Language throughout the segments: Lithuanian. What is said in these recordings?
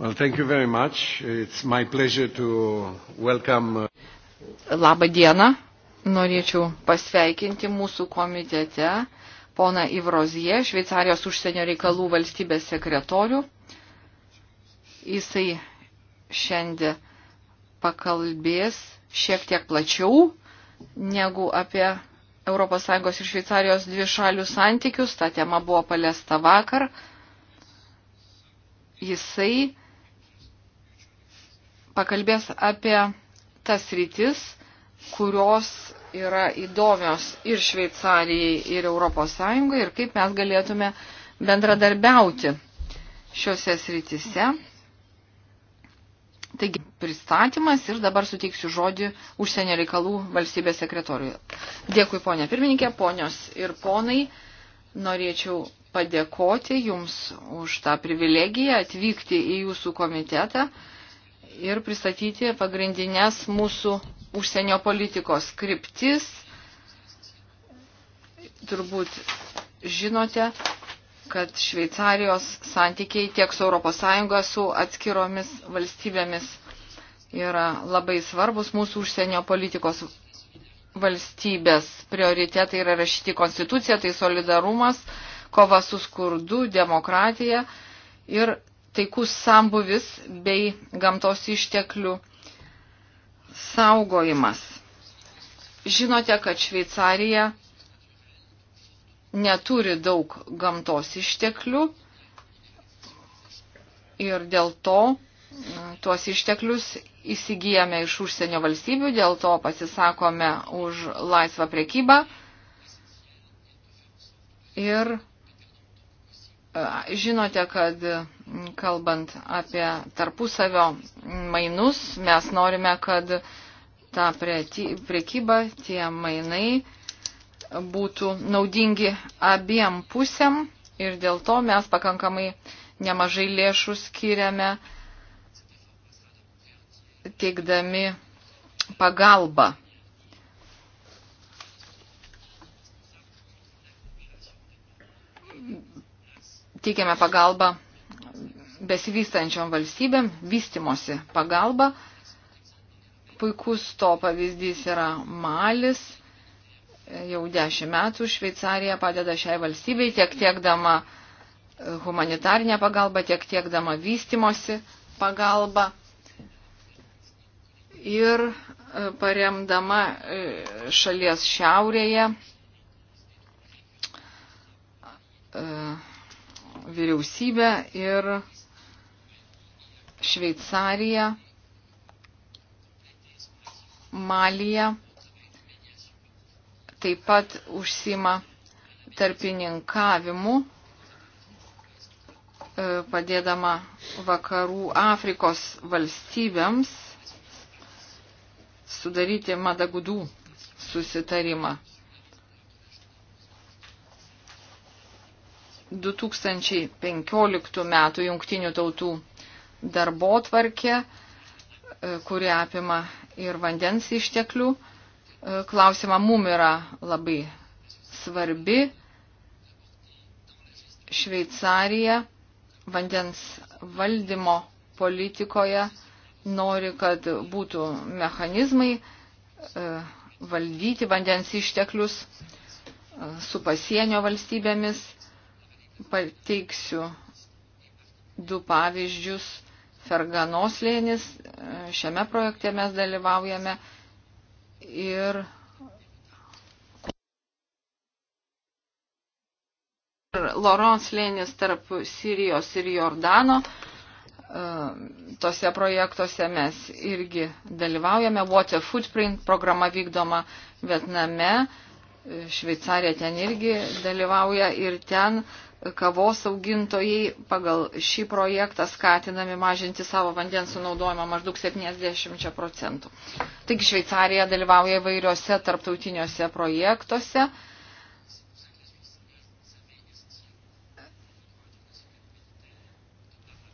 Well, thank you very much. It's my pleasure to welcome. Uh, Labą dieną. Norėčiau pasveikinti mūsų komitete pona Ivrozie, Šveicarijos užsienio reikalų valstybės sekretorių. Jisai šiandien pakalbės šiek tiek plačiau negu apie ES ir Šveicarijos dvišalių santykius. Ta tema buvo paliesta vakar. Jisai pakalbės apie tas rytis, kurios yra įdomios ir Šveicarijai, ir Europos Sąjungai, ir kaip mes galėtume bendradarbiauti šiuose srityse. Taigi pristatymas ir dabar suteiksiu žodį užsienio reikalų valstybės sekretoriui. Dėkui, ponė pirmininkė, ponios ir ponai. Norėčiau padėkoti Jums už tą privilegiją atvykti į Jūsų komitetą ir pristatyti pagrindinės mūsų užsienio politikos kryptis. Turbūt žinote, kad Šveicarijos santykiai tiek su ES, su atskiromis valstybėmis yra labai svarbus mūsų užsienio politikos valstybės prioritetai yra rašyti konstitucija, tai solidarumas, kova su skurdu, demokratija ir taikus sambuvis bei gamtos išteklių saugojimas. Žinote, kad Šveicarija neturi daug gamtos išteklių ir dėl to mm, tuos išteklius įsigijame iš užsienio valstybių, dėl to pasisakome už laisvą prekybą ir Žinote, kad kalbant apie tarpusavio mainus, mes norime, kad ta priekyba, tie mainai būtų naudingi abiem pusėm ir dėl to mes pakankamai nemažai lėšų skiriame teikdami pagalbą teikiame pagalbą besivystančiom valstybėm, vystimosi pagalba. Puikus to pavyzdys yra Malis. Jau dešimt metų Šveicarija padeda šiai valstybei tiek tiekdama humanitarinę pagalbą, tiek tiekdama vystimosi pagalbą ir e, paremdama e, šalies šiaurėje e, vyriausybę ir Šveicariją, Maliją taip pat užsima tarpininkavimu, e, padėdama vakarų Afrikos valstybėms sudaryti Madagudų susitarimą. 2015 metų jungtinių tautų darbo tvarkė, e, kuri apima ir vandens išteklių. E, Klausima mum yra labai svarbi. Šveicarija vandens valdymo politikoje nori, kad būtų mechanizmai e, valdyti vandens išteklius su pasienio valstybėmis pateiksiu du pavyzdžius. Ferganos lėnis, e, šiame projekte mes dalyvaujame ir Lorons lėnis tarp Sirijos ir Jordano. E, tose projektuose mes irgi dalyvaujame. Water Footprint programa vykdoma Vietname. Šveicarija ten irgi dalyvauja ir ten uh, kavos augintojai pagal šį projektą skatinami mažinti savo vandens sunaudojimą maždaug 70 procentų. Taigi Šveicarija dalyvauja įvairiuose tarptautiniuose projektuose.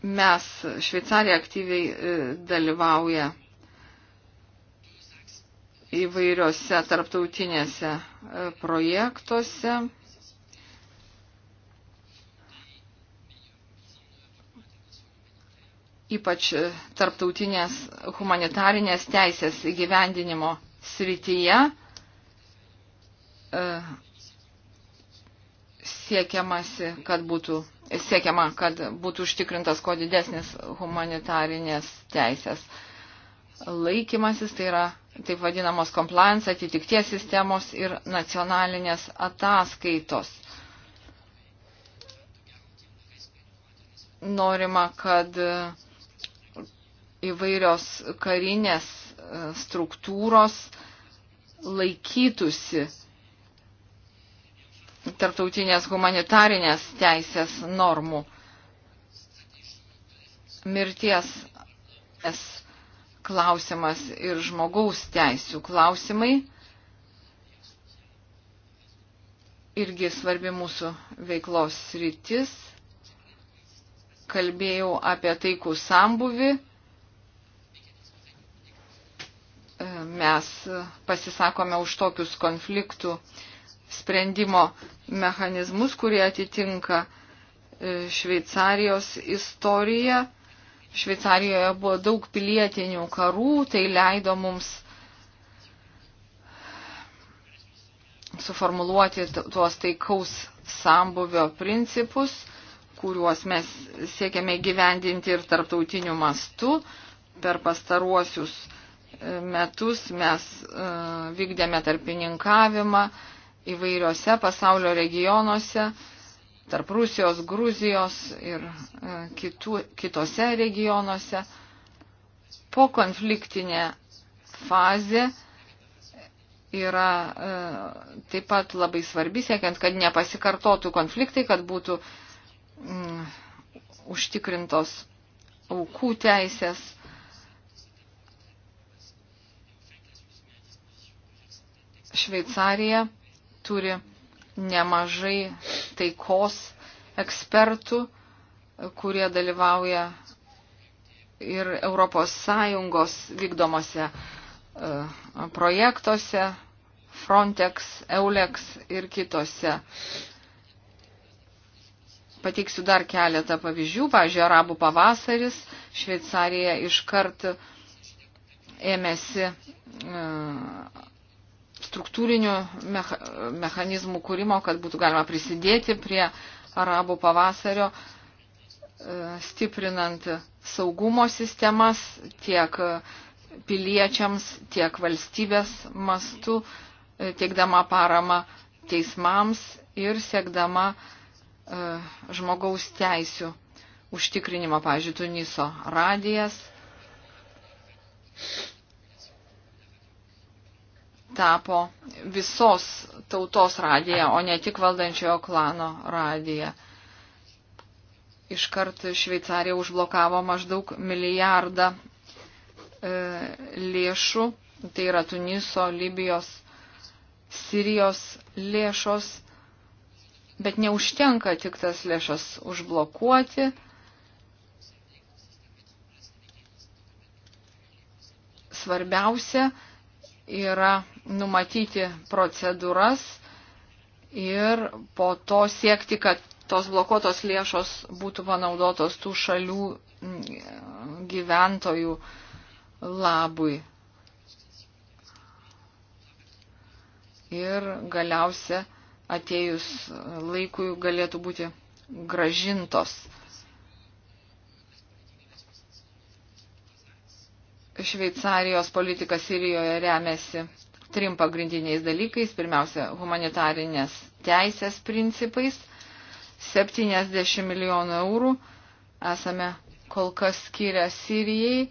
Mes Šveicarija aktyviai e, dalyvauja įvairiuose tarptautinėse e, projektuose. ypač tarptautinės humanitarinės teisės įgyvendinimo srityje e, siekiamasi, kad būtų, siekiama, kad būtų užtikrintas kuo didesnis humanitarinės teisės laikymasis, tai yra taip vadinamos compliance, atitikties sistemos ir nacionalinės ataskaitos. Norima, kad uh, įvairios karinės e, struktūros laikytųsi tarptautinės humanitarinės teisės normų. Mirties klausimas ir žmogaus teisų klausimai irgi svarbi mūsų veiklos rytis. Kalbėjau apie taikų sambuvi Mes pasisakome už tokius konfliktų sprendimo mechanizmus, kurie atitinka e, Šveicarijos istoriją. Šveicarijoje buvo daug pilietinių karų, tai leido mums suformuluoti tuos taikaus sambuvio principus, kuriuos mes siekiame gyvendinti ir tarptautiniu mastu per pastaruosius metus mes e, vykdėme tarpininkavimą įvairiose pasaulio regionuose, tarp Rusijos, Gruzijos ir e, kitų, kitose regionuose. Po konfliktinė fazė yra e, taip pat labai svarbi, siekiant, kad nepasikartotų konfliktai, kad būtų mm, užtikrintos aukų teisės Šveicarija turi nemažai taikos ekspertų, kurie dalyvauja ir ES vykdomose e, projektuose, Frontex, Eulex ir kitose. Pateiksiu dar keletą pavyzdžių. Pavyzdžiui, arabų pavasaris, Šveicarija iškart ėmėsi e, struktūrinių mecha, mechanizmų kūrimo, kad būtų galima prisidėti prie arabų pavasario, e, stiprinant saugumo sistemas tiek piliečiams, tiek valstybės mastu, e, teikdama paramą teismams ir siekdama e, žmogaus teisių užtikrinimo, pavyzdžiui, Tuniso radijas. Thank you tapo visos tautos radija, o ne tik valdančiojo klano radija. Iškart Šveicarija užblokavo maždaug milijardą e, lėšų, tai yra Tuniso, Libijos, Sirijos lėšos, bet neužtenka tik tas lėšas užblokuoti. Svarbiausia, yra numatyti procedūras ir po to siekti, kad tos blokuotos lėšos būtų panaudotos tų šalių gyventojų labui. Ir galiausia atėjus laikui galėtų būti gražintos. Šveicarijos politika Sirijoje remiasi trim pagrindiniais dalykais. Pirmiausia, humanitarinės teisės principais. 70 milijonų eurų esame kol kas skiria Sirijai. E,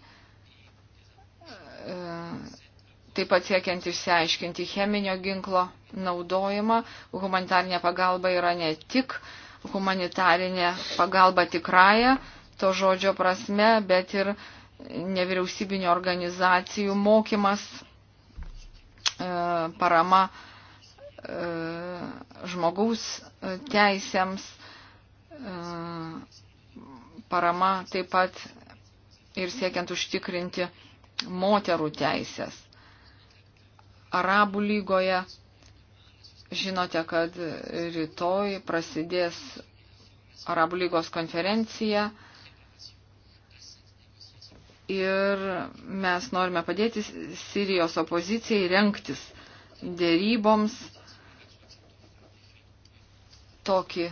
taip pat siekiant išsiaiškinti cheminio ginklo naudojimą, humanitarinė pagalba yra ne tik humanitarinė pagalba tikrąją, to žodžio prasme, bet ir nevyriausybinio organizacijų mokymas E, parama e, žmogaus e, teisėms, parama taip pat ir siekiant užtikrinti moterų teisės. Arabų lygoje žinote, kad rytoj prasidės Arabų lygos konferencija ir mes norime padėti Sirijos opozicijai renktis dėryboms. Tokį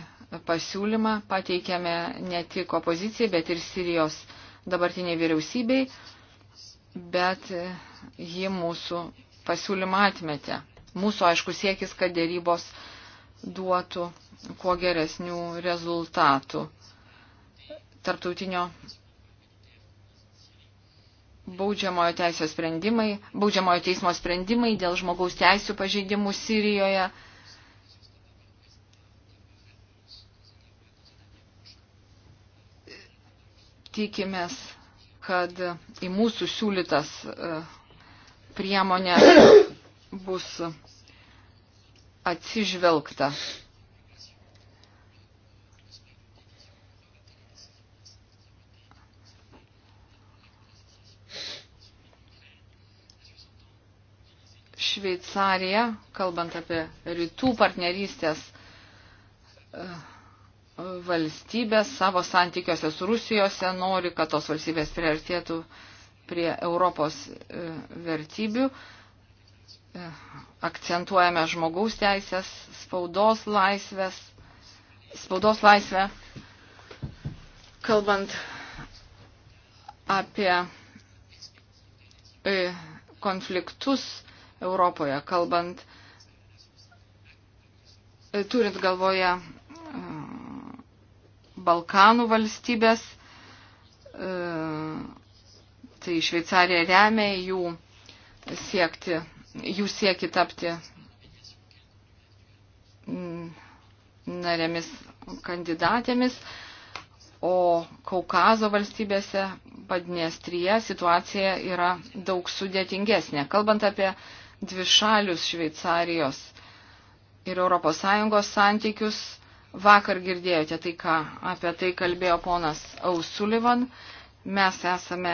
pasiūlymą pateikėme ne tik opozicijai, bet ir Sirijos dabartiniai vyriausybei, bet ji mūsų pasiūlymą atmetė. Mūsų aišku siekis, kad dėrybos duotų kuo geresnių rezultatų. Tartautinio baudžiamojo, teisės sprendimai, baudžiamojo teismo sprendimai dėl žmogaus teisų pažeidimų Sirijoje. Tikimės, kad į mūsų siūlytas e, priemonė bus atsižvelgta Šveicarija, kalbant apie rytų partnerystės e, valstybės savo santykiuose su Rusijose nori, kad tos valstybės priartėtų prie Europos e, vertybių. E, akcentuojame žmogaus teisės, spaudos laisvės, spaudos laisvę. Kalbant apie konfliktus Europoje, kalbant, turint galvoje e, Balkanų valstybės, e, tai Šveicarija remia jų siekti, jų sieki tapti narėmis kandidatėmis, o Kaukazo valstybėse Padniestryje situacija yra daug sudėtingesnė. Kalbant apie dvišalius Šveicarijos ir ES santykius. Vakar girdėjote tai, ką apie tai kalbėjo ponas Ausulivan. Mes esame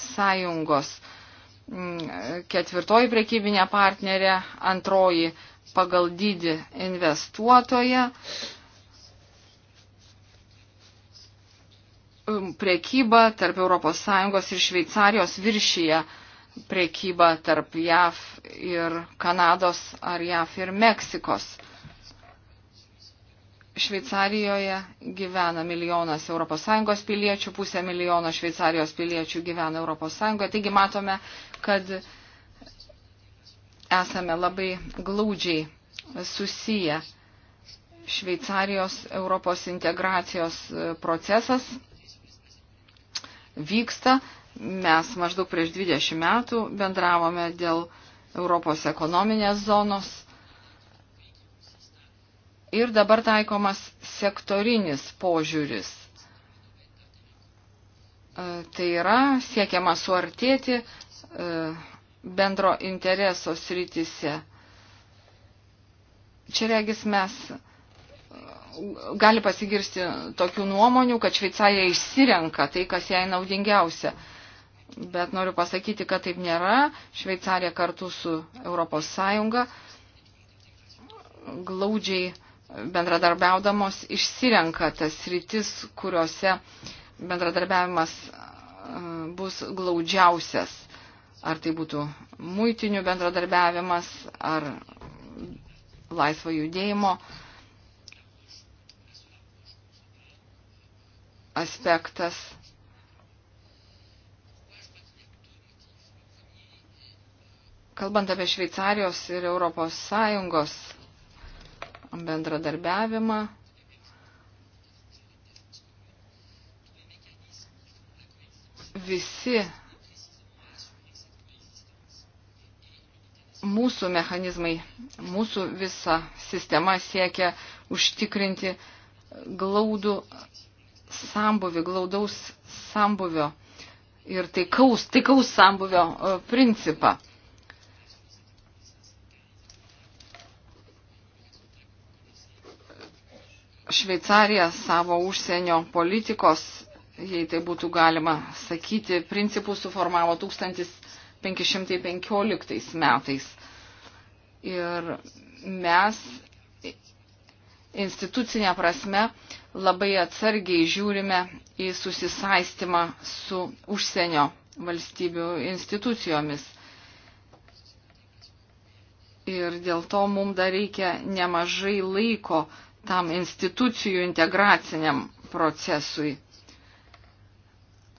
sąjungos mm, ketvirtoji prekybinė partnerė, antroji pagal dydį investuotoja. Mm, prekyba tarp ES ir Šveicarijos viršyje priekybą tarp JAV ir Kanados ar JAV ir Meksikos. Šveicarijoje gyvena milijonas ES piliečių, pusė milijono Šveicarijos piliečių gyvena ES. Taigi matome, kad esame labai glaudžiai susiję. Šveicarijos Europos integracijos procesas vyksta, Mes maždaug prieš 20 metų bendravome dėl Europos ekonominės zonos ir dabar taikomas sektorinis požiūris. E, tai yra siekiama suartėti e, bendro intereso sritise. Čia regis mes e, gali pasigirsti tokių nuomonių, kad Šveicarija išsirenka tai, kas jai naudingiausia. Bet noriu pasakyti, kad taip nėra. Šveicarija kartu su Europos Sąjunga glaudžiai bendradarbiaudamos išsirenka tas rytis, kuriuose bendradarbiavimas e, bus glaudžiausias. Ar tai būtų muitinių bendradarbiavimas, ar laisvo judėjimo aspektas. Kalbant apie Šveicarijos ir Europos Sąjungos bendradarbiavimą, visi mūsų mechanizmai, mūsų visa sistema siekia užtikrinti glaudų sambuvi, glaudaus sambuvio ir taikaus, taikaus sambuvio e, principą. Šveicarija savo užsienio politikos, jei tai būtų galima sakyti, principų suformavo 1515 metais. Ir mes institucinė prasme labai atsargiai žiūrime į susisaistimą su užsienio valstybių institucijomis. Ir dėl to mums dar reikia nemažai laiko tam institucijų integraciniam procesui.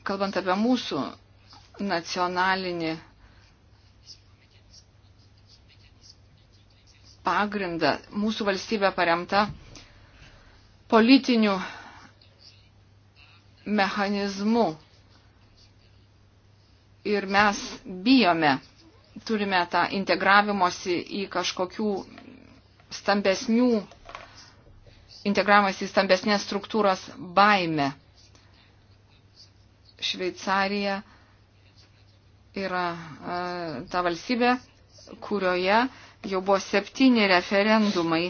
Kalbant apie mūsų nacionalinį pagrindą, mūsų valstybė paremta politinių mechanizmų. Ir mes bijome, turime tą integravimosi į kažkokių stambesnių integravimas į stambesnės struktūros baime. Šveicarija yra e, ta valstybė, kurioje jau buvo septyni referendumai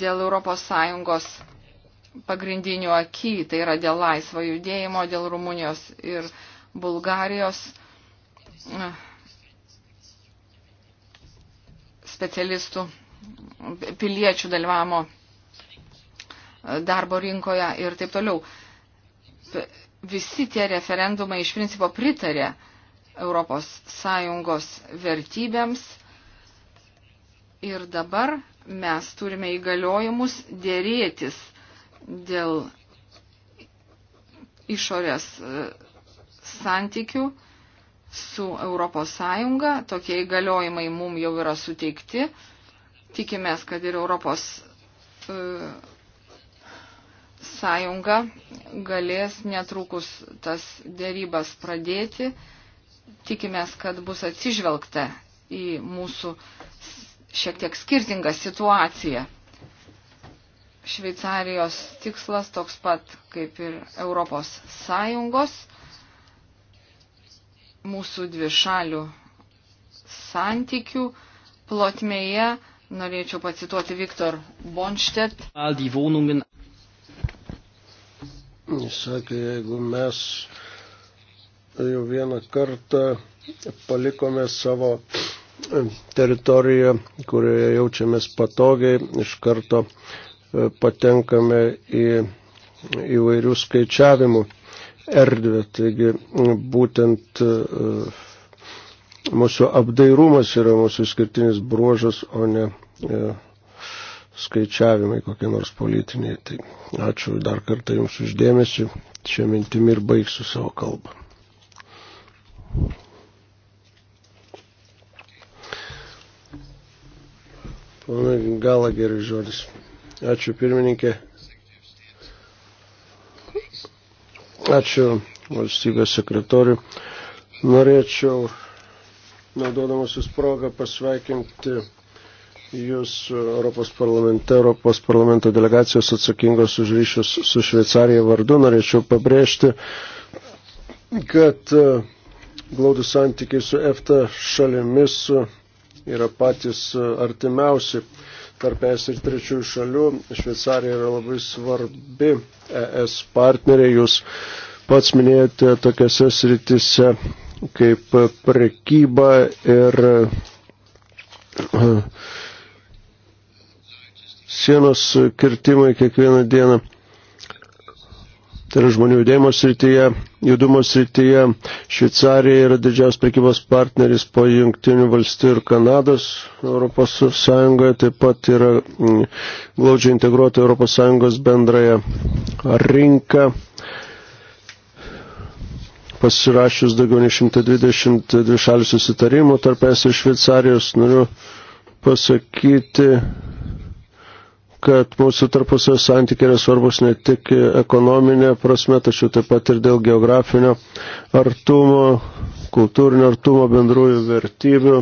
dėl ES pagrindinių aky, tai yra dėl laisvo judėjimo, dėl Rumunijos ir Bulgarijos specialistų piliečių dalyvavimo darbo rinkoje ir taip toliau. Visi tie referendumai iš principo pritarė Europos Sąjungos vertybėms ir dabar mes turime įgaliojimus dėrėtis dėl išorės e, santykių su Europos Sąjunga. Tokie įgaliojimai mum jau yra suteikti. Tikimės, kad ir Europos e, galės netrukus tas dėrybas pradėti. Tikimės, kad bus atsižvelgta į mūsų šiek tiek skirtingą situaciją. Šveicarijos tikslas toks pat kaip ir Europos Sąjungos. Mūsų dvišalių santykių plotmėje norėčiau pacituoti Viktor Bonštet. Jis sakė, jeigu mes jau vieną kartą palikome savo teritoriją, kurioje jaučiamės patogiai, iš karto e, patenkame į įvairių skaičiavimų erdvę. Taigi būtent e, mūsų apdairumas yra mūsų skirtinis bruožas, o ne e, skaičiavimai kokie nors politiniai. Tai ačiū dar kartą Jums uždėmesi, čia mintimi ir baigsiu savo kalbą. Pana Galageris žodis. Ačiū pirmininkė. Ačiū valstybės sekretoriui. Norėčiau, naudodamasis progą, pasveikinti Jūs Europos parlamente, Europos parlamento delegacijos atsakingos už ryšius su Šveicarija vardu norėčiau pabrėžti, kad e, glaudus santykiai su EFTA šalimis e, yra patys e, artimiausi tarp ES ir trečiųjų šalių. Šveicarija yra labai svarbi ES partneriai. Jūs pats minėjote tokiose sritise kaip prekyba ir sienos kirtimai kiekvieną dieną. Tai yra žmonių judėjimo srityje, judumo srityje. Šveicarija yra didžiausias prekybos partneris po Junktinių valstijų ir Kanados Europos Sąjungoje. Taip pat yra mm, glaudžiai integruota Europos Sąjungos bendraja rinka pasirašius daugiau nei 122 šalių susitarimų tarp es ir Šveicarijos, noriu pasakyti, kad mūsų tarpusio santykiai yra svarbus ne tik ekonominė prasme, tačiau taip pat ir dėl geografinio artumo, kultūrinio artumo, bendrųjų vertybių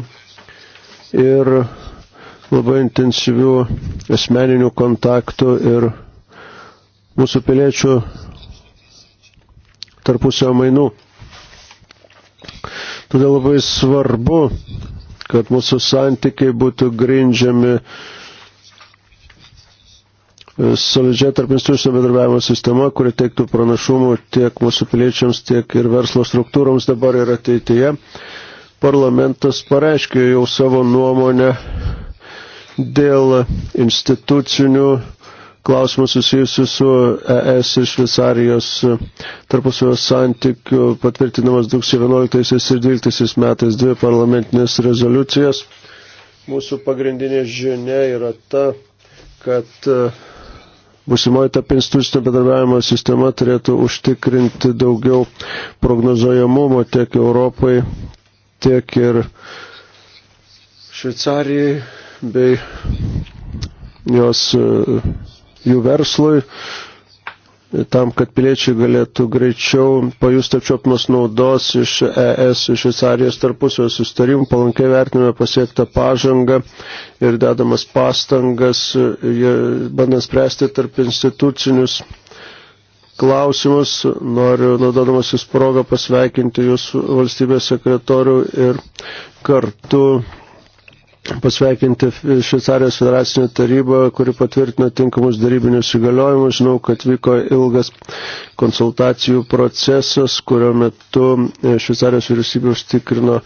ir labai intensyvių asmeninių kontaktų ir mūsų piliečių tarpusio mainų. Todėl labai svarbu, kad mūsų santykiai būtų grindžiami solidžia tarp institucijų bedarbiavimo sistema, kuri teiktų pranašumų tiek mūsų piliečiams, tiek ir verslo struktūroms dabar ir ateityje. Parlamentas pareiškė jau savo nuomonę dėl institucinių klausimų susijusių su ES ir Šveicarijos tarpusavio santykių patvirtinamas 2011 ir 2012 metais dvi parlamentinės rezoliucijas. Mūsų pagrindinė žinia yra ta, kad uh, Būsimoji tarp institucinio bedarbiavimo sistema turėtų užtikrinti daugiau prognozojamumo tiek Europai, tiek ir Šveicarijai bei jos, e, jų verslui tam, kad piliečiai galėtų greičiau pajusti apčiopimas naudos iš ES, iš Šveicarijos tarpusio sustarimų, palankiai vertiname pasiektą pažangą ir dedamas pastangas, bandant spręsti tarp institucinius klausimus. Noriu, naudodamas jūs progą, pasveikinti jūsų valstybės sekretorių ir kartu pasveikinti Šveicarijos federacinę tarybą, kuri patvirtino tinkamus darybinius įgaliojimus. Žinau, kad vyko ilgas konsultacijų procesas, kurio metu e, Šveicarijos vyriausybė užtikrino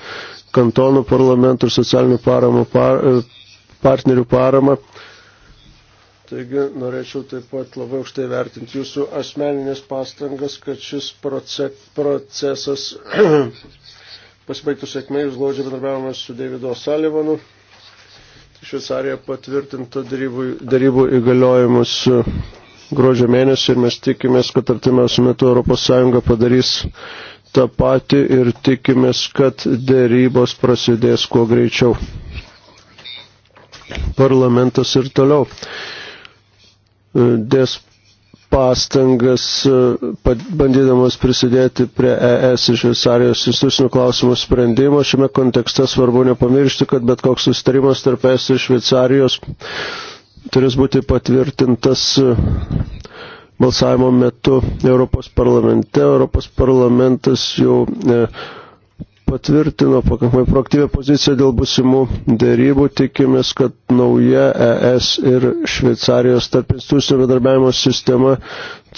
kantonų parlamentų ir socialinių paramų par, e, partnerių paramą. Taigi norėčiau taip pat labai aukštai vertinti jūsų asmeninės pastangas, kad šis proces, procesas pasibaigtų sėkmė, jūs glaudžiai bendradarbiavome su Davido Salivanu. Šveicarija patvirtinta darybų, darybų įgaliojimus e, gruodžio mėnesį ir mes tikimės, kad artimiausiu metu ES padarys tą patį ir tikimės, kad dėrybos prasidės kuo greičiau. Parlamentas ir toliau e, dės pastangas, e, bandydamas prisidėti prie ES ir Šveicarijos institucinių klausimų sprendimo. Šiame kontekste svarbu nepamiršti, kad bet koks sustarimas tarp ES ir Šveicarijos turės būti patvirtintas e, balsavimo metu Europos parlamente. Europos parlamentas jau. E, patvirtino pakankamai proaktyvę poziciją dėl busimų dėrybų. Tikimės, kad nauja ES ir Šveicarijos tarp institucijų bendarbiavimo sistema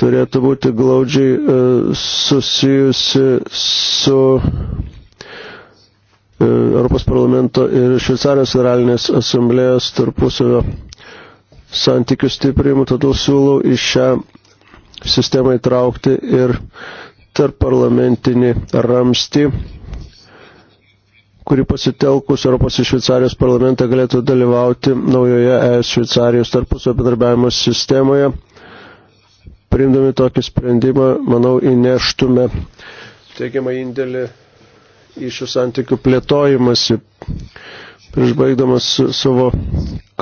turėtų būti glaudžiai e, susijusi su e, Europos parlamento ir Šveicarijos federalinės asamblėjos tarpusavio santykių stiprinimu. Todėl siūlau į šią sistemą įtraukti ir tarp parlamentinį ramstį kuri pasitelkus Europos ir Šveicarijos parlamentą galėtų dalyvauti naujoje ES Šveicarijos tarpusio bendarbiavimo sistemoje. Priimdami tokį sprendimą, manau, įneštume teigiamą indėlį į šių santykių plėtojimąsi. Prieš baigdamas savo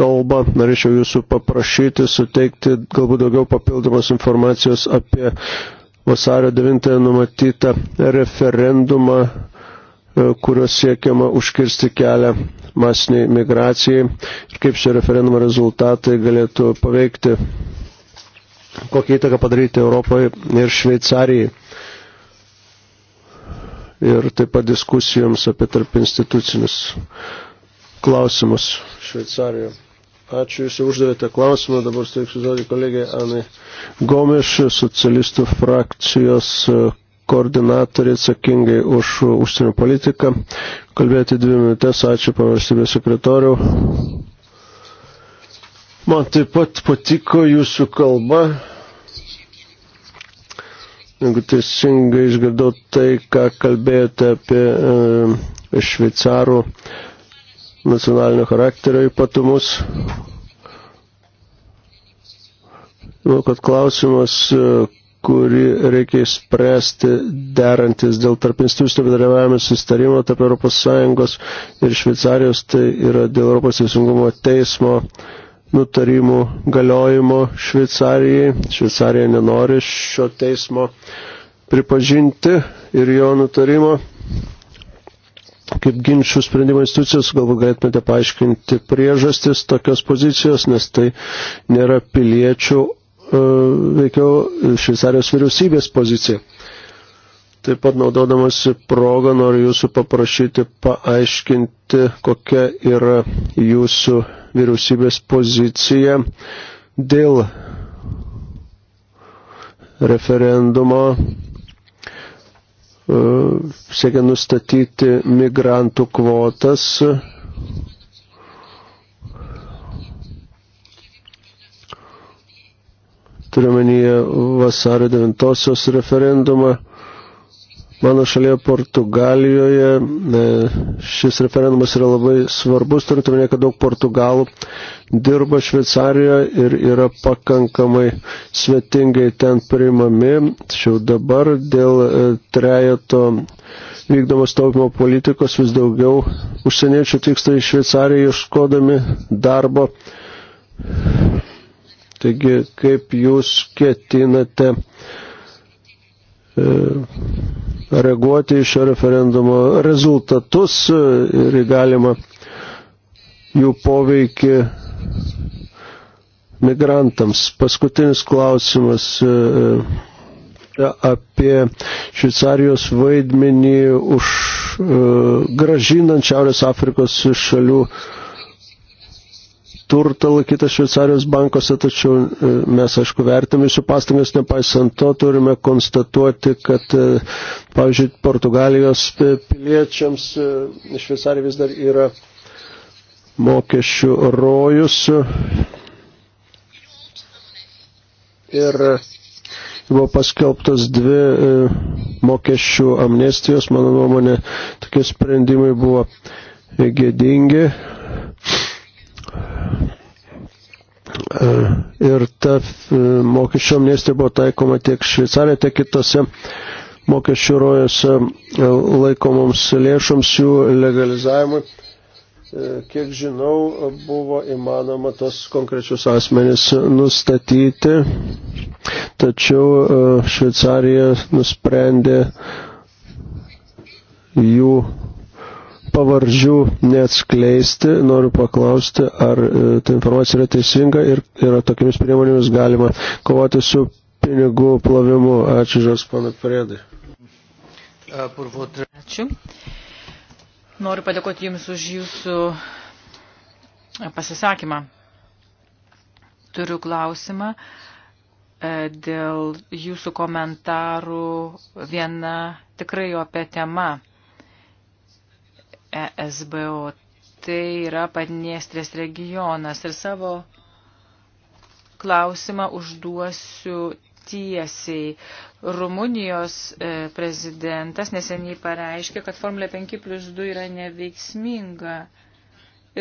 kalbą, norėčiau jūsų paprašyti suteikti galbūt daugiau papildomos informacijos apie vasario 9 numatytą referendumą E, kuriuos siekiama užkirsti kelią masiniai migracijai ir kaip šio referendumo rezultatai galėtų paveikti, kokią įtaką padaryti Europoje ir Šveicarijai. Ir taip pat diskusijoms apie tarp institucinius klausimus Šveicarijoje. Ačiū, jūs jau uždavėte klausimą, dabar steiksiu žodį kolegijai Anai Gomeš, socialistų frakcijos koordinatoriai atsakingai už užsienio politiką. Kalbėti dvi minutės, ačiū pavalstybės sekretoriau. Man taip pat patiko jūsų kalba. Jeigu teisingai išgirdau tai, ką kalbėjote apie e, šveicarų nacionalinio charakterio ypatumus, manau, kad klausimas, e, kurį reikia įspręsti derantis dėl tarp institucijų bendradarbiavimo sustarimo tarp ES ir Šveicarijos, tai yra dėl Europos teisingumo teismo nutarimų galiojimo Šveicarijai. Šveicarija nenori šio teismo pripažinti ir jo nutarimo. Kaip ginčių sprendimo institucijos, galbūt galėtumėte paaiškinti priežastis tokios pozicijos, nes tai nėra piliečių, E, veikiau Šveicarijos vyriausybės poziciją. Taip pat naudodamas progą noriu jūsų paprašyti paaiškinti, kokia yra jūsų vyriausybės pozicija dėl referendumo e, siekia nustatyti migrantų kvotas turiuomenyje vasario 9-osios referendumą. Mano šalyje Portugalijoje e, šis referendumas yra labai svarbus, turint omenyje, kad daug portugalų dirba Šveicarijoje ir yra pakankamai svetingai ten priimami. Tačiau dabar dėl e, trejato vykdomos taupimo politikos vis daugiau užsieniečių tiksta į Šveicariją ieškodami darbo. Taigi, kaip jūs ketinate e, reaguoti į šio referendumo rezultatus e, ir galima jų poveikį migrantams. Paskutinis klausimas e, apie Šveicarijos vaidmenį už gražinant Šiaurės Afrikos šalių uh, turtą laikytą Šveicarijos bankose, tačiau e, mes, aišku, vertame šių pastangas, nepaisant to turime konstatuoti, kad, e, pavyzdžiui, Portugalijos e, piliečiams Šveicarija vis dar yra mokesčių rojus. Ir buvo paskelbtos dvi mokesčių amnestijos, mano nuomonė, tokie sprendimai buvo gėdingi. E, ir ta e, mokesčio amnestija buvo taikoma tiek Šveicarijoje, tiek kitose mokesčių rojose e, laikomoms lėšoms jų legalizavimui. Kiek žinau, buvo įmanoma tos konkrečius asmenys nustatyti, tačiau Šveicarija nusprendė jų pavardžių neatskleisti, noriu paklausti, ar e, ta informacija yra teisinga ir yra tokiamis priemonėmis galima kovoti su pinigų plovimu. Ačiū, Žas, pana Priedai. Ačiū. Noriu padėkoti Jums už Jūsų pasisakymą. Turiu klausimą e, dėl Jūsų komentarų viena tikrai opė tema ESBO. Tai yra Padniestrės regionas ir savo klausimą užduosiu tiesiai. Rumunijos e, prezidentas neseniai pareiškė, kad Formulė 5 plus 2 yra neveiksminga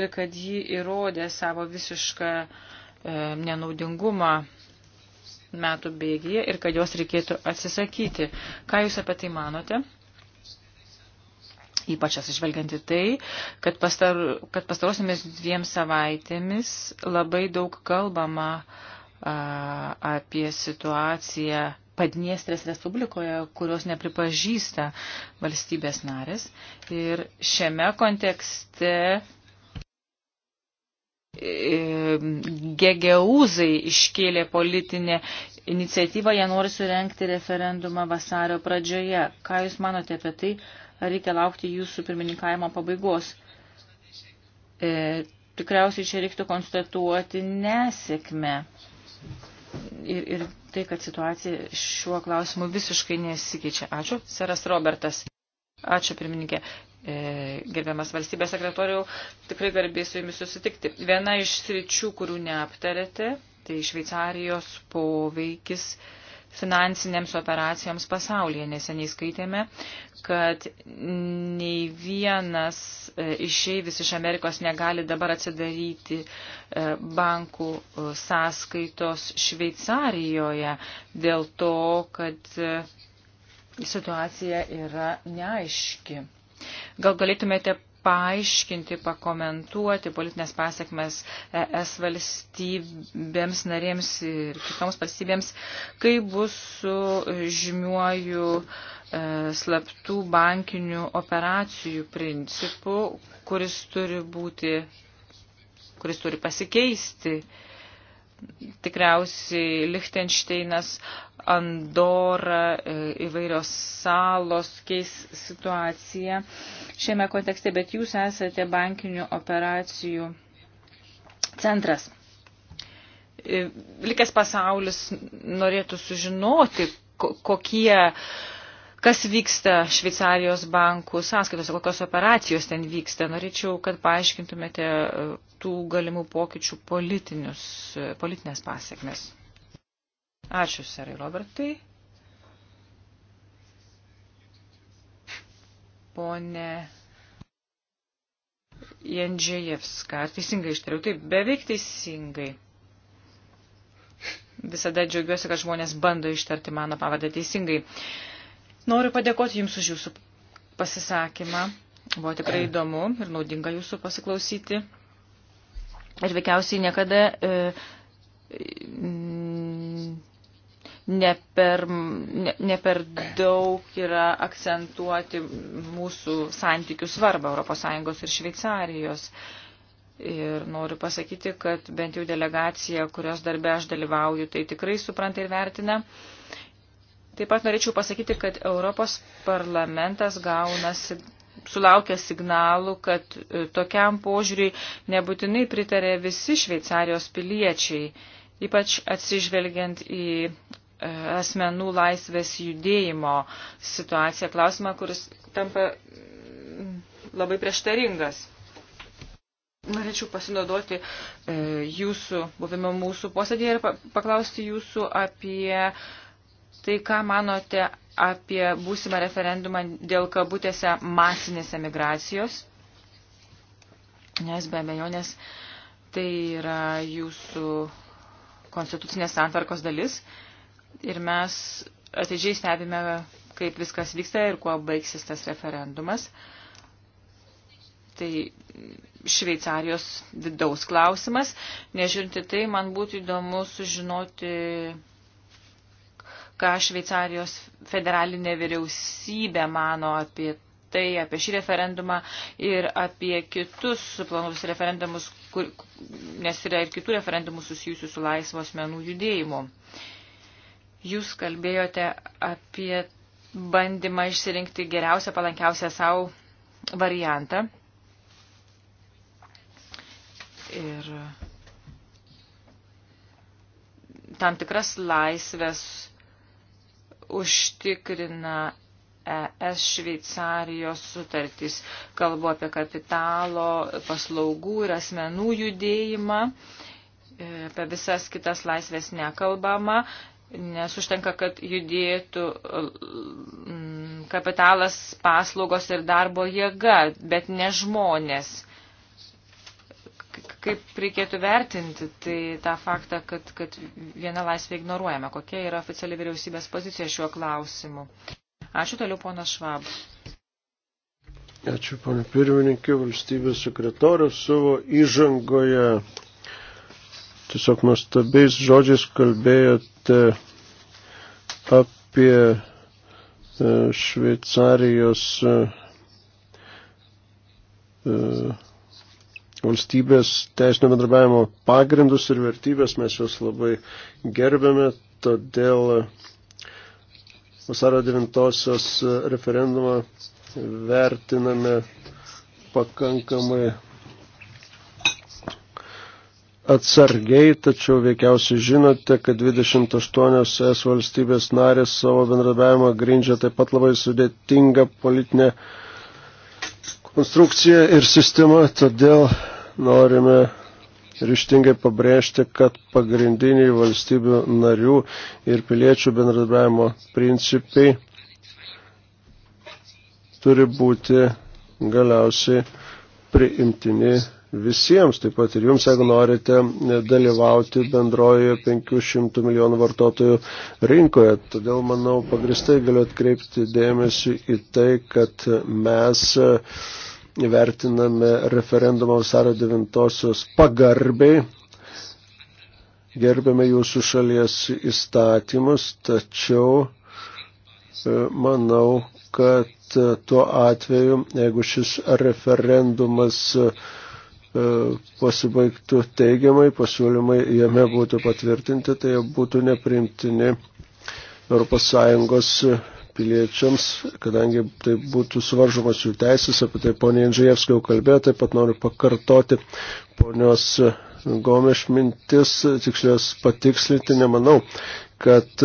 ir kad ji įrodė savo visišką e, nenaudingumą metų bėgyje ir kad jos reikėtų atsisakyti. Ką Jūs apie tai manote? Ypač atsižvelgianti tai, kad, pastar, kad pastarosiamis dviem savaitėmis labai daug kalbama a, apie situaciją Padniestrės Respublikoje, kurios nepripažįsta valstybės narės. Ir šiame kontekste Gegeuzai iškėlė politinę iniciatyvą, jie nori surenkti referendumą vasario pradžioje. Ką Jūs manote apie tai, reikia laukti jūsų pirmininkavimo pabaigos. E, tikriausiai čia reiktų konstatuoti nesėkmę. Ir, ir tai, kad situacija šiuo klausimu visiškai nesikeičia. Ačiū, seras Robertas. Ačiū, pirmininkė. E, gerbiamas valstybės sekretoriau, tikrai garbė su jumis susitikti. Viena iš sričių, kurių neaptarėte, tai Šveicarijos poveikis e, finansinėms operacijoms pasaulyje. Neseniai skaitėme, kad nei vienas e, išeivis iš Amerikos negali dabar atsidaryti e, bankų e, sąskaitos Šveicarijoje dėl to, kad situacija yra neaiški. Gal galėtumėte paaiškinti, pakomentuoti politinės pasiekmes ES valstybėms narėms ir kitoms valstybėms, kaip bus su žymiuoju e, slaptų bankinių operacijų principu, kuris turi būti, kuris turi pasikeisti. E, tikriausiai Lichtensteinas, Andora, e, įvairios salos keis situaciją šiame kontekste, bet jūs esate bankinių operacijų centras. E, likęs pasaulis norėtų sužinoti, kokie kas vyksta Šveicarijos bankų sąskaitose, kokios operacijos ten vyksta. Norėčiau, kad paaiškintumėte e, tų galimų pokyčių e, politinės pasiekmes. Ačiū, serai Robertai. Pone Jendžiejevska, ar teisingai ištariau? Taip, beveik teisingai visada džiaugiuosi, kad žmonės bando ištarti mano pavadą teisingai. Noriu padėkoti Jums už Jūsų pasisakymą. Buvo tikrai įdomu ir naudinga Jūsų pasiklausyti. Ir veikiausiai niekada e, ne, per, ne, ne per daug yra akcentuoti mūsų santykių svarbą ES ir Šveicarijos. Ir noriu pasakyti, kad bent jau delegacija, kurios darbe aš dalyvauju, tai tikrai supranta ir vertina. E, Taip pat norėčiau pasakyti, kad Europos parlamentas gauna sulaukia signalų, kad e, tokiam požiūriui nebūtinai pritarė visi Šveicarijos piliečiai, ypač atsižvelgiant į e, asmenų laisvės judėjimo situaciją, klausimą, kuris tampa mm, labai prieštaringas. Norėčiau pasinaudoti e, jūsų buvimą mūsų posėdėje ir pa paklausti jūsų apie Tai ką manote apie būsimą referendumą dėl kabutėse masinės emigracijos? Nes be abejonės tai yra jūsų konstitucinės santvarkos dalis ir mes atidžiai stebime, kaip viskas vyksta ir kuo baigsis tas referendumas. Tai Šveicarijos vidaus klausimas. Nežiūrinti tai, man būtų įdomu sužinoti ką Šveicarijos federalinė vyriausybė mano apie tai, apie šį referendumą ir apie kitus planus referendumus, kur, nes yra ir kitų referendumų susijusių su laisvo asmenų judėjimu. Jūs kalbėjote apie bandymą išsirinkti geriausią, palankiausią savo variantą. Ir tam tikras laisvės užtikrina ES Šveicarijos sutartys. Kalbu apie kapitalo, paslaugų ir asmenų judėjimą. E, apie visas kitas laisvės nekalbama, nes užtenka, kad judėtų mm, kapitalas, paslaugos ir darbo jėga, bet ne žmonės kaip reikėtų vertinti tai tą faktą, kad, kad vieną laisvę ignoruojame. Kokia yra oficiali vyriausybės pozicija šiuo klausimu? Ačiū toliau, pona Švab. Ačiū, pana pirmininkė, valstybės sekretorius savo įžangoje tiesiog nuostabiais žodžiais kalbėjote apie e, Šveicarijos uh, valstybės teisinio bendrabiavimo pagrindus ir vertybės, mes juos labai gerbėme, todėl vasario 9-osios referendumą vertiname pakankamai atsargiai, tačiau veikiausiai žinote, kad 28 es valstybės narės savo bendradarbiavimą grindžia taip pat labai sudėtinga politinė konstrukcija ir sistema, todėl norime ryštingai pabrėžti, kad pagrindiniai valstybių narių ir piliečių bendradarbiavimo principai turi būti galiausiai priimtini visiems, taip pat ir jums, jeigu norite dalyvauti bendrojoje 500 milijonų vartotojų rinkoje. Todėl, manau, pagristai galiu atkreipti dėmesį į tai, kad mes vertiname referendumą vasaro 9-osios pagarbiai, gerbėme jūsų šalies įstatymus, tačiau e, manau, kad tuo atveju, jeigu šis referendumas uh, E, pasibaigtų teigiamai, pasiūlymai jame būtų patvirtinti, tai būtų neprimtini ES piliečiams, kadangi tai būtų suvaržomas jų teisės, apie tai ponė Andžiejevska jau kalbėjo, taip pat noriu pakartoti ponios Gomeš mintis, tikslios patikslinti, nemanau, kad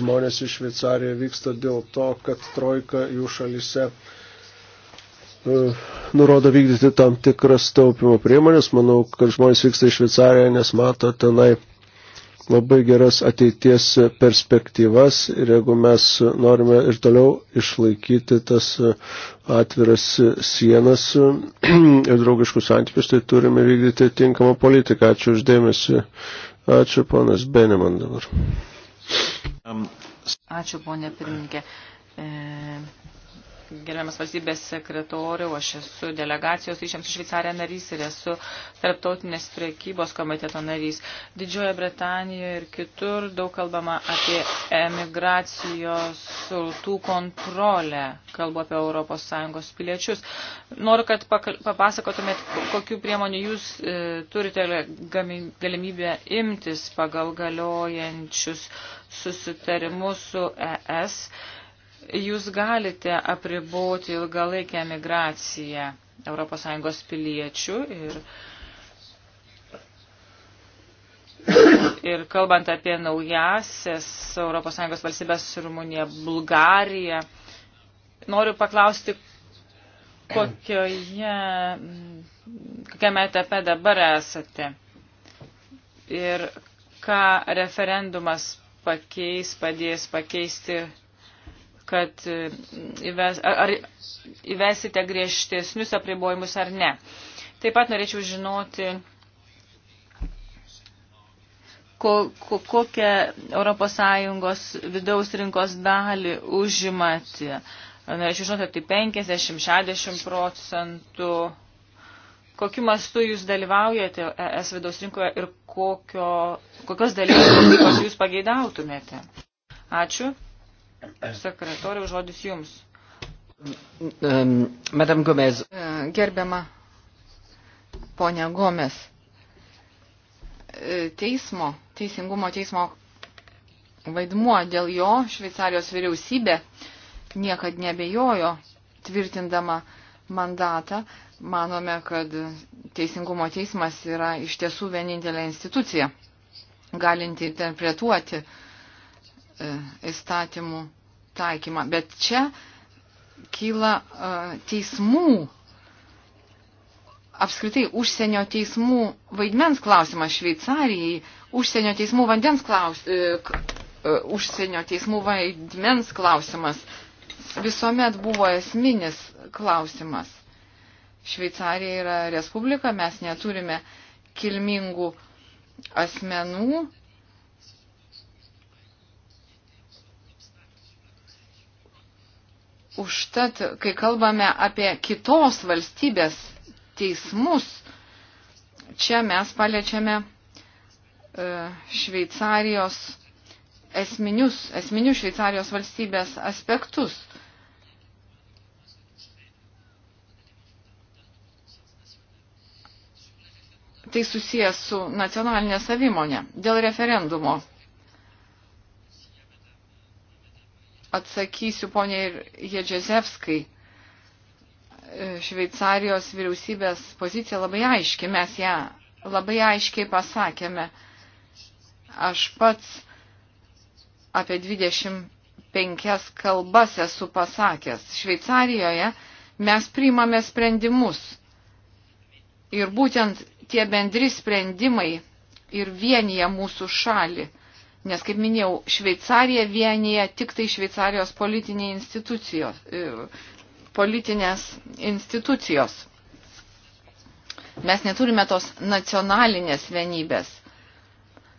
žmonės į Šveicariją vyksta dėl to, kad trojka jų šalyse uh, E, nurodo vykdyti tam tikras taupimo priemonės. Manau, kad žmonės vyksta į Šveicariją, nes mato tenai labai geras ateities perspektyvas ir jeigu mes norime ir toliau išlaikyti tas atviras sienas ir draugiškus santykius, tai turime vykdyti tinkamą politiką. Ačiū uždėmesi. Ačiū, ponas Beneman dabar. Um, Ačiū, ponė pirmininkė. E gerbiamas valstybės sekretoriau, aš esu delegacijos ryšiams su Šveicarija narys ir esu tarptautinės priekybos komiteto narys. Didžiojo Britanijoje ir kitur daug kalbama apie emigracijos srautų kontrolę, kalbu apie ES piliečius. Noriu, kad papasakotumėt, kokiu priemonių jūs e, turite galimybę imtis pagal galiojančius susitarimus su ES jūs galite apriboti ilgalaikę migraciją ES piliečių ir, ir kalbant apie naujasias ES valstybės Rumunija, Bulgarija, noriu paklausti, kokioje, kokiame etape dabar esate ir ką referendumas pakeis, padės pakeisti kad e, įves, ar įvesite griežtesnius apribojimus ar ne. Taip pat norėčiau žinoti, ko, ko, kokią ES vidaus rinkos dalį užimate. Norėčiau žinoti, ar tai 50-60 procentų. Kokiu mastu jūs dalyvaujate ES vidaus rinkoje ir kokio, kokios dalyvos jūs pageidautumėte? Ačiū. Sekretoriau, žodis jums. Madam Gomez. E, gerbiama ponia Gomes. E, teismo, teisingumo teismo vaidmuo dėl jo Šveicarijos vyriausybė niekad nebejojo tvirtindama mandatą. Manome, kad teisingumo teismas yra iš tiesų vienintelė institucija, galinti interpretuoti uh, E, įstatymų taikymą. Bet čia kyla e, teismų, apskritai užsienio teismų vaidmens klausimas Šveicarijai, užsienio teismų vandens klausimas, e, užsienio teismų vaidmens klausimas visuomet buvo esminis klausimas. Šveicarija yra respublika, mes neturime kilmingų asmenų, Užtat, kai kalbame apie kitos valstybės teismus, čia mes paliečiame e, Šveicarijos esminius, esminius Šveicarijos valstybės aspektus. Tai susijęs su nacionalinė savimonė dėl referendumo atsakysiu poniai Jedžezevskai. E, Šveicarijos vyriausybės pozicija labai aiški, mes ją labai aiškiai pasakėme. Aš pats apie 25 kalbas esu pasakęs. Šveicarijoje mes priimame sprendimus. Ir būtent tie bendri sprendimai ir vienyje mūsų šalį. Nes, kaip minėjau, Šveicarija vienyje tik tai Šveicarijos institucijos, e, politinės institucijos. Mes neturime tos nacionalinės vienybės.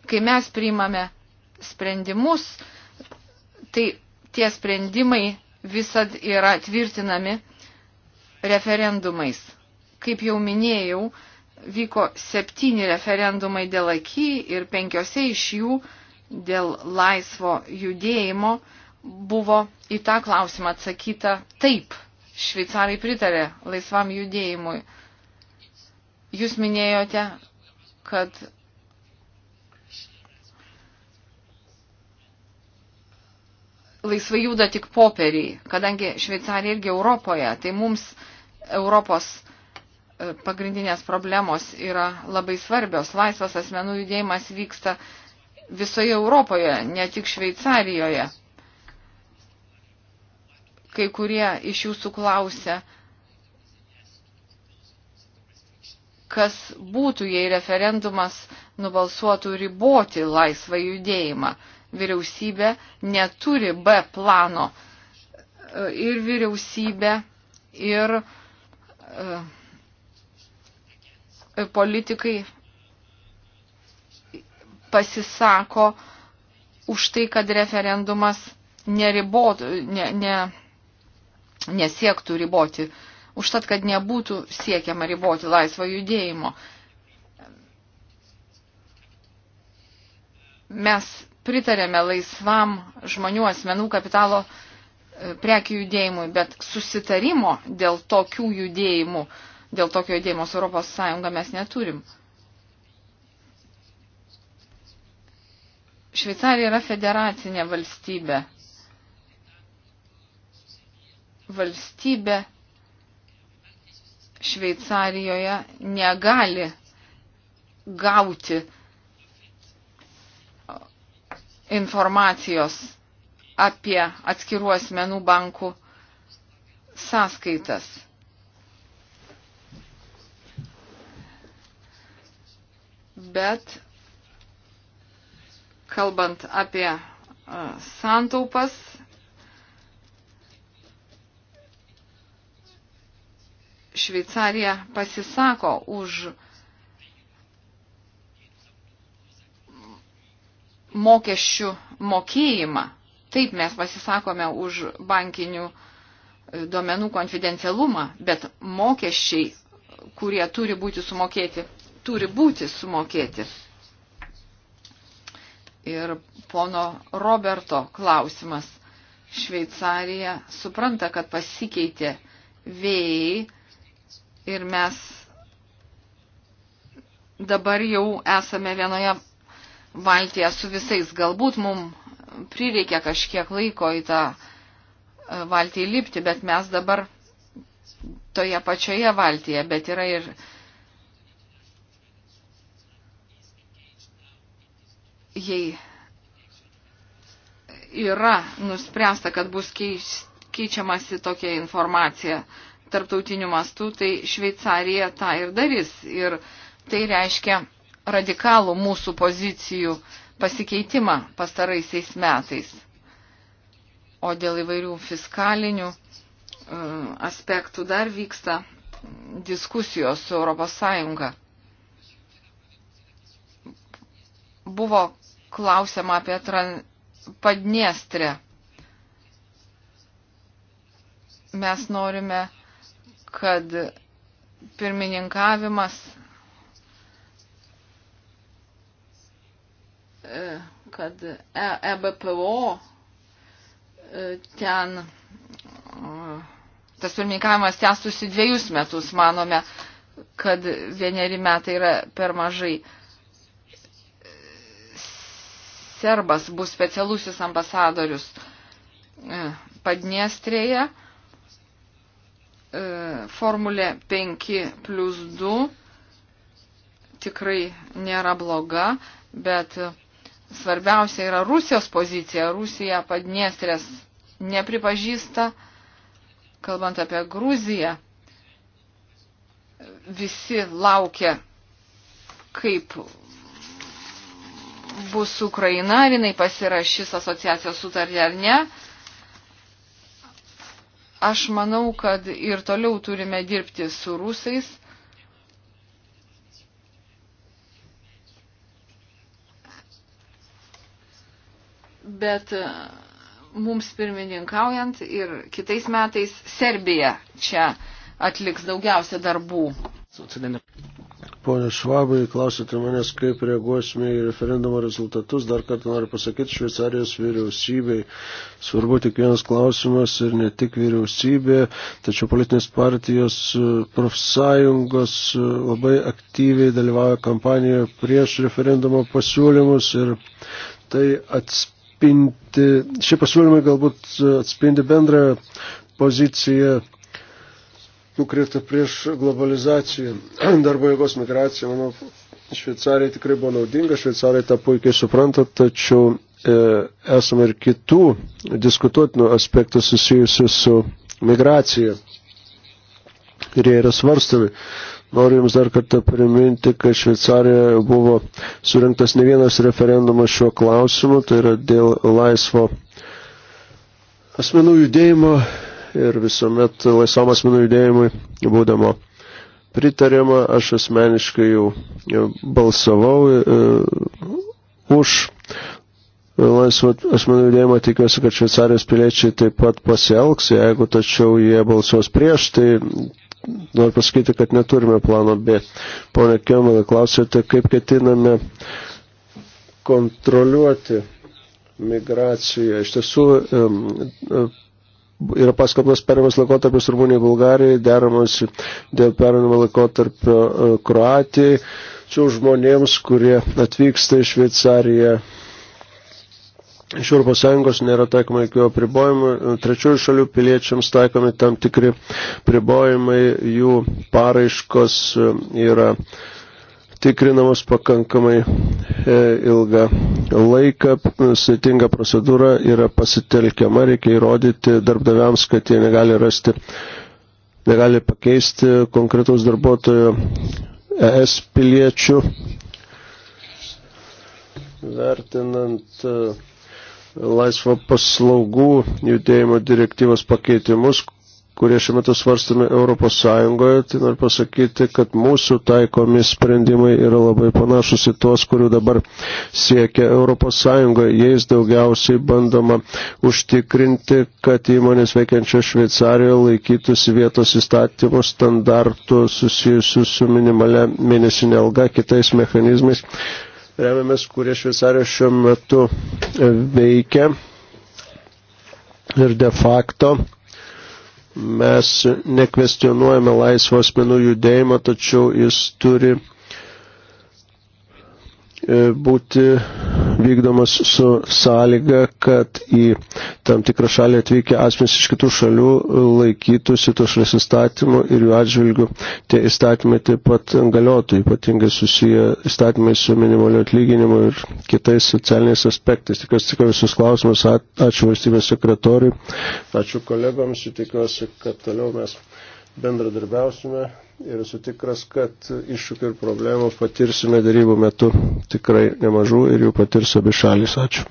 Kai mes priimame sprendimus, tai tie sprendimai visad yra tvirtinami referendumais. Kaip jau minėjau, vyko septyni referendumai dėl aky ir penkiose iš jų uh, dėl laisvo judėjimo, buvo į tą klausimą atsakyta taip. Šveicarai pritarė laisvam judėjimui. Jūs minėjote, kad laisvai juda tik poperiai, kadangi Šveicarija irgi Europoje, tai mums Europos e, pagrindinės problemos yra labai svarbios. Laisvas asmenų judėjimas vyksta visoje Europoje, ne tik Šveicarijoje. Kai kurie iš jūsų klausia, kas būtų, jei referendumas nubalsuotų riboti laisvą judėjimą. Vyriausybė neturi B plano. E, ir vyriausybė, ir e, e, politikai pasisako už tai, kad referendumas neribotų, ne, ne, nesiektų riboti, užtat, kad nebūtų siekiama riboti laisvo judėjimo. Mes pritarėme laisvam žmonių asmenų kapitalo e, prekių judėjimui, bet susitarimo dėl tokių judėjimų, dėl tokio judėjimo su Europos Sąjunga mes neturim. Šveicarija yra federacinė valstybė. Valstybė Šveicarijoje negali gauti informacijos apie atskirų asmenų bankų sąskaitas. Bet kalbant apie e, santaupas, Šveicarija pasisako už mokesčių mokėjimą. Taip mes pasisakome už bankinių e, duomenų konfidencialumą, bet mokesčiai, kurie turi būti sumokėti, turi būti sumokėti ir pono Roberto klausimas. Šveicarija supranta, kad pasikeitė vėjai ir mes dabar jau esame vienoje valtyje su visais. Galbūt mums prireikia kažkiek laiko į tą e, valtį lipti, bet mes dabar toje pačioje valtyje, bet yra ir jei yra nuspręsta, kad bus keis, keičiamasi tokia informacija tarptautiniu mastu, tai Šveicarija tą ir darys. Ir tai reiškia radikalų mūsų pozicijų pasikeitimą pastaraisiais metais. O dėl įvairių fiskalinių e, aspektų dar vyksta diskusijos su ES. Buvo klausiama apie tran... Padniestrę. Mes norime, kad pirmininkavimas e, kad EBPO e e, ten tas pirmininkavimas tęstųsi dviejus metus, manome, kad vieneri metai yra per mažai. Serbas bus specialusis ambasadorius e, Padniestrėje. E, formulė 5 plus 2 tikrai nėra bloga, bet svarbiausia yra Rusijos pozicija. Rusija Padniestrės nepripažįsta, kalbant apie Gruziją. Visi laukia, kaip bus su Ukraina, ar jinai pasirašys asociacijos sutartį ar ne. Aš manau, kad ir toliau turime dirbti su rusais. Bet e, mums pirmininkaujant ir kitais metais Serbija čia atliks daugiausia darbų ponė Švabai, klausėte manęs, kaip reaguosime į referendumo rezultatus. Dar kartą noriu pasakyti Šveicarijos vyriausybei. Svarbu tik vienas klausimas ir ne tik vyriausybė, tačiau politinės partijos e, profsąjungos e, labai aktyviai dalyvauja kampanijoje prieš referendumo pasiūlymus ir tai atspindi, šie pasiūlymai galbūt e, atspindi bendrą poziciją nukreipta prieš globalizaciją, darbo jėgos migraciją. Manau, Šveicarija tikrai buvo naudinga, Šveicarija tą puikiai supranta, tačiau e, esame ir kitų diskutuotinų aspektų susijusių su migracija. Ir jie yra svarstami. Noriu Jums dar kartą priminti, kad Šveicarijoje buvo surinktas ne vienas referendumas šiuo klausimu, tai yra dėl laisvo asmenų judėjimo ir visuomet laisvam asmenų judėjimui būdama pritariama. Aš asmeniškai jau, jau balsavau e, už laisvą asmenų judėjimą. Tikiuosi, kad šveicarijos piliečiai taip pat pasielgs, jeigu tačiau jie balsuos prieš, tai noriu pasakyti, kad neturime plano B. Pone Kiomelė, klausėte, kaip ketiname kontroliuoti migraciją. Iš tiesų, yra paskalbtas perimas laikotarpis Rumunijai, Bulgarijai, deramasi dėl perinimo laikotarpio e, Kroatijai. Čia žmonėms, kurie atvyksta į Šveicariją iš Europos Sąjungos nėra taikoma jokių apribojimų, trečiųjų šalių piliečiams taikomi tam tikri pribojimai, jų paraiškos e, yra uh, tikrinamos pakankamai e, ilgą laiką, sėtinga procedūra yra pasitelkiama, reikia įrodyti darbdaviams, kad jie negali rasti, negali pakeisti konkretaus darbuotojo ES piliečių, vertinant e, laisvo paslaugų judėjimo direktyvos pakeitimus, kurie šiuo metu svarstami Europos Sąjungoje, tai noriu pasakyti, kad mūsų taikomi sprendimai yra labai panašus į tuos, kurių dabar siekia Europos Sąjungoje. Jais daugiausiai bandoma užtikrinti, kad įmonės veikiančios Šveicarijoje laikytųsi vietos įstatymų standartų susijusių su minimale mėnesinė alga, kitais mechanizmais remiamės, kurie Šveicarijos šiuo metu veikia ir de facto mes nekvestionuojame laisvo asmenų judėjimo, tačiau jis turi E, būti vykdomas su sąlyga, kad į tam tikrą šalį atvykę asmenys iš kitų šalių laikytųsi tos šalies įstatymų ir jų atžvilgių tie įstatymai taip pat galiotų, ypatingai susiję įstatymai su minimaliu atlyginimu ir kitais socialiniais aspektais. Tikiuosi, tik visus klausimus. Ačiū valstybės sekretoriui, ačiū kolegoms ir tikiuosi, kad toliau mes bendradarbiausime ir esu tikras, kad iššūkių ir problemų patirsime darybų metu tikrai nemažų ir jų patirs abi šalis. Ačiū.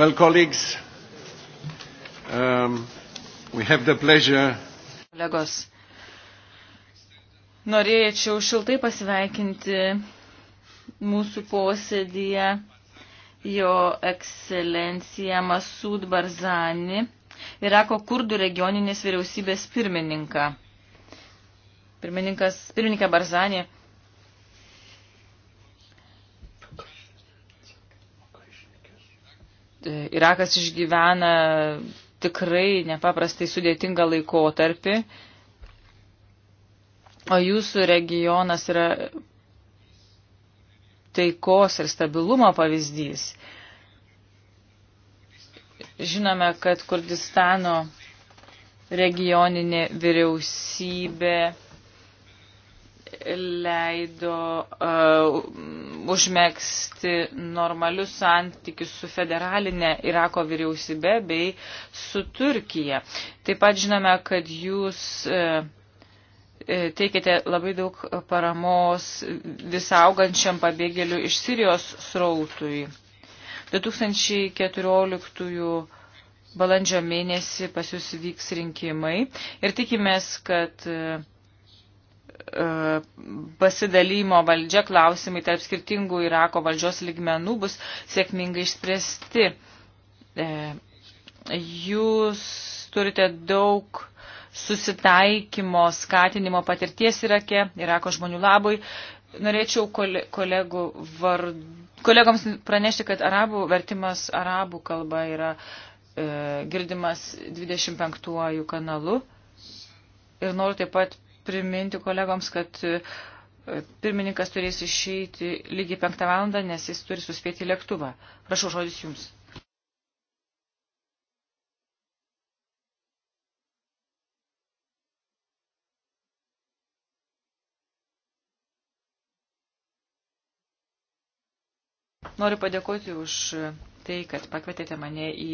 Well, colleagues, um, we have the pleasure. Kolegos, norėčiau šiltai pasveikinti mūsų posėdyje jo ekscelenciją Masud Barzani, Irako kurdų regioninės vyriausybės pirmininką. Pirmininkas, pirmininkė Barzani Irakas išgyvena tikrai nepaprastai sudėtingą laikotarpį, o jūsų regionas yra taikos ir stabilumo pavyzdys. Žinome, kad Kurdistano regioninė vyriausybė leido uh, užmėgsti normalius santykius su federalinė Irako vyriausybe bei su Turkija. Taip pat žinome, kad jūs uh, uh teikite labai daug paramos visaugančiam pabėgėlių iš Sirijos srautui. 2014 balandžio mėnesį pas jūs vyks rinkimai ir tikimės, kad uh, E, pasidalymo valdžia klausimai tarp skirtingų Irako valdžios ligmenų bus sėkmingai išspręsti. E, jūs turite daug susitaikymo, skatinimo patirties Irake, Irako žmonių labui. Norėčiau kolegų vard... kolegoms pranešti, kad arabų vertimas arabų kalba yra e, girdimas 25 kanalu. Ir noriu taip pat priminti kolegoms, kad e, pirmininkas turės išeiti lygiai penktą valandą, nes jis turi suspėti lėktuvą. Prašau, žodis jums. Noriu padėkoti už tai, kad pakvietėte mane į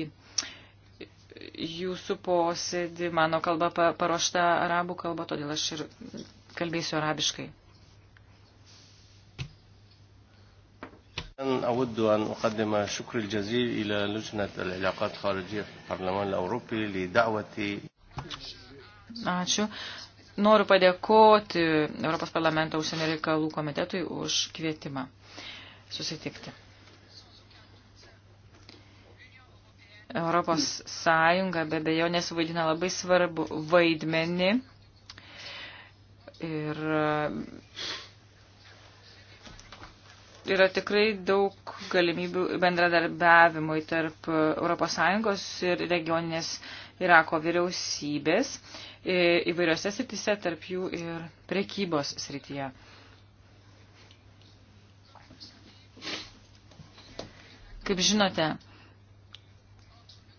jūsų posėdį. Mano kalba paruošta arabų kalba, todėl aš ir kalbėsiu arabiškai. أود أن أقدم شكر الجزيل إلى لجنة العلاقات الخارجية في البرلمان الأوروبي لدعوتي Ačiū. Noriu padėkoti Europos parlamento užsienio reikalų komitetui už kvietimą susitikti. Europos Sąjunga be bejo nesuvaidina labai svarbu vaidmenį ir e, yra tikrai daug galimybių bendradarbiavimui tarp ES ir regioninės Irako vyriausybės e, įvairiose srityse, tarp jų ir prekybos srityje. Kaip žinote,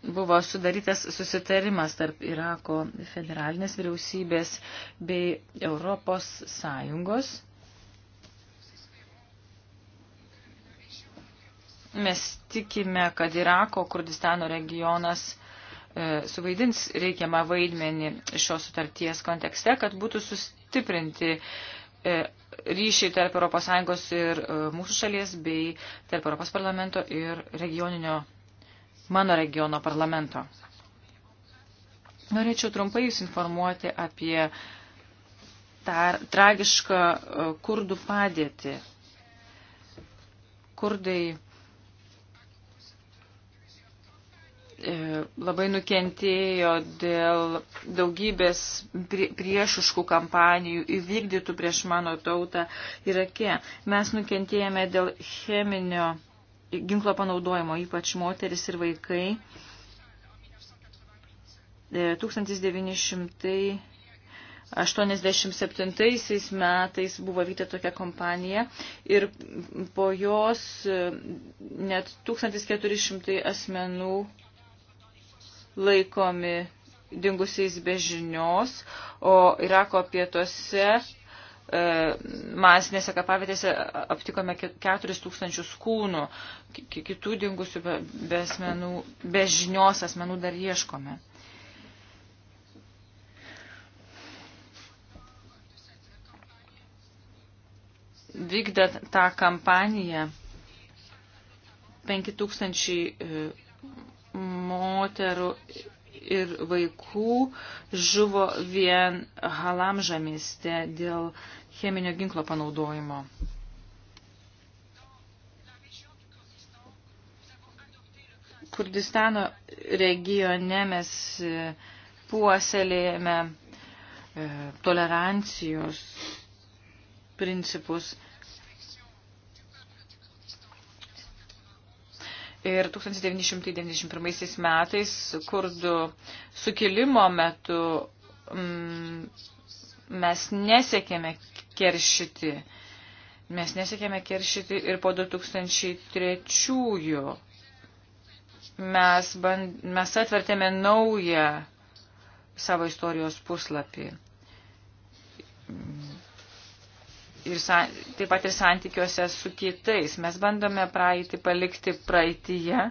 buvo sudarytas susitarimas tarp Irako federalinės vyriausybės bei Europos Sąjungos. Mes tikime, kad Irako Kurdistano regionas e, suvaidins reikiamą vaidmenį šios sutarties kontekste, kad būtų sustiprinti e, ryšiai tarp ES ir e, mūsų šalies bei tarp ES ir regioninio mano regiono parlamento. Norėčiau trumpai jūs informuoti apie tar, tragišką e, kurdų padėtį. Kurdai e, labai nukentėjo dėl daugybės priešiškų kampanijų įvykdytų prieš mano tautą Irake. Mes nukentėjome dėl cheminio ginklo panaudojimo, ypač moteris ir vaikai. 1987 e, metais buvo vykta tokia kompanija ir po jos e, net 1400 asmenų laikomi dingusiais be žinios, o Irako pietuose E, masinėse kapavietėse aptikome 4 tūkstančius kūnų, kitų dingusių be, be, asmenų, be žinios asmenų dar ieškome. Vykdant tą kampaniją, 5000 e, moterų ir vaikų žuvo vien Halamža mieste dėl cheminio ginklo panaudojimo. Kurdistano regione mes e, puoselėjame e, tolerancijos principus Ir 1991 metais kurdų sukilimo metu mm, mes nesiekėme keršyti. Mes nesiekėme keršyti ir po 2003 mes, band, mes atvertėme naują savo istorijos puslapį. Mm ir taip pat ir santykiuose su kitais. Mes bandome praeitį palikti praeitįje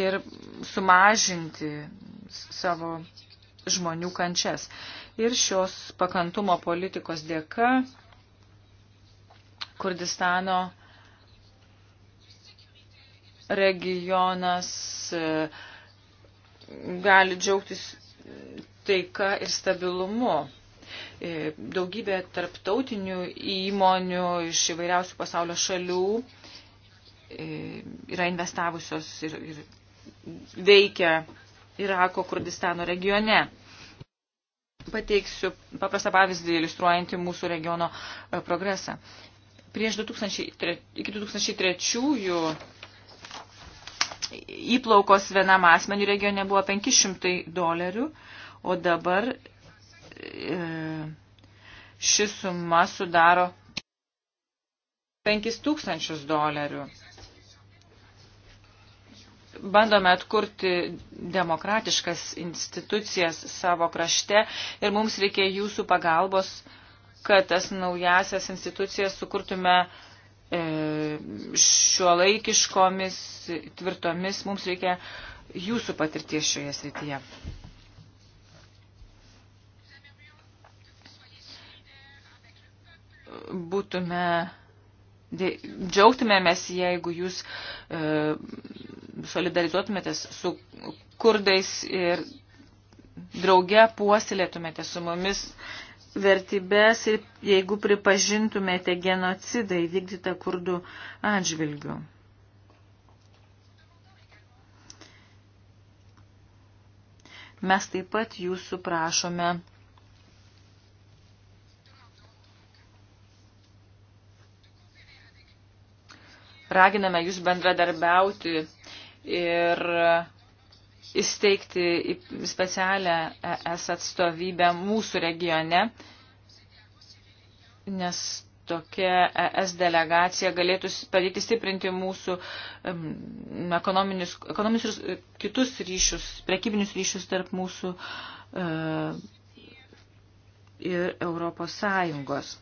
ir sumažinti savo žmonių kančias. Ir šios pakantumo politikos dėka Kurdistano regionas e, gali džiaugtis taika ir stabilumu. E, daugybė tarptautinių įmonių iš įvairiausių pasaulio šalių e, yra investavusios ir, ir veikia Irako Kurdistano regione. Pateiksiu paprastą pavyzdį iliustruojantį mūsų regiono e, progresą. Prieš 2003, iki 2003-ųjų įplaukos vienam asmenių regione buvo 500 dolerių, o dabar E, ši suma sudaro 5000 dolerių. Bandome atkurti demokratiškas institucijas savo krašte ir mums reikia jūsų pagalbos, kad tas naujasias institucijas sukurtume e, šiuolaikiškomis, tvirtomis. Mums reikia jūsų patirties šioje srityje. būtume, džiaugtumėmės, jeigu jūs e, solidarizuotumėtės su kurdais ir drauge puoselėtumėte su mumis vertybės ir jeigu pripažintumėte genocidą įvykdytą kurdų atžvilgių. Mes taip pat jūsų prašome raginame jūs bendradarbiauti ir įsteigti specialią ES atstovybę mūsų regione, nes tokia ES delegacija galėtų padėti stiprinti mūsų ekonominius, ekonominius ir kitus ryšius, prekybinius ryšius tarp mūsų uh, ir Europos Sąjungos.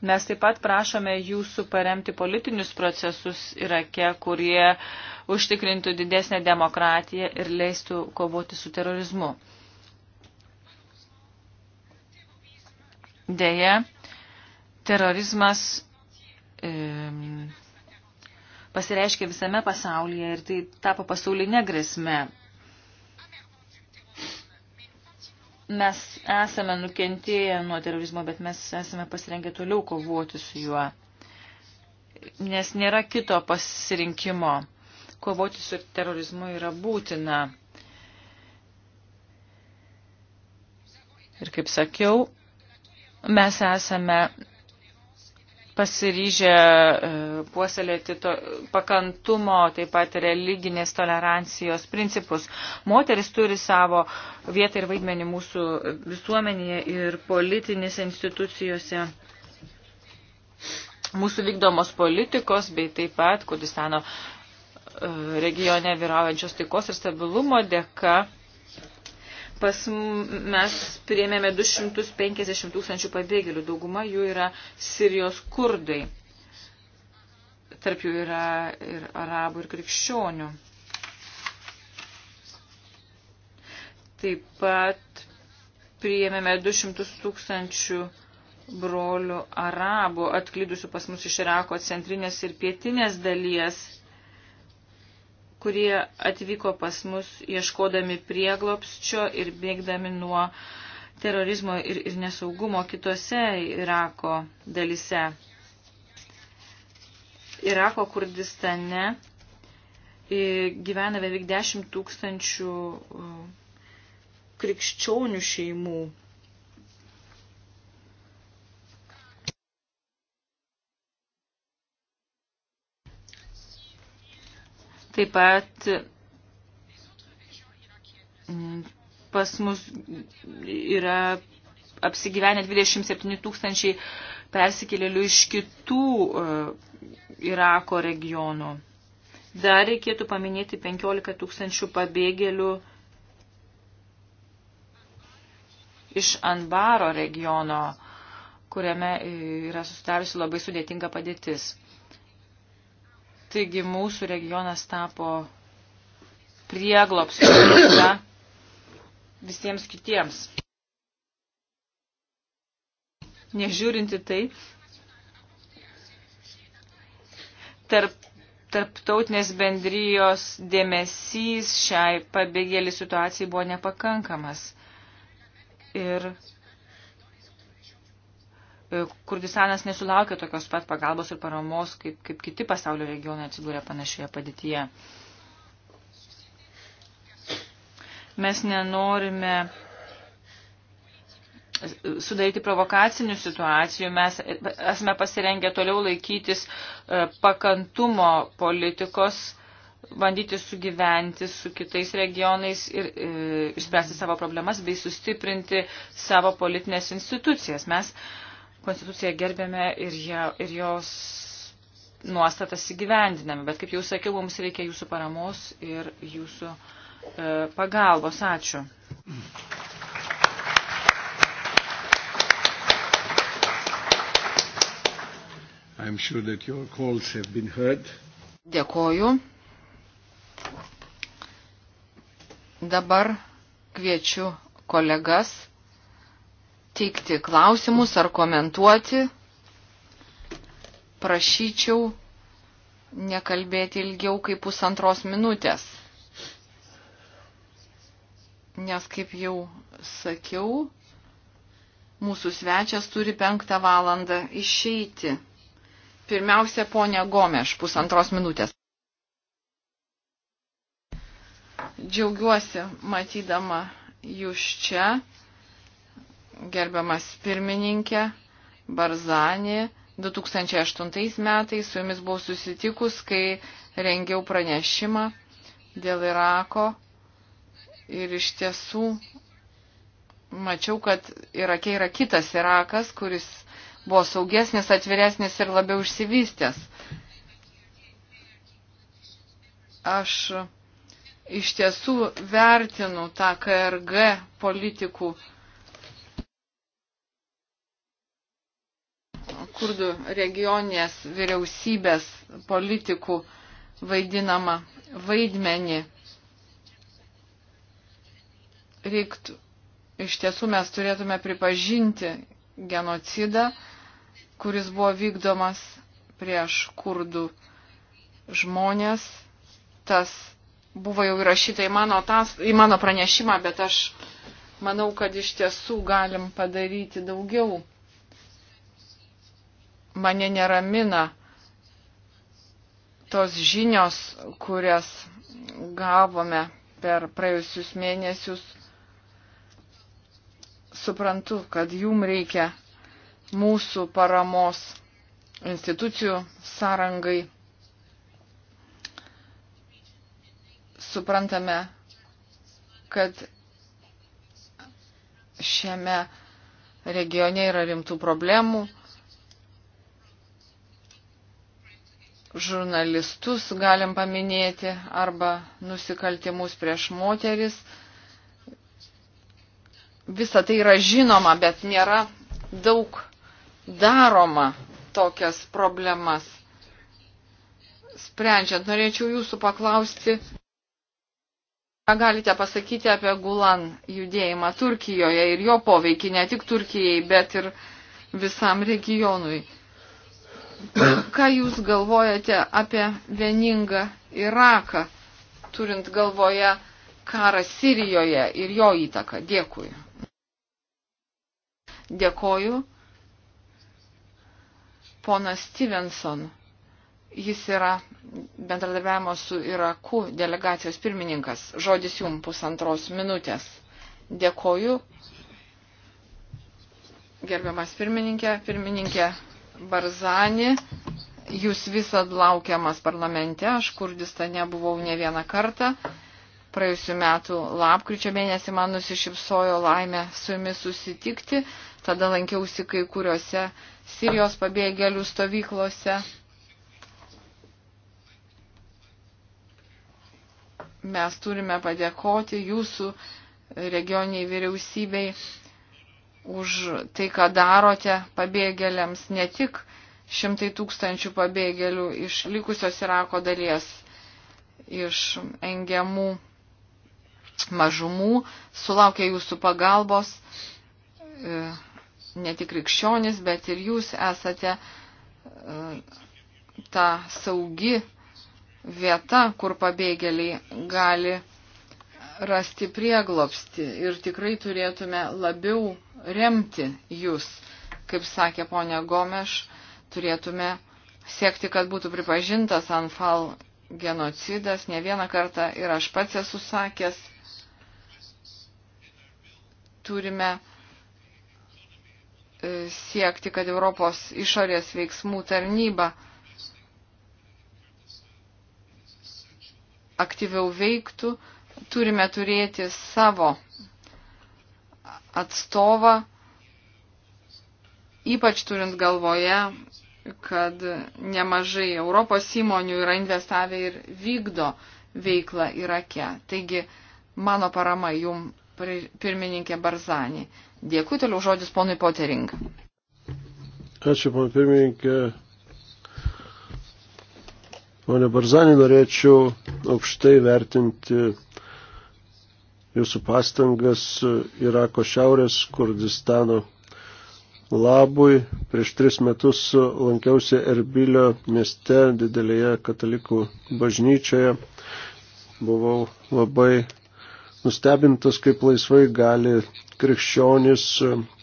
Mes taip pat prašome jūsų paremti politinius procesus Irake, kurie užtikrintų didesnę demokratiją ir leistų kovoti su terorizmu. Deja, terorizmas e, pasireiškia visame pasaulyje ir tai tapo pasaulinė grėsme. Mes esame nukentėję nuo terorizmo, bet mes esame pasirengę toliau kovoti su juo, nes nėra kito pasirinkimo. Kovoti su terorizmu yra būtina. Ir kaip sakiau, mes esame pasiryžę e, puoselėti to, pakantumo, taip pat religinės tolerancijos principus. Moteris turi savo vietą ir vaidmenį mūsų visuomenėje ir politinėse institucijose. Mūsų vykdomos politikos bei taip pat Kurdistano e, regione vyraujančios taikos ir stabilumo dėka Pas mes priėmėme 250 tūkstančių pabėgėlių, dauguma jų yra Sirijos kurdai. Tarp jų yra ir arabų, ir krikščionių. Taip pat priėmėme 200 tūkstančių brolių arabų atklydusių pas mus iš Irako centrinės ir pietinės dalies kurie atvyko pas mus ieškodami prieglopščio ir bėgdami nuo terorizmo ir, ir nesaugumo kitose Irako dalise. Irako Kurdistane e, gyvena beveik 10 tūkstančių e, krikščionių šeimų. Taip pat mm, pas mus yra apsigyvenę 27 tūkstančiai persikėlėlių iš kitų e, Irako regionų. Dar reikėtų paminėti 15 tūkstančių pabėgėlių iš Anbaro regiono, kuriame e, yra susidariusi labai sudėtinga padėtis. Taigi mūsų regionas tapo prieglopsio visiems kitiems. Nežiūrinti tai, tarp tarptautinės bendrijos dėmesys šiai pabėgėlį situacijai buvo nepakankamas. Ir E, Kurdistanas nesulaukia tokios pat pagalbos ir paramos, kaip, kaip kiti pasaulio regionai atsidūrė panašioje padėtyje. Mes nenorime sudaryti provokacinių situacijų, mes esame pasirengę toliau laikytis e, pakantumo politikos, bandyti sugyventi su kitais regionais ir e, išspręsti savo problemas bei sustiprinti savo politinės institucijas. Mes e, konstituciją gerbėme ir, jie, ir jos nuostatas įgyvendiname. Bet, kaip jau sakiau, mums reikia jūsų paramos ir jūsų e, pagalbos. Ačiū. I'm sure that your calls have been heard. Dėkoju. Dabar kviečiu kolegas teikti klausimus ar komentuoti. Prašyčiau nekalbėti ilgiau kaip pusantros minutės. Nes, kaip jau sakiau, mūsų svečias turi penktą valandą išeiti. Pirmiausia, ponė Gomeš, pusantros minutės. Džiaugiuosi matydama jūs čia gerbiamas pirmininkė Barzani. 2008 metais su jumis buvau susitikus, kai rengiau pranešimą dėl Irako ir iš tiesų mačiau, kad Irake yra kitas Irakas, kuris buvo saugesnis, atviresnis ir labiau išsivystęs. Aš iš tiesų vertinu tą KRG politikų kurdų regioninės vyriausybės politikų vaidinamą vaidmenį. Reiktų, iš tiesų mes turėtume pripažinti genocidą, kuris buvo vykdomas prieš kurdų žmonės. Tas buvo jau įrašyta į mano, tas, į mano pranešimą, bet aš manau, kad iš tiesų galim padaryti daugiau mane neramina tos žinios, kurias gavome per praėjusius mėnesius. Suprantu, kad jum reikia mūsų paramos institucijų sąrangai. Suprantame, kad šiame regione yra rimtų problemų žurnalistus galim paminėti arba nusikaltimus prieš moteris. Visa tai yra žinoma, bet nėra daug daroma tokias problemas. Sprendžiant, norėčiau jūsų paklausti, ką galite pasakyti apie Gulan judėjimą Turkijoje ir jo poveikį ne tik Turkijai, bet ir visam regionui. Ką Jūs galvojate apie vieningą Iraką, turint galvoje karą Sirijoje ir jo įtaką? Dėkui. Dėkoju. Ponas Stevenson, jis yra bendradarbiavimo su Iraku delegacijos pirmininkas. Žodis jums pusantros minutės. Dėkoju. Gerbiamas pirmininkė, pirmininkė Barzani, jūs visad laukiamas parlamente, aš Kurdistane buvau ne vieną kartą. Praėjusiu metu lapkričio mėnesį man nusišypsojo laimė su jumis susitikti, tada lankiausi kai kuriuose Sirijos pabėgėlių stovyklose. Mes turime padėkoti jūsų regioniai vyriausybei už tai, ką darote pabėgėliams, ne tik šimtai tūkstančių pabėgėlių iš likusios Irako dalies, iš engiamų mažumų, sulaukia jūsų pagalbos, e, ne tik krikščionis, bet ir jūs esate e, ta saugi vieta, kur pabėgėliai gali rasti prieglopsti ir tikrai turėtume labiau remti jūs. Kaip sakė ponia Gomeš, turėtume siekti, kad būtų pripažintas Anfal genocidas ne vieną kartą ir aš pats esu sakęs, turime e, siekti, kad Europos išorės veiksmų tarnyba aktyviau veiktų, turime turėti savo atstovą, ypač turint galvoje, kad nemažai Europos įmonių yra investavę ir vykdo veiklą Irake. Taigi, mano parama jum, pirmininkė Barzani. Dėkui, toliau žodis ponui Potering. Ačiū, ponui pirmininkė. Pone Barzani, norėčiau aukštai vertinti jūsų pastangas Irako šiaurės Kurdistano labui. Prieš tris metus lankiausi Erbilio mieste didelėje katalikų bažnyčioje. Buvau labai nustebintas, kaip laisvai gali krikščionis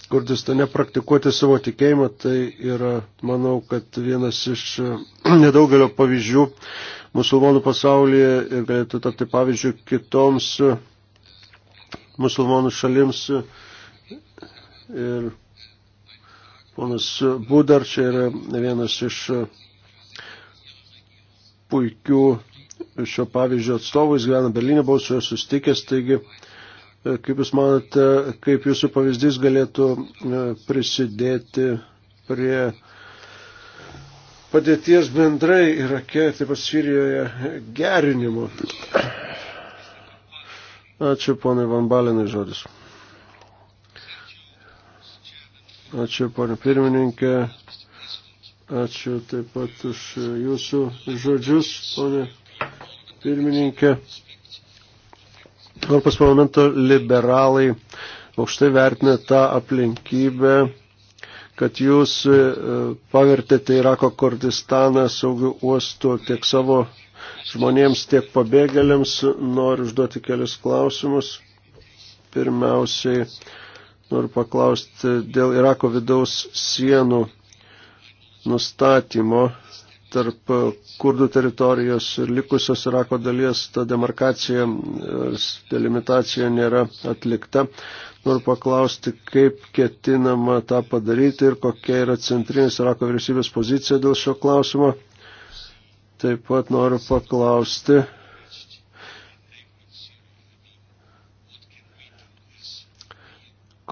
Kurdistane praktikuoti savo tikėjimą, tai yra, manau, kad vienas iš nedaugelio pavyzdžių musulmonų pasaulyje ir galėtų tapti pavyzdžių kitoms musulmonų šalims. Ir ponas Budar čia yra vienas iš puikių šio pavyzdžio atstovų, jis gyvena Berlyne, buvau su juo sustikęs, taigi, kaip jūs manote, kaip jūsų pavyzdys galėtų e, prisidėti prie padėties bendrai Irake, taip pat Sirijoje gerinimo. Ačiū, ponai Van Balinai, žodis. Ačiū, ponė pirmininkė. Ačiū taip pat už jūsų žodžius, ponė pirmininkė. Europos parlamento liberalai aukštai vertina tą aplinkybę, kad jūs e, pavertėte Irako Kurdistaną saugiu uostu tiek savo žmonėms, tiek pabėgėliams. Noriu užduoti kelias klausimus. Pirmiausiai noriu paklausti dėl Irako vidaus sienų nustatymo tarp kurdų teritorijos ir likusios Irako dalies ta demarkacija ir delimitacija nėra atlikta. Noriu paklausti, kaip ketinama tą padaryti ir kokia yra centrinės Irako vyriausybės pozicija dėl šio klausimo. Taip pat noriu paklausti,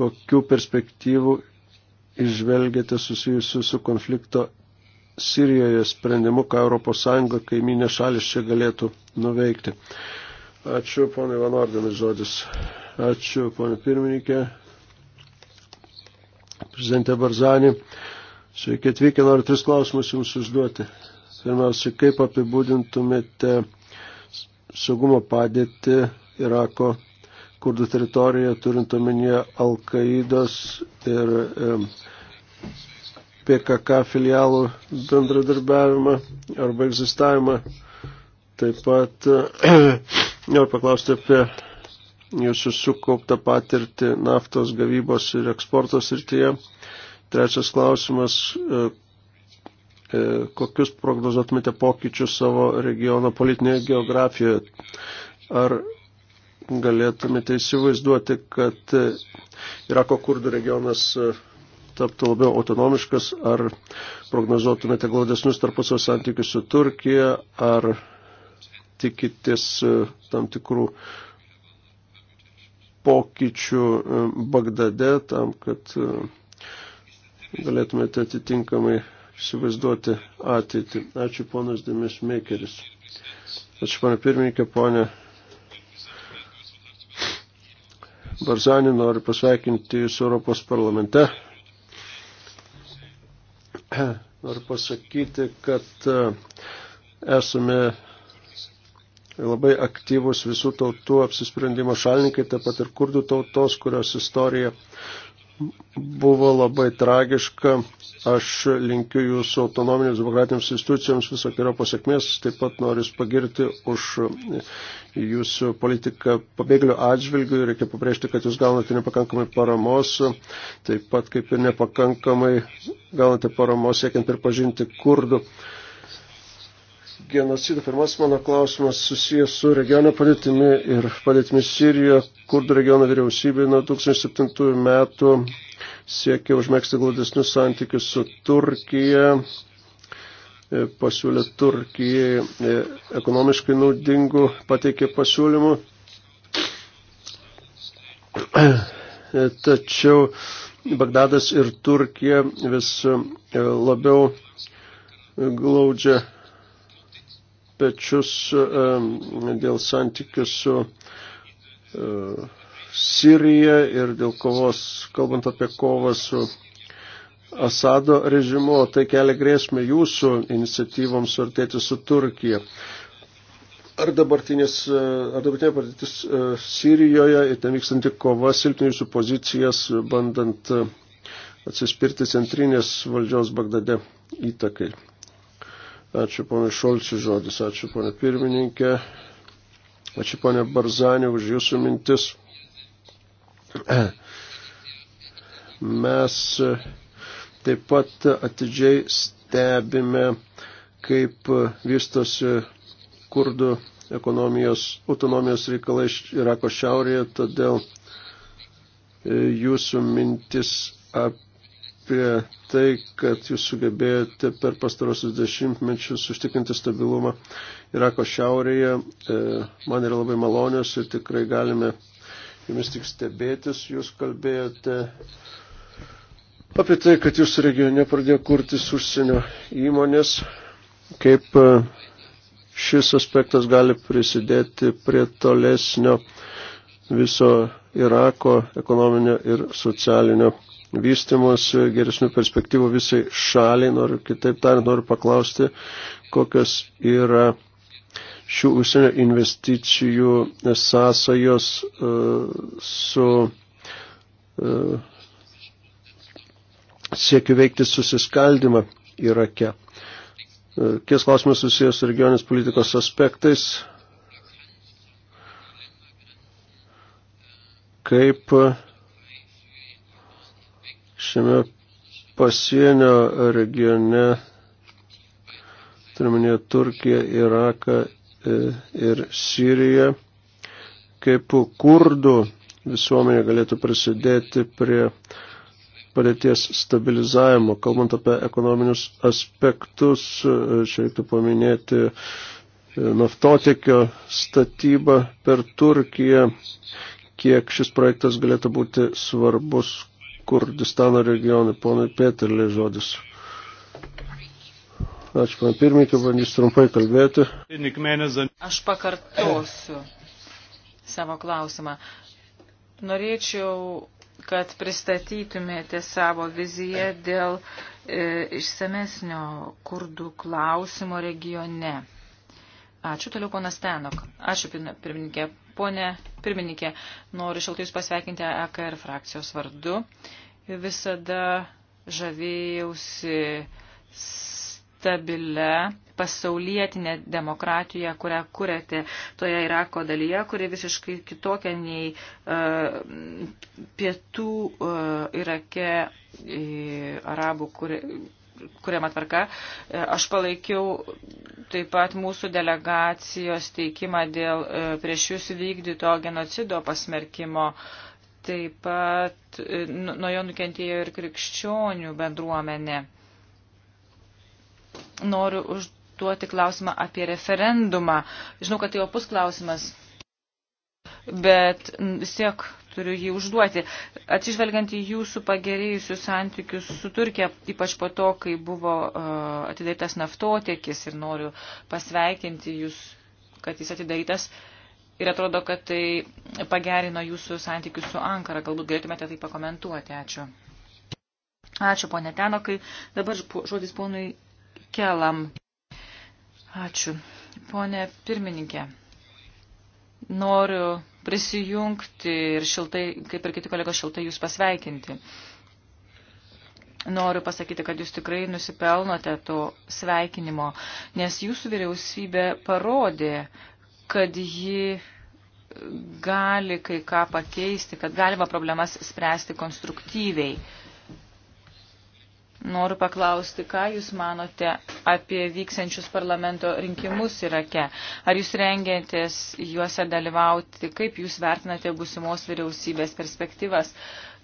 kokių perspektyvų išvelgėte susijusių su konflikto Sirijoje sprendimu, ką ES kaiminė šalis čia galėtų nuveikti. Ačiū, ponai Van Ordenas žodis. Ačiū, ponai pirmininkė. Prezidentė Barzani. Sveiki atvykę, noriu tris klausimus jums užduoti. Pirmiausia, kaip apibūdintumėte saugumo padėti Irako kurdų teritorijoje, turint omenyje Al-Qaidos ir e, PKK filialų bendradarbiavimą arba egzistavimą. Taip pat noriu paklausti apie jūsų sukauptą patirtį naftos gavybos ir eksporto srityje. Trečias klausimas, e, E, kokius prognozuotumėte pokyčius savo regiono politinėje geografijoje? Ar galėtumėte įsivaizduoti, kad Irako kurdų regionas e, taptų labiau autonomiškas, ar prognozuotumėte glaudesnius tarpusio santykius su Turkija, ar tikitės e, tam tikrų pokyčių Bagdade tam, kad galėtumėte atitinkamai įsivaizduoti ateitį. Ačiū ponas Dėmes Mekeris. Ačiū pana pirmininkė, ponė Barzanį, noriu pasveikinti Jūsų Europos parlamente. Noriu pasakyti, kad e, esame labai aktyvus visų tautų apsisprendimo šalininkai, taip pat ir kurdų tautos, kurios istorija buvo labai tragiška. Aš linkiu jūsų autonominėms demokratinėms institucijoms visokio pasiekmės. Taip pat noriu pagirti už jūsų politiką pabėgėlių atžvilgių. Reikia pabrėžti, kad jūs gaunate nepakankamai paramos. Taip pat kaip ir nepakankamai gaunate paramos siekiant pripažinti kurdų genocidą. Pirmasis mano klausimas susijęs su regionio padėtimi ir padėtimi Sirijoje, kurdų regiono vyriausybė nuo 2007 metų siekia užmėgsti glaudesnius santykius su Turkija, e, pasiūlė Turkijai e, ekonomiškai naudingų, pateikė pasiūlymų. E, tačiau Bagdadas ir Turkija vis labiau glaudžia pečius e, dėl santykių su e, Sirija ir dėl kovos, kalbant apie kovą su Asado režimu, tai kelia grėsmę jūsų iniciatyvoms artėti su Turkija. Ar, e, ar dabartinė padėtis Sirijoje ir ten vykstanti kova silpnė jūsų pozicijas, bandant atsispirti centrinės valdžios Bagdade įtakai? Ačiū ponai Šolčių žodis, ačiū ponai pirmininkė, ačiū ponai Barzanė už jūsų mintis. Mes taip pat atidžiai stebime, kaip vystosi kurdų ekonomijos, autonomijos reikalai Irako šiaurėje, todėl jūsų mintis apie apie tai, kad jūs sugebėjote per pastarosius dešimtmečius užtikrinti stabilumą Irako šiaurėje. E, man yra labai malonios ir tikrai galime jumis tik stebėtis. Jūs kalbėjote apie tai, kad jūsų regione pradėjo kurtis užsienio įmonės, kaip e, šis aspektas gali prisidėti prie tolesnio viso Irako ekonominio ir socialinio vystimus, e, geresnių perspektyvų visai šaliai. Noriu, kitaip tariant, noriu paklausti, kokios yra šių užsienio investicijų sąsajos e, su e, siekiu veikti susiskaldimą Irake. Kies klausimas susijęs su regionės politikos aspektais, kaip šiame pasienio regione, turiminė Turkija, Iraka e, ir Sirija, kaip kurdų visuomenė galėtų prisidėti prie padėties stabilizavimo. Kalbant apie ekonominius aspektus, e, čia reiktų paminėti e, naftotikio statybą per Turkiją, kiek šis projektas galėtų būti svarbus Kurdistano regionui. Ponui Peterlė žodis. Ačiū, man pirmininkai, bandys trumpai kalbėti. Aš pakartosiu savo klausimą. Norėčiau, kad pristatytumėte savo viziją dėl e, išsamesnio kurdų klausimo regione. Ačiū toliau, ponas Tenok. Ačiū, pirmininkė. Pone pirmininkė, noriu šiltai Jūs pasveikinti AKR e frakcijos vardu. Visada žavėjausi stabilę pasaulietinę demokratiją, kurią kuriate toje Irako dalyje, kuri visiškai kitokia nei uh, pietų uh, Irake uh, arabų, kuri, kuriama tvarka. E, aš palaikiau taip pat mūsų delegacijos teikimą dėl e, prieš jūs vykdyto genocido pasmerkimo. Taip pat e, nuo jo nukentėjo ir krikščionių bendruomenė. Noriu užduoti klausimą apie referendumą. Žinau, kad tai opus klausimas, bet vis tiek turiu jį užduoti. Atsižvelgiant į jūsų pagerėjusius santykius su Turkija, ypač po to, kai buvo e, atidarytas naftotiekis ir noriu pasveikinti jūs, kad jis atidarytas. Ir atrodo, kad tai pagerino jūsų santykius su Ankara. Galbūt galėtumėte tai pakomentuoti. Ačiū. Ačiū, ponė Tenokai. Dabar žodis ponui Kelam. Ačiū. Pone pirmininkė, noriu prisijungti ir šiltai, kaip ir kiti kolegos, šiltai jūs pasveikinti. Noriu pasakyti, kad jūs tikrai nusipelnote to sveikinimo, nes jūsų vyriausybė parodė, kad ji gali kai ką pakeisti, kad galima problemas spręsti konstruktyviai. Noriu paklausti, ką Jūs manote apie vyksančius parlamento rinkimus Irake? Ar Jūs rengiatės juose dalyvauti? Kaip Jūs vertinate būsimos vyriausybės perspektyvas?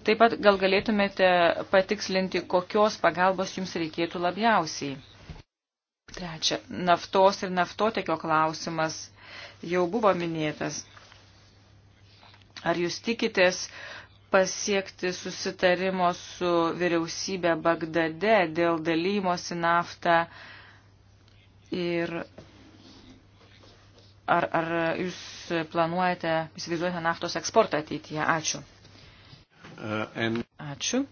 Taip pat gal galėtumėte patikslinti, kokios pagalbos Jums reikėtų labiausiai? Trečia, naftos ir naftotekio klausimas jau buvo minėtas. Ar Jūs tikitės pasiekti susitarimo su vyriausybė Bagdade dėl dalymosi naftą ir ar, ar jūs planuojate, įsivaizduojate naftos eksportą ateityje? Ačiū. Uh, Ačiū.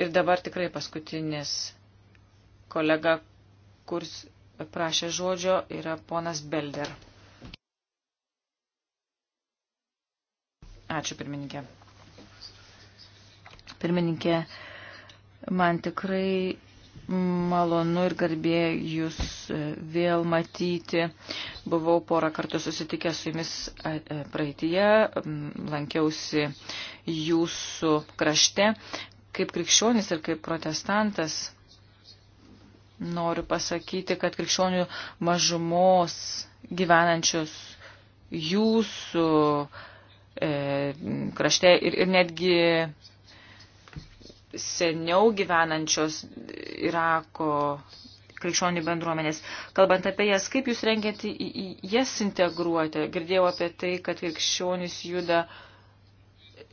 Ir dabar tikrai paskutinis kolega, kuris prašė žodžio, yra ponas Belder. Ačiū, pirmininkė. Pirmininkė, man tikrai malonu ir garbė jūs e, vėl matyti. Buvau porą kartų susitikęs su jumis e, praeitie, lankiausi jūsų krašte. Kaip krikščionis ir kaip protestantas noriu pasakyti, kad krikščionių mažumos gyvenančios jūsų uh, E, krašte ir, ir netgi seniau gyvenančios Irako krikščionių bendruomenės. Kalbant apie jas, kaip jūs rengiate jas integruoti? Girdėjau apie tai, kad krikščionys juda uh,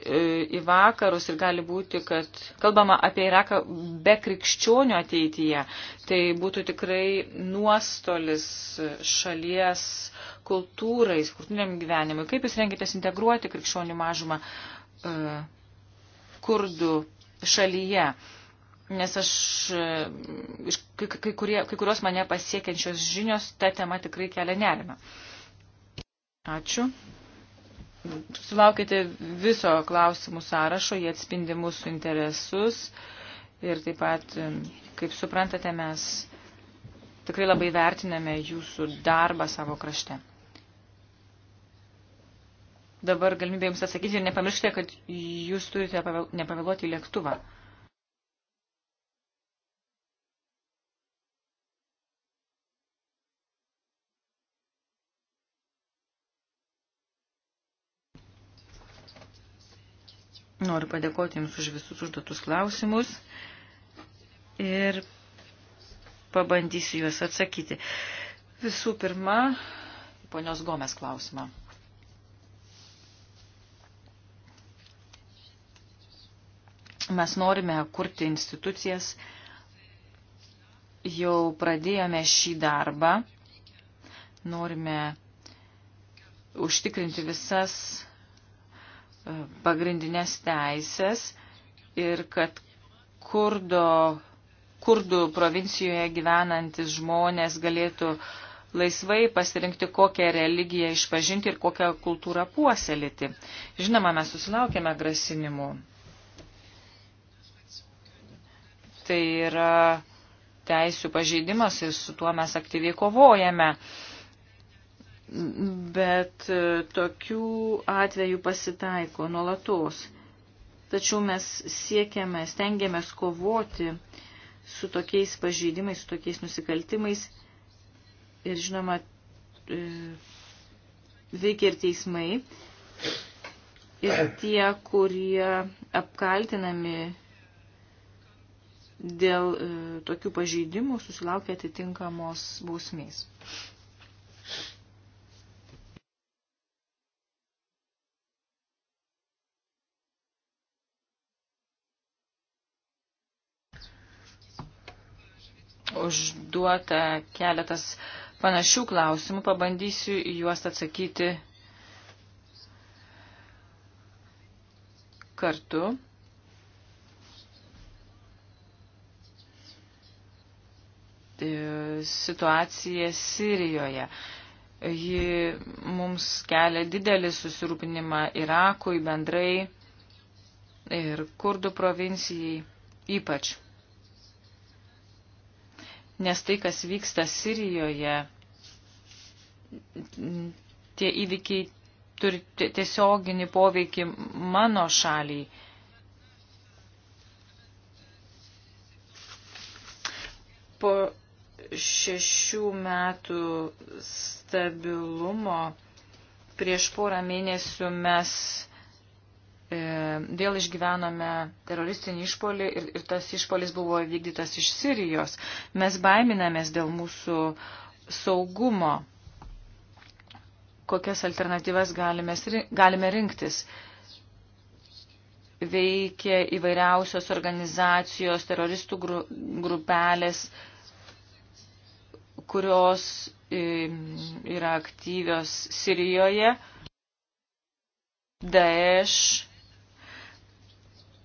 į vakarus ir gali būti, kad kalbama apie Iraką be krikščionių ateityje. Tai būtų tikrai nuostolis šalies kultūrai, kultūriniam gyvenimui. Kaip jūs rengitės integruoti krikščionių mažumą uh, kurdų šalyje? Nes aš, e, kai, kai, kurie, kai kurios mane pasiekiančios žinios, ta tema tikrai kelia nerimą. Ačiū sulaukite viso klausimų sąrašo, jie atspindi mūsų interesus ir taip pat, kaip suprantate, mes tikrai labai vertiname jūsų darbą savo krašte. Dabar galimybė jums atsakyti ir nepamirškite, kad jūs turite nepavėluoti į lėktuvą. Noriu padėkoti Jums už visus užduotus klausimus ir pabandysiu juos atsakyti. Visų pirma, ponios Gomes klausimą. Mes norime kurti institucijas, jau pradėjome šį darbą, norime užtikrinti visas pagrindinės teisės ir kad kurdo, kurdų provincijoje gyvenantis žmonės galėtų laisvai pasirinkti, kokią religiją išpažinti ir kokią kultūrą puoselėti. Žinoma, mes susilaukėme grasinimų. Tai yra teisų pažeidimas ir su tuo mes aktyviai kovojame. Uh, bet e, tokių atvejų pasitaiko nuolatos. Tačiau mes siekiame, stengiamės kovoti su tokiais pažeidimais, su tokiais nusikaltimais ir žinoma, e, veikia ir teismai. Ir tie, kurie apkaltinami dėl e, tokių pažeidimų, susilaukia atitinkamos bausmės. užduota keletas panašių klausimų, pabandysiu juos atsakyti kartu. E, situacija Sirijoje. Ji mums kelia didelį susirūpinimą Irakui bendrai ir kurdų provincijai ypač nes tai, kas vyksta Sirijoje, tie įvykiai turi tiesioginį poveikį mano šaliai. Po šešių metų stabilumo prieš porą mėnesių mes E, vėl išgyvenome teroristinį išpolį ir, ir tas išpolis buvo vykdytas iš Sirijos. Mes baiminamės dėl mūsų saugumo, kokias alternatyvas galime, galime rinktis. Veikia įvairiausios organizacijos, teroristų gru, grupelės, kurios e, yra aktyvios Sirijoje. Daesh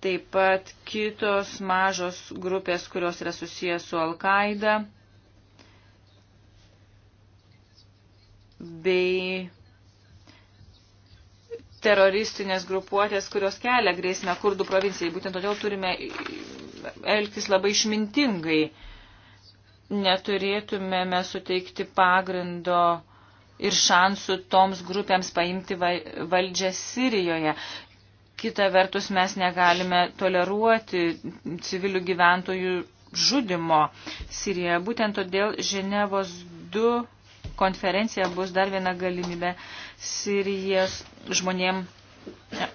taip pat kitos mažos grupės, kurios yra susijęs su Al-Qaida bei teroristinės grupuotės, kurios kelia grėsmę kurdų provincijai. Būtent todėl turime elgtis labai išmintingai. Neturėtumėme suteikti pagrindo ir šansų toms grupėms paimti valdžią Sirijoje. Kita vertus, mes negalime toleruoti civilių gyventojų žudimo Sirijoje. Būtent todėl Ženevos 2 konferencija bus dar viena galimybė Sirijos žmonėm e,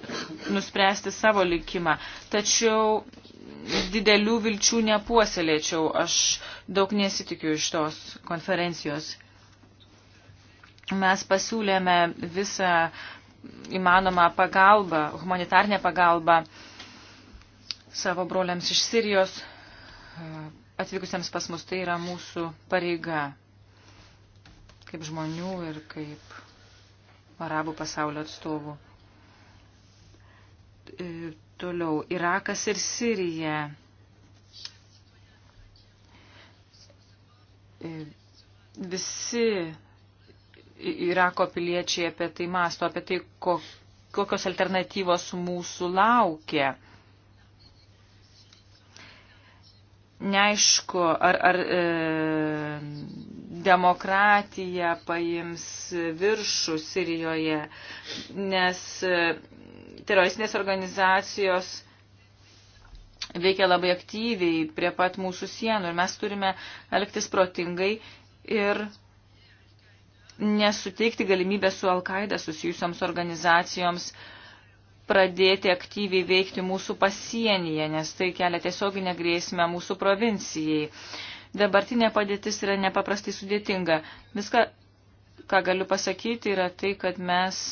nuspręsti savo likimą. Tačiau didelių vilčių nepuoselėčiau. Aš daug nesitikiu iš tos konferencijos. Mes pasiūlėme visą įmanomą pagalbą, humanitarnę pagalbą savo broliams iš Sirijos e, atvykusiems pas mus. Tai yra mūsų pareiga kaip žmonių ir kaip arabų pasaulio atstovų. Ir e, toliau, Irakas ir Sirija. Ir e, visi Irako piliečiai apie tai masto, apie tai, kokios alternatyvos mūsų laukia. Neaišku, ar, ar e, demokratija paims viršų Sirijoje, nes e, teroristinės organizacijos veikia labai aktyviai prie pat mūsų sienų ir mes turime elgtis protingai ir nesuteikti galimybę su Alkaida susijusioms organizacijoms pradėti aktyviai veikti mūsų pasienyje, nes tai kelia tiesioginę grėsmę mūsų provincijai. Dabartinė padėtis yra nepaprastai sudėtinga. Viską, ką galiu pasakyti, yra tai, kad mes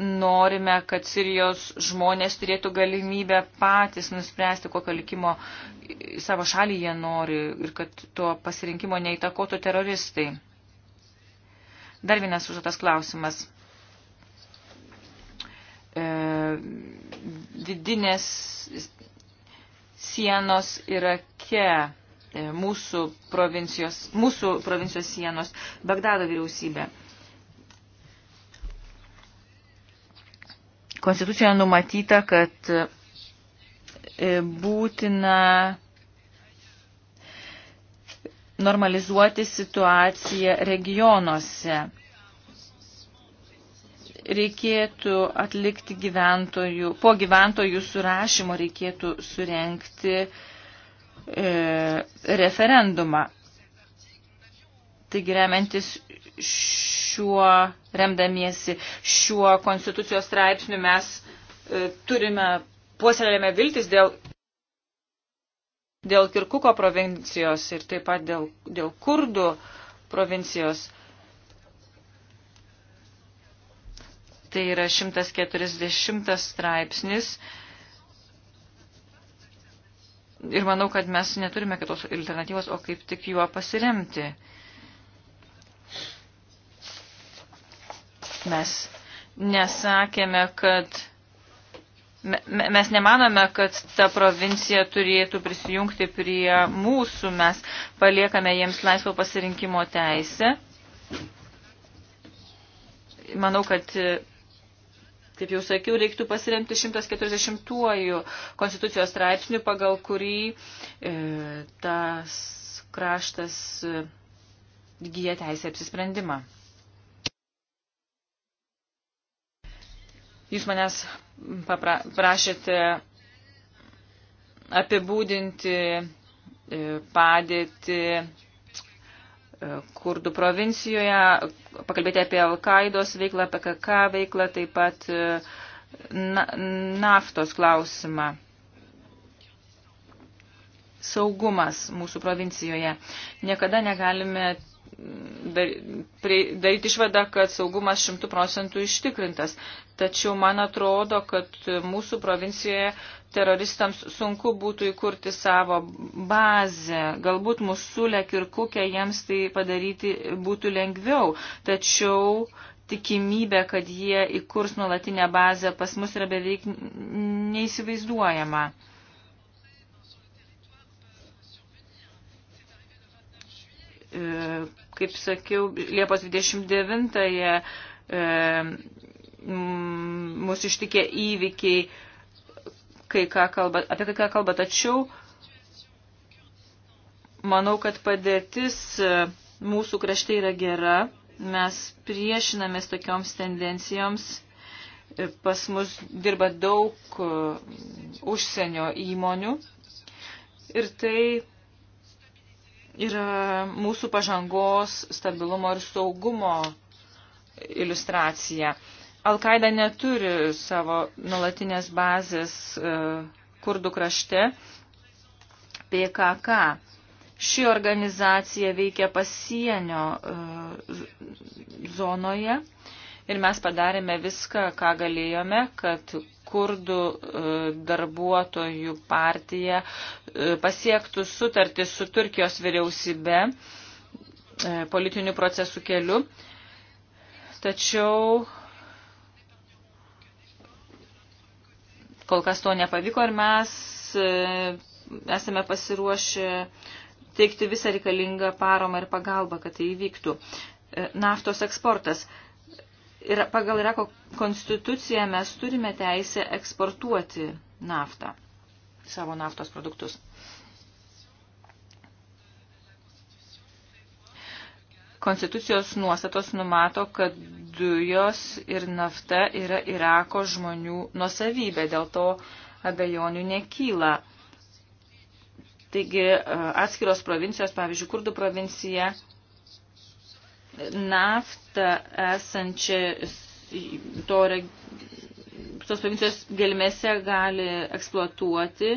norime, kad Sirijos žmonės turėtų galimybę patys nuspręsti, kokio likimo savo šalį jie nori ir kad tuo pasirinkimo neįtakotų teroristai. Dar vienas užduotas klausimas. E, vidinės sienos Irake, e, mūsų provincijos, mūsų provincijos sienos, Bagdado vyriausybė. E, Konstitucijoje numatyta, kad e, būtina normalizuoti situaciją regionuose. Reikėtų atlikti gyventojų, po gyventojų surašymo reikėtų surenkti e, referendumą. Taigi remiantis š šiuo, remdamiesi šiuo konstitucijos straipsniu mes e, turime, puoselėme viltis dėl, dėl Kirkuko provincijos ir taip pat dėl, dėl Kurdų provincijos. Tai yra 140 straipsnis. Ir manau, kad mes neturime kitos alternatyvos, o kaip tik juo pasiremti. Mes nesakėme, kad. Mes nemanome, kad ta provincija turėtų prisijungti prie mūsų, mes paliekame jiems laisvo pasirinkimo teisę. Manau, kad kaip jau sakiau, reiktų pasiremti 140-uoju konstitucijos straipsniu, pagal kurį e, tas kraštas e, įgyja teisę apsisprendimą. Jūs manęs paprašėte apibūdinti e, padėti e, kurdų provincijoje, pakalbėti apie Al-Qaidos veiklą, PKK veiklą, taip pat e, na, naftos klausimą. Saugumas mūsų provincijoje. Niekada negalime daryti išvadą, kad saugumas šimtų procentų ištikrintas. Tačiau man atrodo, kad mūsų provincijoje teroristams sunku būtų įkurti savo bazę. Galbūt musulė ir kukia jiems tai padaryti būtų lengviau. Tačiau tikimybė, kad jie įkurs nuolatinę bazę pas mus yra beveik neįsivaizduojama. E, kaip sakiau, Liepos 29-ąją e, mūsų ištikė įvykiai, kai ką kalba, apie kai ką kalba, tačiau manau, kad padėtis e, mūsų krašte yra gera, mes priešinamės tokioms tendencijoms, pas mus dirba daug užsienio įmonių ir tai yra mūsų pažangos stabilumo ir saugumo iliustracija. Al-Qaeda neturi savo nulatinės bazės e, kurdų krašte PKK. Ši organizacija veikia pasienio e, zonoje ir mes padarėme viską, ką galėjome, kad kurdų e, darbuotojų partija e, pasiektų sutartį su Turkijos vyriausybe e, politinių procesų keliu. Tačiau kol kas to nepavyko ir mes esame pasiruošę teikti visą reikalingą paramą ir pagalbą, kad tai įvyktų. Naftos eksportas ir pagal Irako konstituciją mes turime teisę eksportuoti naftą, savo naftos produktus. Konstitucijos nuostatos numato, kad dujos ir nafta yra Irako žmonių nusavybė, dėl to abejonių nekyla. Taigi atskiros provincijos, pavyzdžiui, Kurdų provincija, naftą esančią to, tos provincijos gelmėse gali eksploatuoti.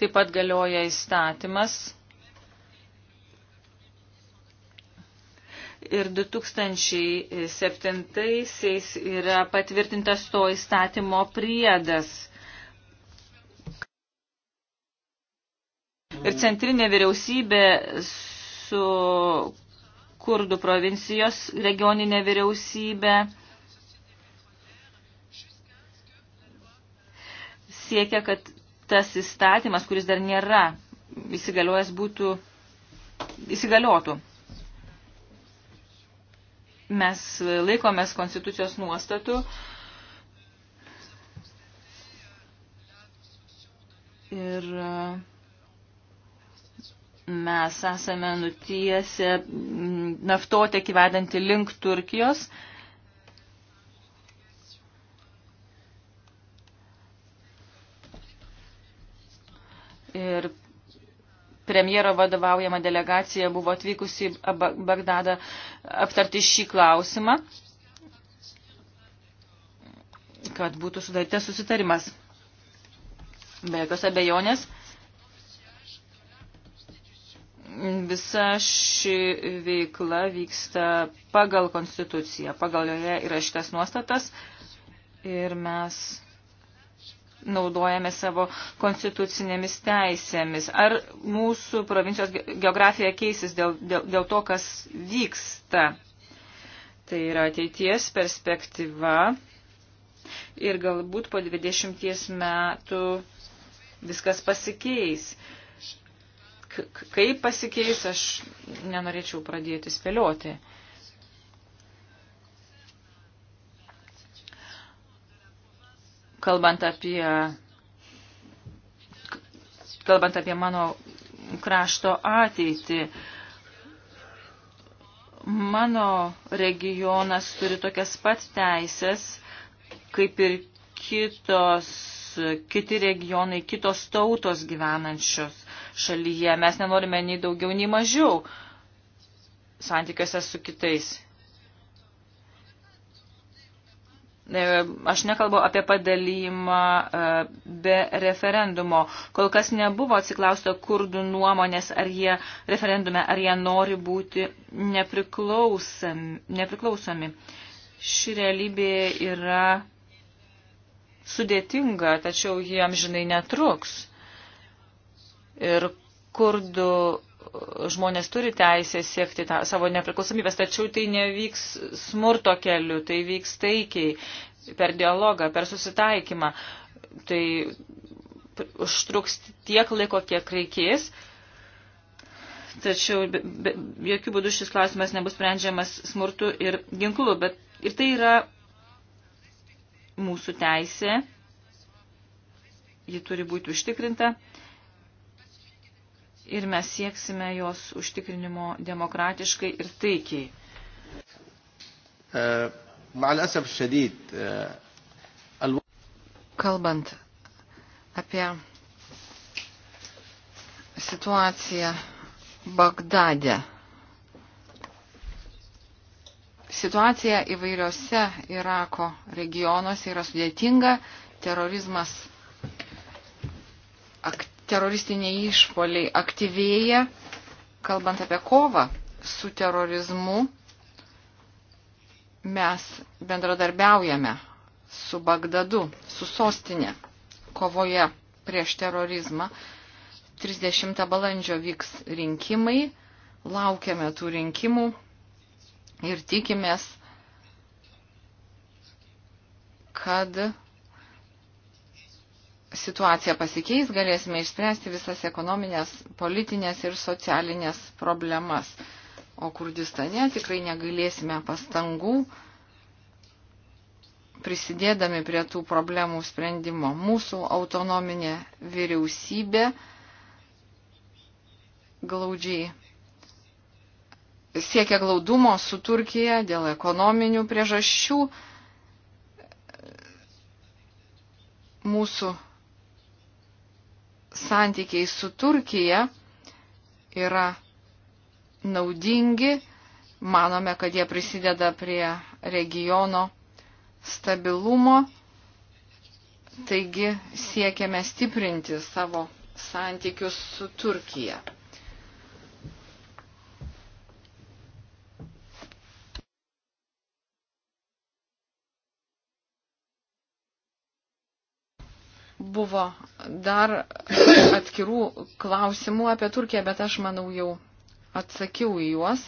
Taip pat galioja įstatymas. Ir 2007 yra patvirtintas to įstatymo priedas ir centrinė vyriausybė su kurdų provincijos regioninė vyriausybė siekia, kad tas įstatymas, kuris dar nėra įsigaliojęs, būtų įsigaliotų. Mes laikomės konstitucijos nuostatų ir uh, Mes esame nutiesę mm, naftotekį vedantį link Turkijos. Ir premjero vadovaujama delegacija buvo atvykusi į Bagdadą aptarti šį klausimą, kad būtų sudarytas susitarimas. Be jokios abejonės, Visa ši veikla vyksta pagal konstituciją, pagal joje yra šitas nuostatas ir mes naudojame savo konstitucinėmis teisėmis. Ar mūsų provincijos geografija keisis dėl, dėl, dėl to, kas vyksta? Tai yra ateities perspektyva ir galbūt po 20 metų viskas pasikeis kaip pasikeis, aš nenorėčiau pradėti spėlioti. Kalbant apie, kalbant apie mano krašto ateitį, mano regionas turi tokias pat teisės, kaip ir kitos, kiti regionai, kitos tautos gyvenančios šalyje. Mes nenorime nei daugiau, nei mažiau santykiuose su kitais. E, aš nekalbu apie padalymą e, be referendumo. Kol kas nebuvo atsiklausta kurdų nuomonės, ar jie referendume, ar jie nori būti nepriklausomi. nepriklausomi. Ši realybė yra sudėtinga, tačiau jie amžinai netruks ir kurdų žmonės turi teisę siekti tą savo nepriklausomybės, tačiau tai nevyks smurto keliu, tai vyks taikiai, per dialogą, per susitaikymą. Tai užtruks tiek laiko, kiek reikės. Tačiau be, be, jokių būdų šis klausimas nebus sprendžiamas smurtu ir ginklu, bet ir tai yra mūsų teisė, ji turi būti užtikrinta. Uh, ir mes sieksime jos užtikrinimo demokratiškai ir taikiai. Uh, uh، Kalbant apie situaciją Bagdade. Situacija įvairiose Irako regionuose yra sudėtinga, terorizmas aktyvus teroristiniai išpoliai aktyvėja, kalbant apie kovą su terorizmu, mes bendradarbiaujame su Bagdadu, su sostinė kovoje prieš terorizmą. 30 balandžio vyks rinkimai, laukiame tų rinkimų ir tikimės, kad situacija pasikeis, galėsime išspręsti visas ekonominės, politinės ir socialinės problemas. O Kurdistane tikrai negalėsime pastangų prisidėdami prie tų problemų sprendimo. Mūsų autonominė vyriausybė glaudžiai siekia glaudumo su Turkija dėl ekonominių priežasčių. Mūsų santykiai su Turkija yra naudingi, manome, kad jie prisideda prie regiono stabilumo, taigi siekiame stiprinti savo santykius su Turkija. buvo dar atskirų klausimų apie Turkiją, bet aš manau jau atsakiau į juos.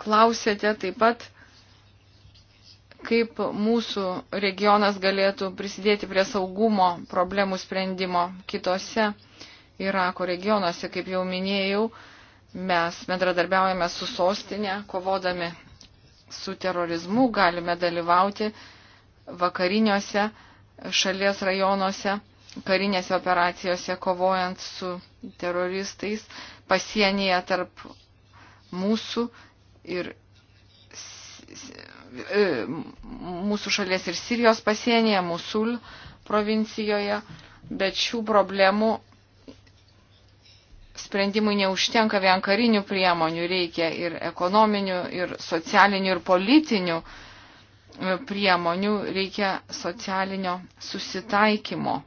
Klausėte taip pat, kaip mūsų regionas galėtų prisidėti prie saugumo problemų sprendimo kitose Irako regionuose, kaip jau minėjau, mes bendradarbiaujame su sostinė, kovodami su terorizmu, galime dalyvauti vakariniuose šalies rajonuose, karinėse operacijose kovojant su teroristais, pasienyje tarp mūsų ir e, mūsų šalies ir Sirijos pasienyje, Musul provincijoje, bet šių problemų sprendimui neužtenka vien karinių priemonių, reikia ir ekonominių, ir socialinių, ir politinių uh, priemonių, reikia socialinio susitaikymo.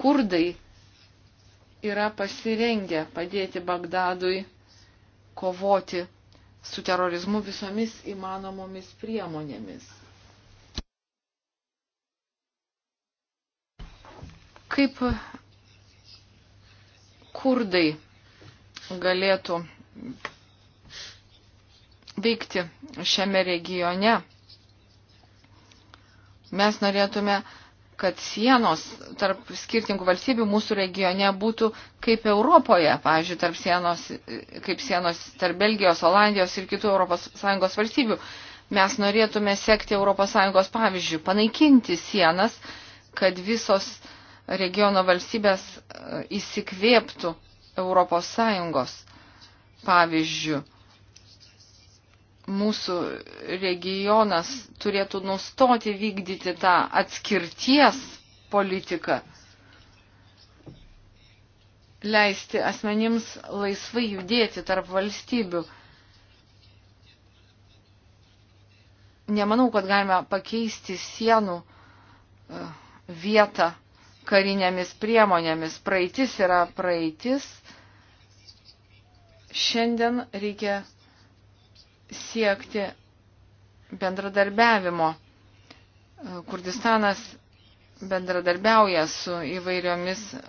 Kurdai yra pasirengę padėti Bagdadui kovoti su terorizmu visomis įmanomomis priemonėmis. Kaip kurdai galėtų veikti šiame regione? Mes norėtume, kad sienos tarp skirtingų valstybių mūsų regione būtų kaip Europoje, pavyzdžiui, tarp sienos, kaip sienos tarp Belgijos, Olandijos ir kitų ES valstybių. Mes norėtume sekti ES pavyzdžių, panaikinti sienas, kad visos regiono valstybės e, įsikvėptų ES pavyzdžių mūsų regionas turėtų nustoti vykdyti tą atskirties politiką, leisti asmenims laisvai judėti tarp valstybių. Nemanau, kad galime pakeisti sienų e, vietą karinėmis priemonėmis. Praeitis yra praeitis. Šiandien reikia siekti bendradarbiavimo. Kurdistanas bendradarbiauja su įvairiomis e,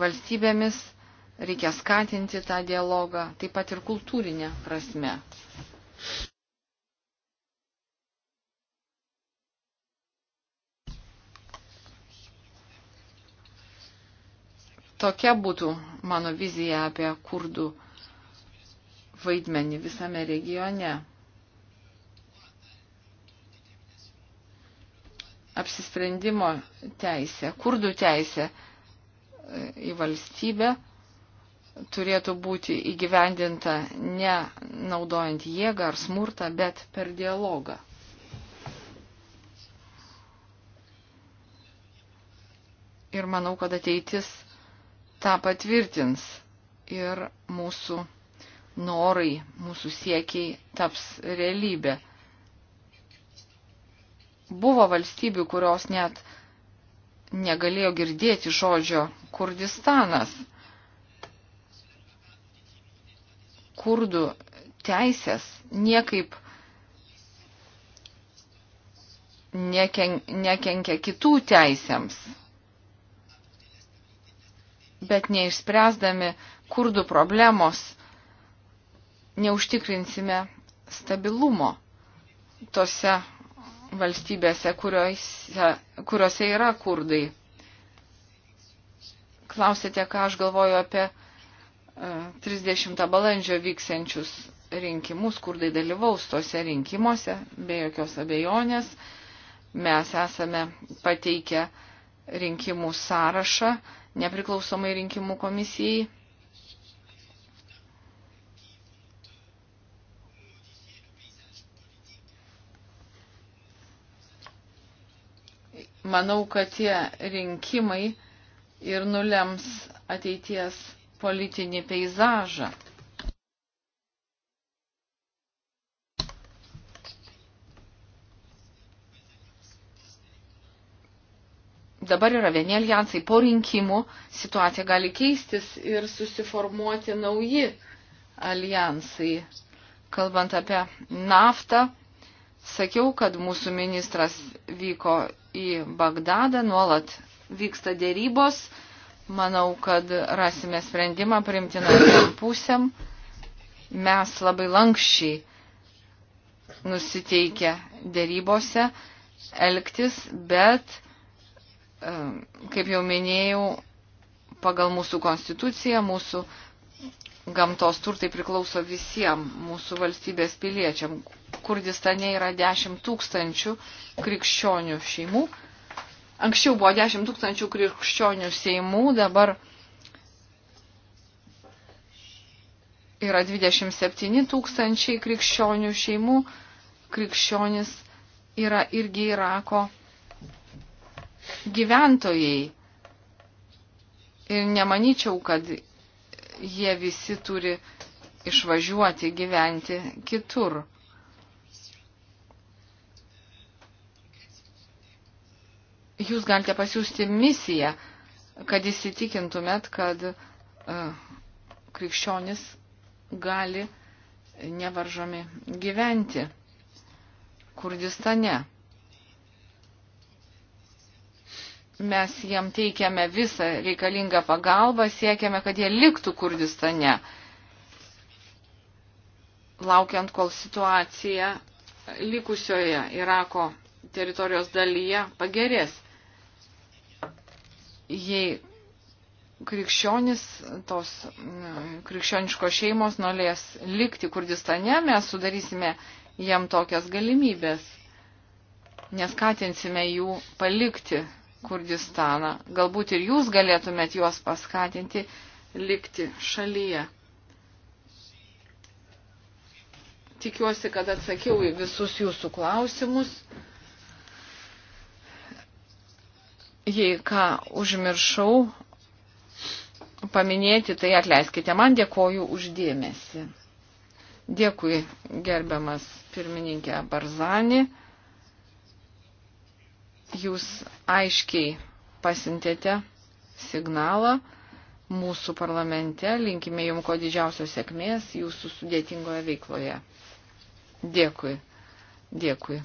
valstybėmis, reikia skatinti tą dialogą, taip pat ir kultūrinę prasme. Tokia būtų mano vizija apie kurdų vaidmenį visame regione. Apsisprendimo teisė, kurdų teisė e, į valstybę turėtų būti įgyvendinta ne naudojant jėgą ar smurtą, bet per dialogą. Ir manau, kad ateitis tą patvirtins ir mūsų norai, mūsų siekiai taps realybė. Buvo valstybių, kurios net negalėjo girdėti žodžio Kurdistanas. Kurdų teisės niekaip neken, nekenkia kitų teisėms. Bet neišspręsdami kurdų problemos neužtikrinsime stabilumo tose valstybėse, kuriuose, kuriuose yra kurdai. Klausėte, ką aš galvoju apie 30 e, balandžio vyksiančius rinkimus, kurdai dalyvaus tose rinkimuose, be jokios abejonės. Mes esame pateikę rinkimų sąrašą nepriklausomai rinkimų komisijai Manau, kad tie rinkimai ir nulems ateities politinį peizažą. dabar yra vieni alijansai, po rinkimų situacija gali keistis ir susiformuoti nauji alijansai. Kalbant apie naftą, Sakiau, kad mūsų ministras vyko į Bagdadą, nuolat vyksta dėrybos. Manau, kad rasime sprendimą primtiną pusėm. Mes labai lankščiai nusiteikę dėrybose elgtis, bet, kaip jau minėjau, pagal mūsų konstituciją, mūsų gamtos turtai priklauso visiems mūsų valstybės piliečiam. Kurdistane yra 10 tūkstančių krikščionių šeimų. Anksčiau buvo 10 tūkstančių krikščionių šeimų, dabar yra 27 tūkstančiai krikščionių šeimų. Krikščionis yra irgi Irako gyventojai. Ir nemanyčiau, kad jie visi turi išvažiuoti gyventi kitur. Jūs galite pasiūsti misiją, kad įsitikintumėt, kad uh, krikščionis gali nevaržomi gyventi Kurdistane. Mes jiem teikiame visą reikalingą pagalbą, siekiame, kad jie liktų Kurdistane, laukiant, kol situacija likusioje Irako teritorijos dalyje pagerės. Jei krikščionis, tos krikščioniškos šeimos norės likti Kurdistane, mes sudarysime jam tokias galimybės, neskatinsime jų palikti Kurdistaną. Galbūt ir jūs galėtumėt juos paskatinti likti šalyje. Tikiuosi, kad atsakiau į visus jūsų klausimus. Jei ką užmiršau paminėti, tai atleiskite. Man dėkoju uždėmesi. Dėkui, gerbiamas pirmininkė Barzani jūs aiškiai pasintėte signalą mūsų parlamente. Linkime jums ko didžiausios sėkmės jūsų sudėtingoje veikloje. Dėkui. Dėkui.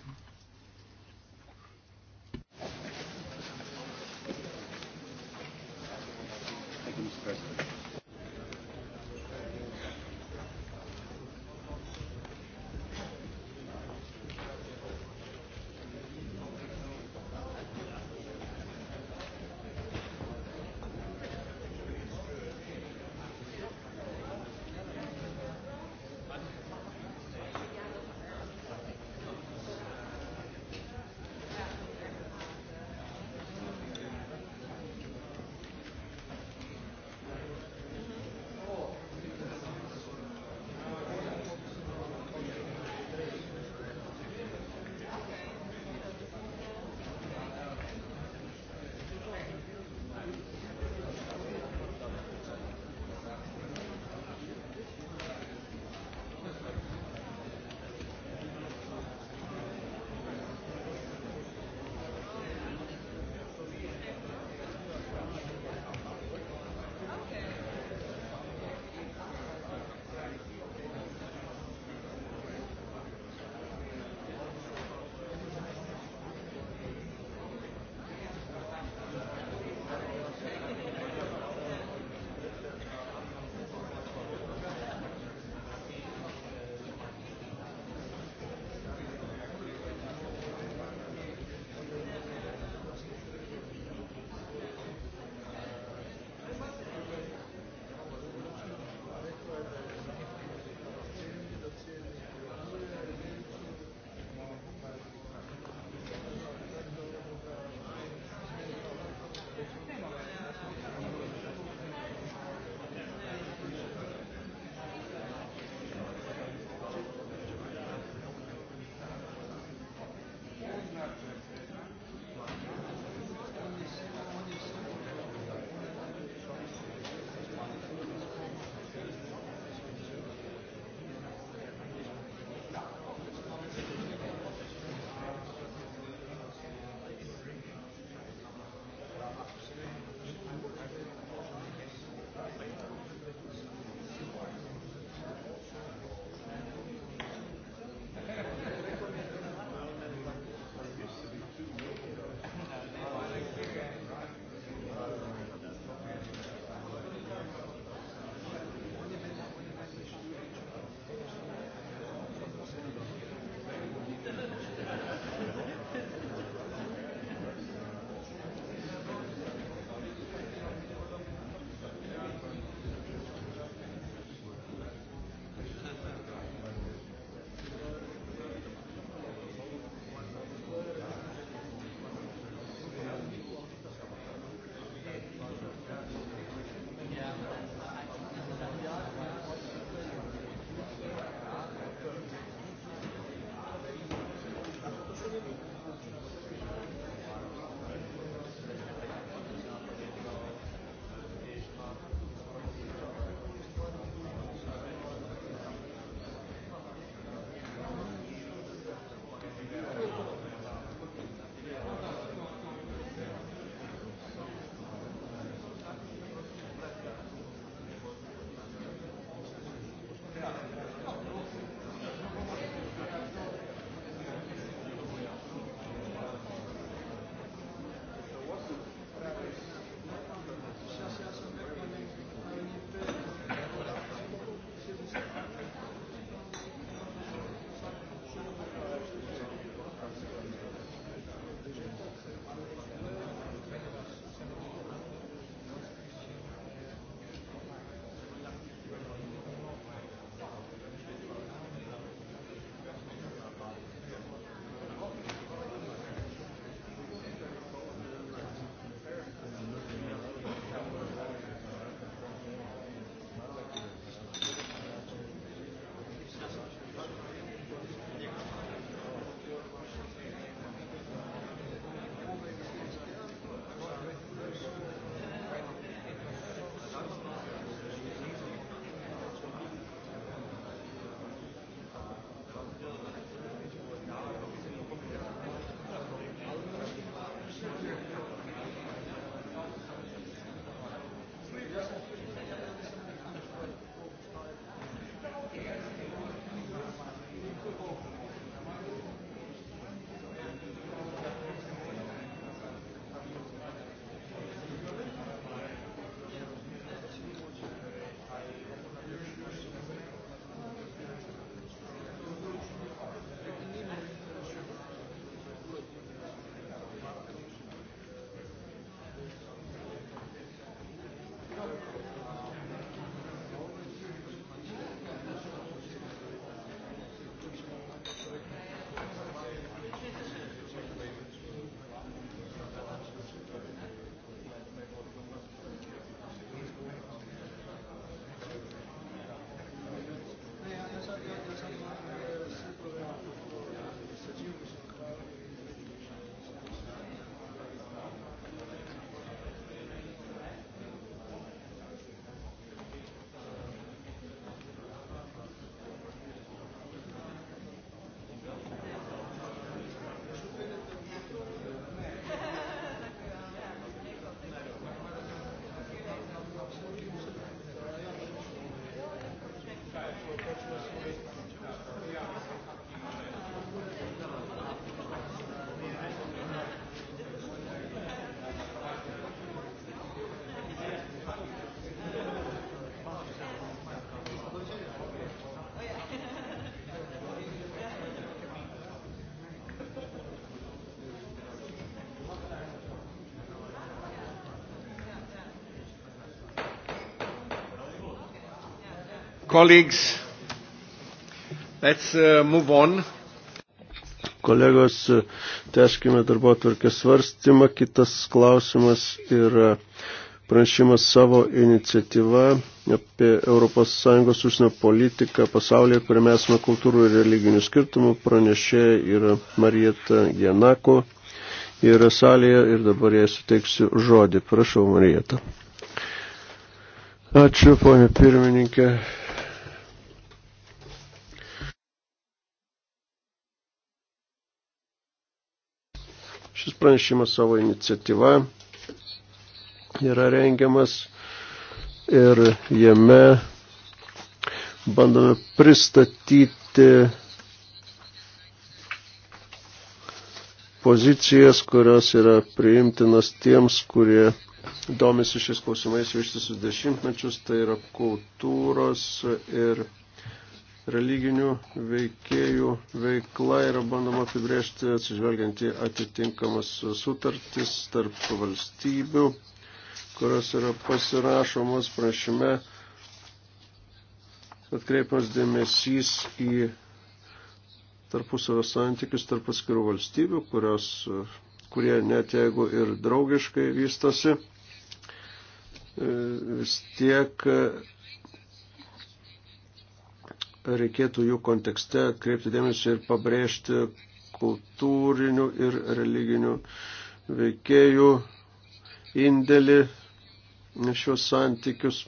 Colleagues, let's uh, move on. Kolegos, uh, teškime darbo atvarkės svarstymą. Kitas klausimas yra pranešimas savo iniciatyva apie ES užsienio politiką pasaulyje, kuriame esame kultūrų ir religinių skirtumų. Pranešė yra Marieta Janako. Yra salėje ir dabar jai suteiksiu žodį. Prašau, Marieta. Ačiū, ponė pirmininkė. pranešimas savo iniciatyva yra rengiamas ir jame bandome pristatyti pozicijas, kurios yra priimtinas tiems, kurie domisi šis klausimais ištisus dešimtmečius, tai yra kultūros ir religinių veikėjų veikla yra bandoma apibrėžti atsižvelgiant į atitinkamas sutartis tarp valstybių, kurios yra pasirašomos prašyme atkreipiamas dėmesys į tarpusavio santykius tarp atskirų valstybių, kurios, kurie net jeigu ir draugiškai vystosi, vis tiek reikėtų jų kontekste kreipti dėmesį ir pabrėžti kultūrinių ir religinių veikėjų indėlį šios santykius.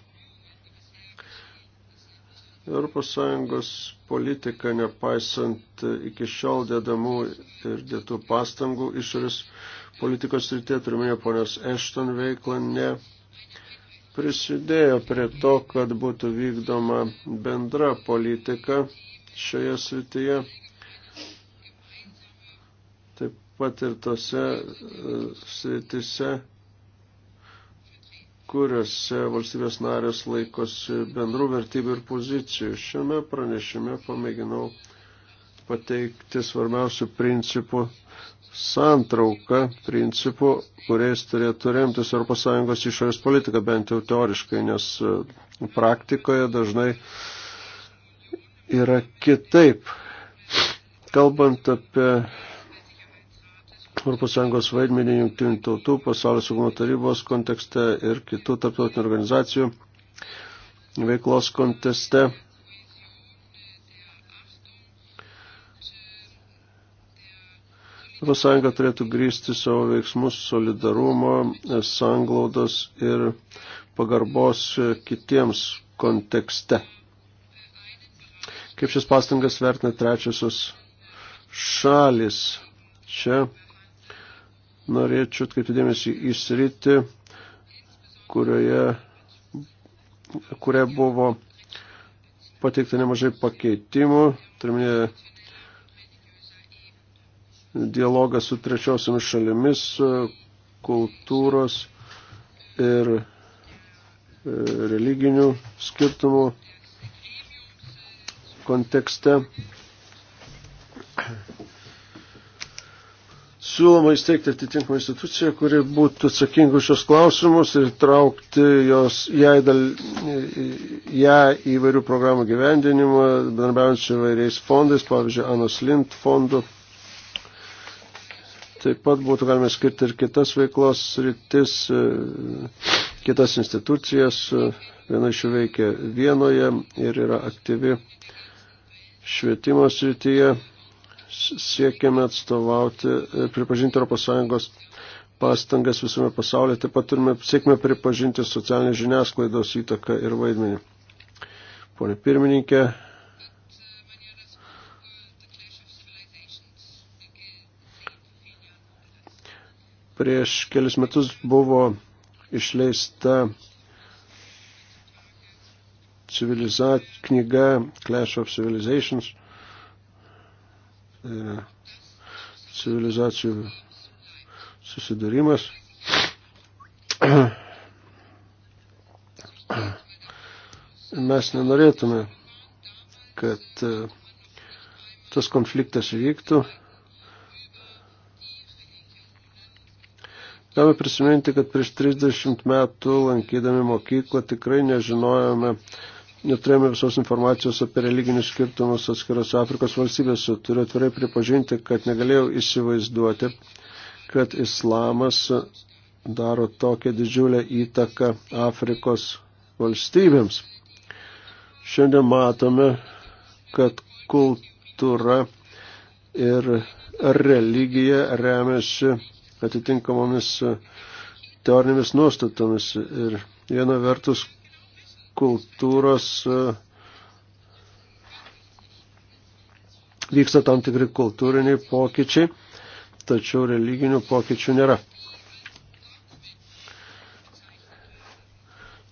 ES politika, nepaisant iki šiol dedamų ir dėtų pastangų išorės politikos rytė, turime ponios Ešton veiklą, ne prisidėjo prie to, kad būtų vykdoma bendra politika šioje srityje. Taip pat ir tose e, srityse, kuriuose valstybės narės laikosi bendrų vertybių ir pozicijų. Šiame pranešime pamėginau pateikti svarbiausių principų santrauką principų, kuriais turėtų remtis ES išorės politika, bent jau teoriškai, nes e, praktikoje dažnai yra kitaip. Kalbant apie ES vaidmenį jungtinių tautų, pasaulio saugumo tarybos kontekste ir kitų tarptautinių organizacijų veiklos kontekste, ES turėtų grįsti savo veiksmus solidarumo, sanglaudos ir pagarbos kitiems kontekste. Kaip šis pastangas vertina trečiosios šalis? Čia norėčiau atkreipti dėmesį į sritį, kurioje, kurioje buvo pateikta nemažai pakeitimų, turime dialogą su trečiosiamis šalimis, e, kultūros ir e, religinių skirtumų kontekste. Siūloma įsteigti atitinkamą instituciją, kuri būtų atsakinga už šios klausimus ir traukti jos, ją, dal, ją įvairių programų gyvendinimą, bendrabiaujant su įvairiais fondais, pavyzdžiui, Anos Lind fondu. Taip pat būtų galima skirti ir kitas veiklos rytis, e, kitas institucijas. E, viena iš jų veikia vienoje ir yra aktyvi švietimo srityje. Siekiame atstovauti, e, pripažinti ES pastangas visame pasaulyje. Taip pat turime siekime pripažinti socialinės žiniasklaidos įtaką ir vaidmenį. Pone pirmininkė, Prieš kelis metus buvo išleista civiliza, knyga Clash of Civilizations, e, civilizacijų susidarimas. Mes nenorėtume, kad e, tas konfliktas vyktų, Galime prisiminti, kad prieš 30 metų lankydami mokyklą tikrai nežinojome, neturėjome visos informacijos apie religinius skirtumus atskirose Afrikos valstybėse. Turiu atvirai pripažinti, kad negalėjau įsivaizduoti, kad islamas daro tokią didžiulę įtaką Afrikos valstybėms. Šiandien matome, kad kultūra ir religija remiasi atitinkamomis e, teorinėmis nuostatomis. Ir viena vertus kultūros e, vyksta tam tikri kultūriniai pokyčiai, tačiau religinių pokyčių nėra.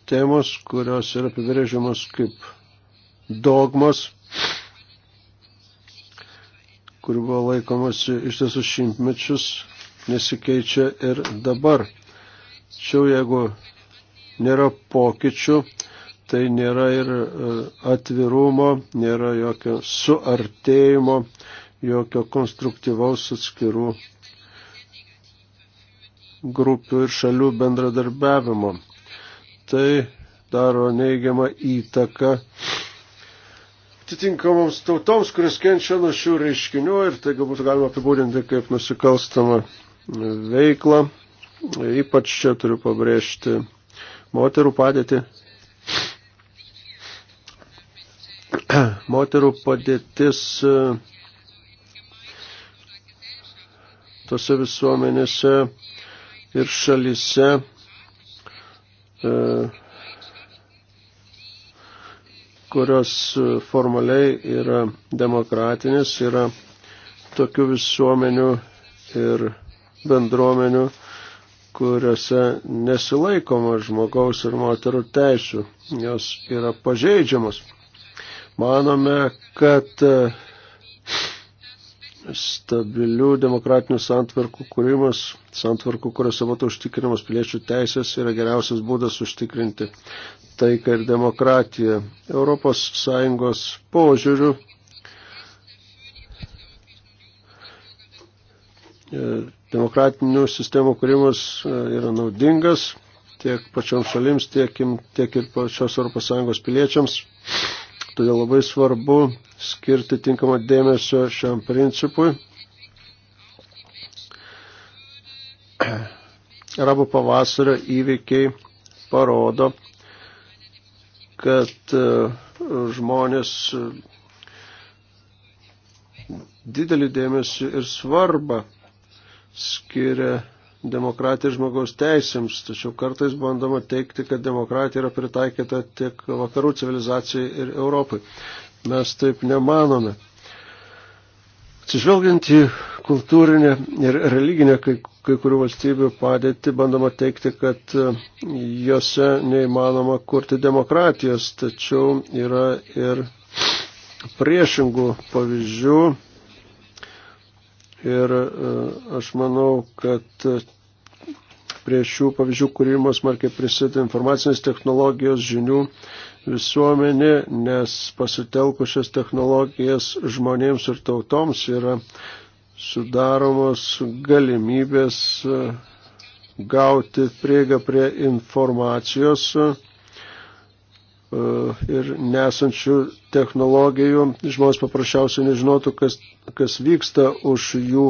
Temos, kurios yra apibrėžiamos kaip dogmos, kur buvo laikomasi iš tiesų šimtmečius, nesikeičia ir dabar. Tačiau jeigu nėra pokyčių, tai nėra ir e, atvirumo, nėra jokio suartėjimo, jokio konstruktyvaus atskirų grupių ir šalių bendradarbiavimo. Tai daro neigiamą įtaką atitinkamoms tautoms, kuris kenčia nuo šių reiškinių ir tai galbūt galima apibūdinti kaip nusikalstamą veiklą. Ypač čia turiu pabrėžti moterų padėtį. Moterų padėtis e, tose visuomenėse ir šalise e, kurios formaliai yra demokratinės, yra tokių visuomenių ir bendruomenių, kuriuose nesilaikoma žmogaus ir moterų teisų. Jos yra pažeidžiamos. Manome, kad e, stabilių demokratinių santvarkų kūrimas, santvarkų, kuriuose būtų užtikrinamas piliečių teisės, yra geriausias būdas užtikrinti taiką ir demokratiją. Europos Sąjungos požiūrių E, demokratinių sistemų kūrimas e, yra naudingas tiek pačioms šalims, tiek, tiek ir pačios ES piliečiams. Todėl labai svarbu skirti tinkamą dėmesio šiam principui. Arabų pavasario įvykiai parodo, kad e, žmonės didelį dėmesį ir svarbą skiria demokratija žmogaus teisėms, tačiau kartais bandoma teikti, kad demokratija yra pritaikyta tiek vakarų civilizacijai ir Europai. Mes taip nemanome. Atsižvelgiant į kultūrinę ir religinę kai, kai kurių valstybių padėtį, bandoma teikti, kad e, jose neįmanoma kurti demokratijos, tačiau yra ir priešingų pavyzdžių Ir e, aš manau, kad prie šių pavyzdžių kūrimo smarkiai prisideda informacinės technologijos žinių visuomenė, nes pasitelkus šias technologijas žmonėms ir tautoms yra sudaromos galimybės e, gauti prieigą prie informacijos E, ir nesančių technologijų. Žmonės paprasčiausiai nežinotų, kas, kas vyksta už jų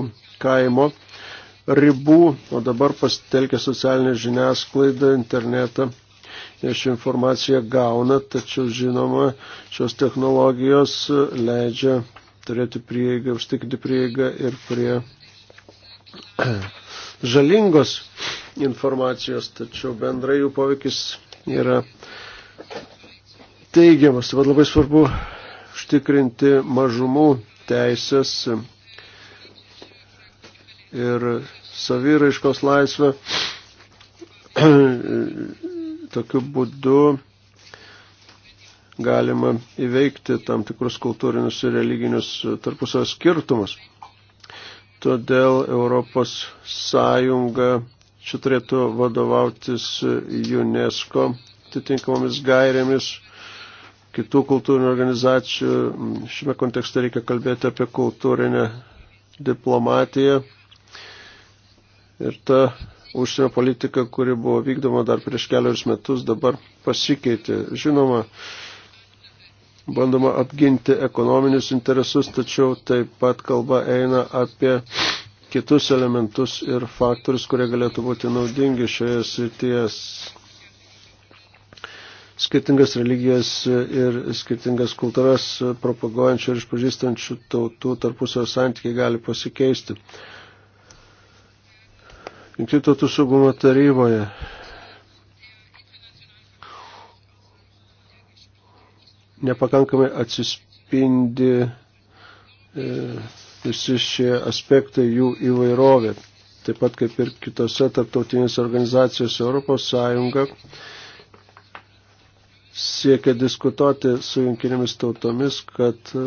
kaimo ribų, o dabar pasitelkę socialinę žiniasklaidą, internetą. Jie šią informaciją gauna, tačiau žinoma, šios technologijos leidžia turėti prieigą, užtikrinti prieigą ir prie žalingos informacijos, tačiau bendrai jų poveikis yra teigiamas. Taip pat labai svarbu užtikrinti mažumų teisės ir saviraiškos laisvę. Tokiu būdu galima įveikti tam tikrus kultūrinius ir religinius tarpusio skirtumus. Todėl Europos Sąjunga čia turėtų vadovautis UNESCO atitinkamomis gairėmis kitų kultūrinių organizacijų. Šiame kontekste reikia kalbėti apie kultūrinę diplomatiją. Ir ta užsienio politika, kuri buvo vykdoma dar prieš keliarius metus, dabar pasikeitė. Žinoma, bandoma apginti ekonominius interesus, tačiau taip pat kalba eina apie kitus elementus ir faktorius, kurie galėtų būti naudingi šioje srityje skirtingas religijas ir skirtingas kultūras propaguojančių ir išpažįstančių tautų tarpusio santykiai gali pasikeisti. Jungtinių tautų saugumo taryboje nepakankamai atsispindi e, visi šie aspektai jų įvairovė, taip pat kaip ir kitose tarptautinėse organizacijose Europos Sąjunga siekia diskutuoti su jungtinėmis tautomis, kad e,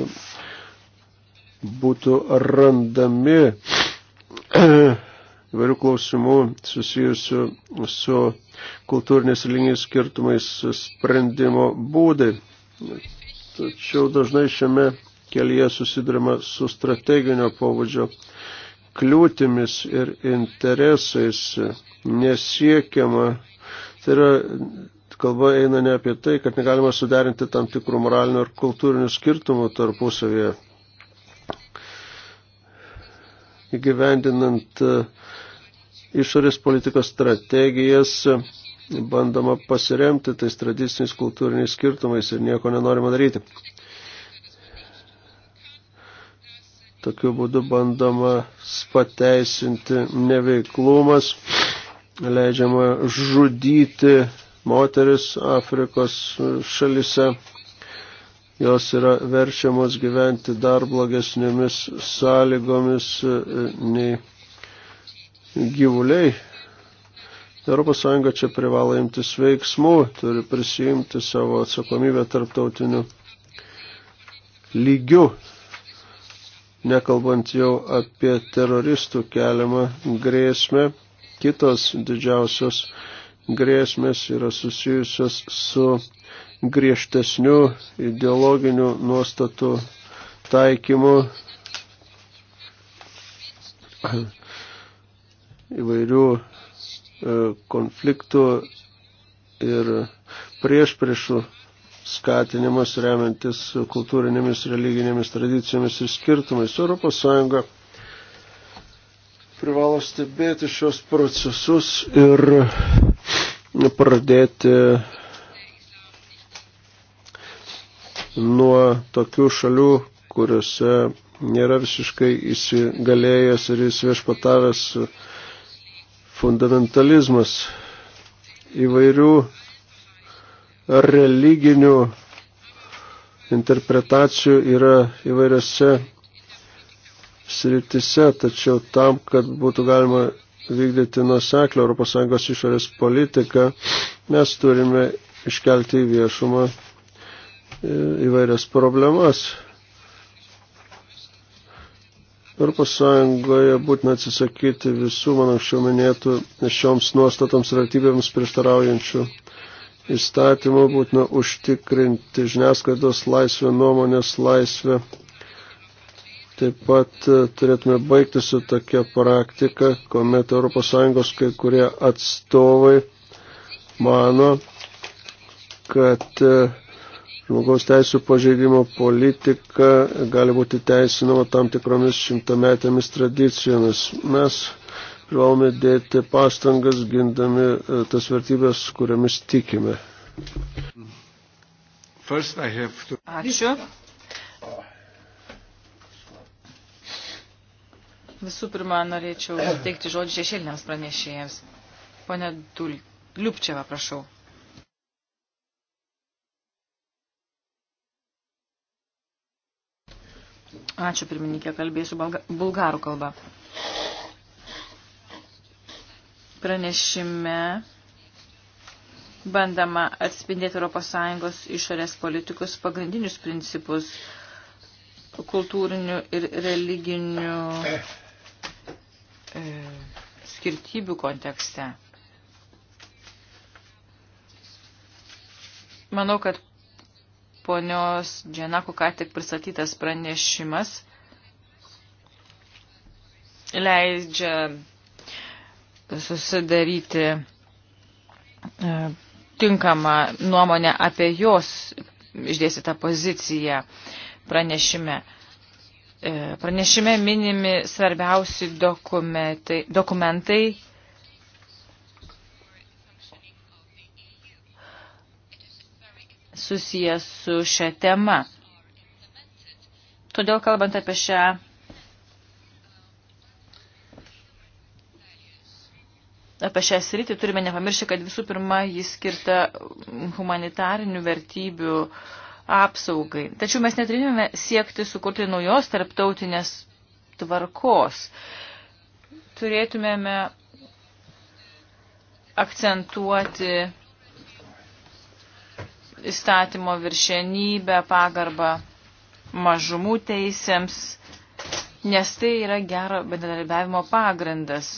būtų randami e, įvairių klausimų susijusių su kultūrinės linijos skirtumais sprendimo būdai. Tačiau dažnai šiame kelyje susidurima su strateginio pobūdžio kliūtimis ir interesais nesiekiama. Tai yra kalba eina ne apie tai, kad negalima suderinti tam tikrų moralinių ir kultūrinių skirtumų tarpusavėje. Įgyvendinant e, išorės politikos strategijas, e, bandoma pasiremti tais tradiciniais kultūriniais skirtumais ir nieko nenorima daryti. Tokiu būdu bandoma pateisinti neveiklumas, leidžiama žudyti moteris Afrikos šalise. Jos yra verčiamos gyventi dar blogesnėmis sąlygomis e, nei gyvuliai. ES čia privalo imtis veiksmų, turi prisijimti savo atsakomybę tarptautiniu lygiu, nekalbant jau apie teroristų keliamą grėsmę. Kitos didžiausios grėsmės yra susijusios su griežtesniu ideologiniu nuostatų taikymu įvairių e, konfliktų ir prieš priešų skatinimas remiantis kultūrinėmis, religinėmis tradicijomis ir skirtumais. Europos Sąjunga privalo stebėti šios procesus ir pradėti nuo tokių šalių, kuriuose nėra visiškai įsigalėjęs ir įsiviešpatavęs fundamentalizmas įvairių religinių interpretacijų yra įvairiose sritise, tačiau tam, kad būtų galima vykdyti nuseklę ES išorės politiką, mes turime iškelti į viešumą e, įvairias problemas. Europos Sąjungoje būtina atsisakyti visų, man anksčiau minėtų, šioms nuostatoms ir aktyvėms prieštaraujančių įstatymų, būtina užtikrinti žiniasklaidos laisvę, nuomonės laisvę, Taip pat e, turėtume baigti su tokia praktika, kuomet ES kai kurie atstovai mano, kad e, žmogaus teisų pažeidimo politika gali būti teisinama tam tikromis šimtametėmis tradicijomis. Mes privalome dėti pastangas gindami e, tas vertybės, kuriamis tikime. First, to... Ačiū. Visų pirma, norėčiau teikti žodį šešėliniams pranešėjams. Pone Dul... Liupčeva, prašau. Ačiū, pirmininkė, kalbėsiu balga... bulgarų kalbą. Pranešime bandama atspindėti ES išorės politikus pagrindinius principus kultūrinių ir religinių e, skirtybių kontekste. Manau, kad ponios Džianako ką tik pristatytas pranešimas leidžia susidaryti e, tinkamą nuomonę apie jos išdėstytą poziciją pranešime. E, E, pranešime minimi svarbiausi dokumentai, dokumentai susijęs su šia tema. Todėl kalbant apie šią apie šią sritį turime nepamiršti, kad visų pirma jis skirta humanitarinių vertybių uh, apsaugai. Tačiau mes neturėjome siekti sukurti naujos tarptautinės tvarkos. Turėtumėme akcentuoti įstatymo viršenybę, pagarbą mažumų teisėms, nes tai yra gero bendradarbiavimo pagrindas.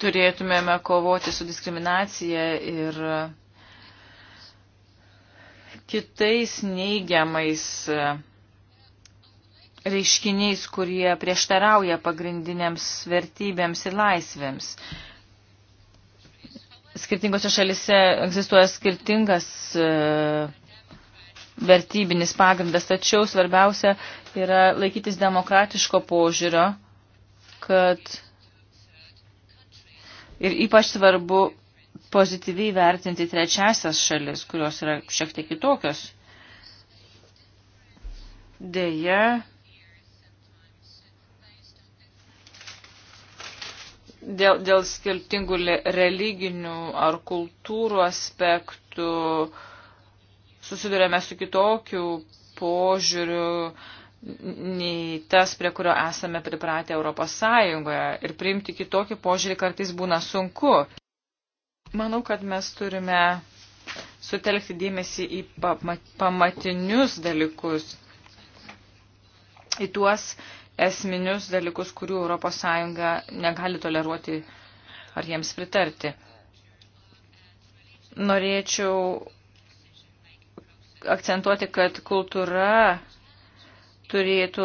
turėtumėme kovoti su diskriminacija ir kitais neigiamais reiškiniais, kurie prieštarauja pagrindiniams vertybėms ir laisvėms. Skirtingose šalise egzistuoja skirtingas e, vertybinis pagrindas, tačiau svarbiausia yra laikytis demokratiško požiūrio, kad Ir ypač svarbu pozityviai vertinti trečiasias šalis, kurios yra šiek tiek kitokios. Deja, dėl, dėl skirtingų religinių ar kultūrų aspektų susidurėme su kitokiu požiūriu, nei tas, prie kurio esame pripratę Europos Sąjungoje ir priimti kitokį požiūrį kartais būna sunku. Manau, kad mes turime sutelkti dėmesį į pamatinius dalykus, į tuos esminius dalykus, kurių Europos Sąjunga negali toleruoti ar jiems pritarti. Norėčiau akcentuoti, kad kultūra turėtų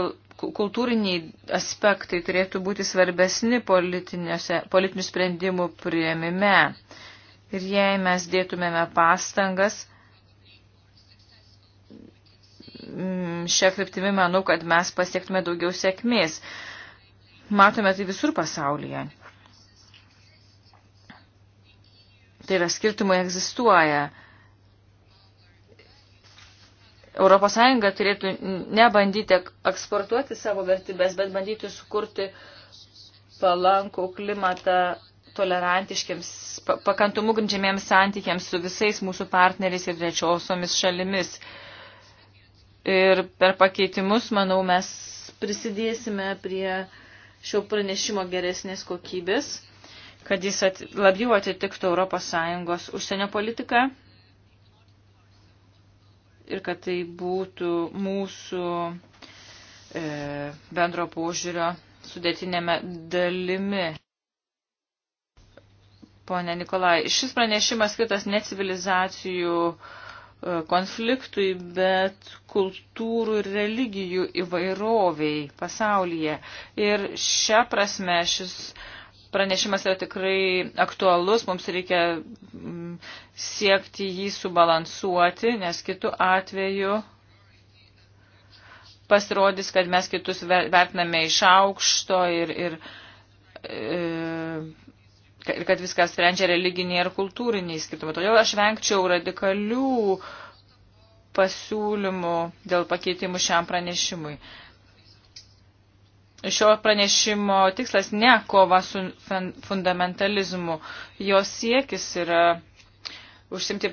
kultūriniai aspektai turėtų būti svarbesni politinių sprendimų prieimime. Ir jei mes dėtumėme pastangas, mm, šią kryptimį manau, kad mes pasiektume daugiau sėkmės. Matome tai visur pasaulyje. Tai yra skirtumai egzistuoja. ES turėtų nebandyti eksportuoti savo vertybės, bet bandyti sukurti palankų klimatą tolerantiškiams, pakantumų grindžiamiems santykiams su visais mūsų partneriais ir trečiosiomis šalimis. Ir per pakeitimus, manau, mes prisidėsime prie šio pranešimo geresnės kokybės, kad jis at, labiau atitiktų ES užsienio politiką ir kad tai būtų mūsų e, bendro požiūrio sudėtinėme dalimi. Pone Nikolai, šis pranešimas skirtas ne civilizacijų e, konfliktui, bet kultūrų ir religijų įvairoviai pasaulyje. Ir šią prasme šis uh, pranešimas yra tikrai aktualus, mums reikia mm, siekti jį subalansuoti, nes kitu atveju pasirodys, kad mes kitus vertiname iš aukšto ir, ir, e, ir kad viskas sprendžia religiniai ir kultūriniai skirtumai. Todėl aš vengčiau radikalių pasiūlymų dėl pakeitimų šiam pranešimui. Uh, šio pranešimo tikslas ne kova su fundamentalizmu. Jo siekis yra užsimti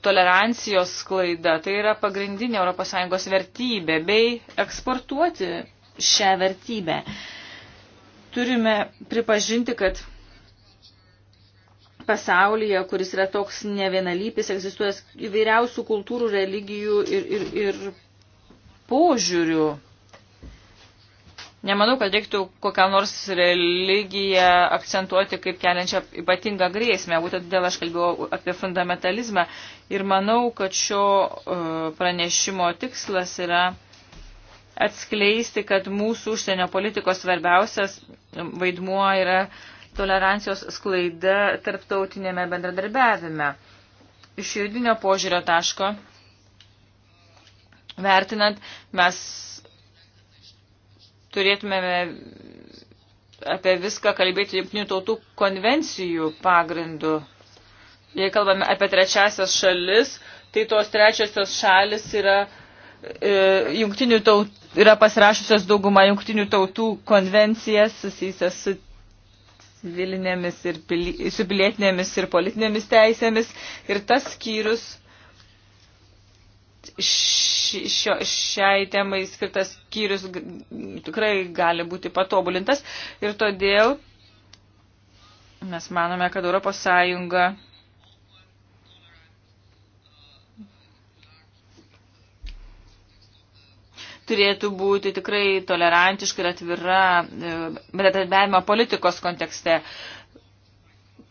tolerancijos sklaida. Tai yra pagrindinė ES vertybė bei eksportuoti šią vertybę. Turime pripažinti, kad pasaulyje, kuris yra toks nevienalypis, egzistuoja įvairiausių kultūrų, religijų ir, ir, ir požiūrių Nemanau, kad reiktų kokią nors religiją akcentuoti kaip keliančią ypatingą grėsmę. Būtent dėl aš kalbėjau apie fundamentalizmą. Ir manau, kad šio e, pranešimo tikslas yra atskleisti, kad mūsų užsienio politikos svarbiausias vaidmuo yra tolerancijos sklaida tarptautinėme bendradarbiavime. Iš juridinio požiūrio taško vertinant, mes turėtumėme apie viską kalbėti jungtinių tautų konvencijų pagrindu. Jei kalbame apie trečiasias šalis, tai tos trečiasios šalis yra, e, taut, yra pasirašusios daugumą jungtinių tautų konvencijas susijusias su civilinėmis ir pili, su pilietinėmis ir politinėmis teisėmis. Ir tas skyrius šio, šiai temai skirtas skyrius tikrai gali būti patobulintas ir todėl mes manome, kad Europos Sąjunga turėtų būti tikrai tolerantiška ir atvira e, bendradarbiavimo politikos kontekste.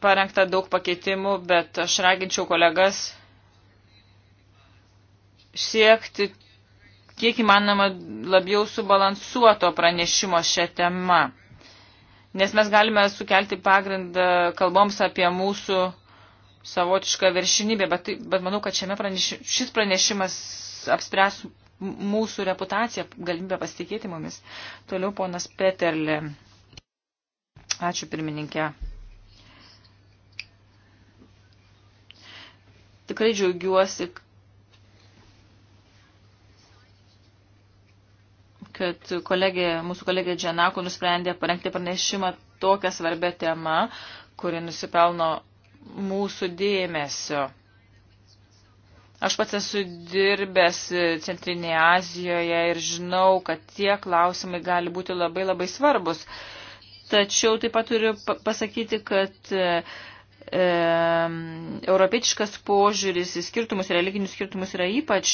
Parengta daug pakeitimų, bet aš raginčiau kolegas siekti kiek įmanoma labiau subalansuoto pranešimo šią temą. Nes mes galime sukelti pagrindą kalboms apie mūsų savotišką viršinybę, bet, tai- bet manau, kad praneš, šis pranešimas apspręs mūsų reputaciją, galimybę pasitikėti mumis. Toliau ponas Peterlė. Ačiū pirmininkė. Tikrai džiaugiuosi, kad kolegė, mūsų kolegė Dženako nusprendė parengti pranešimą tokią svarbę temą, kuri nusipelno mūsų dėmesio. Aš pats esu dirbęs Centrinėje Azijoje ir žinau, kad tie klausimai gali būti labai labai svarbus. Tačiau taip pat turiu pasakyti, kad e, e, europietiškas požiūris į skirtumus, religinius skirtumus yra ypač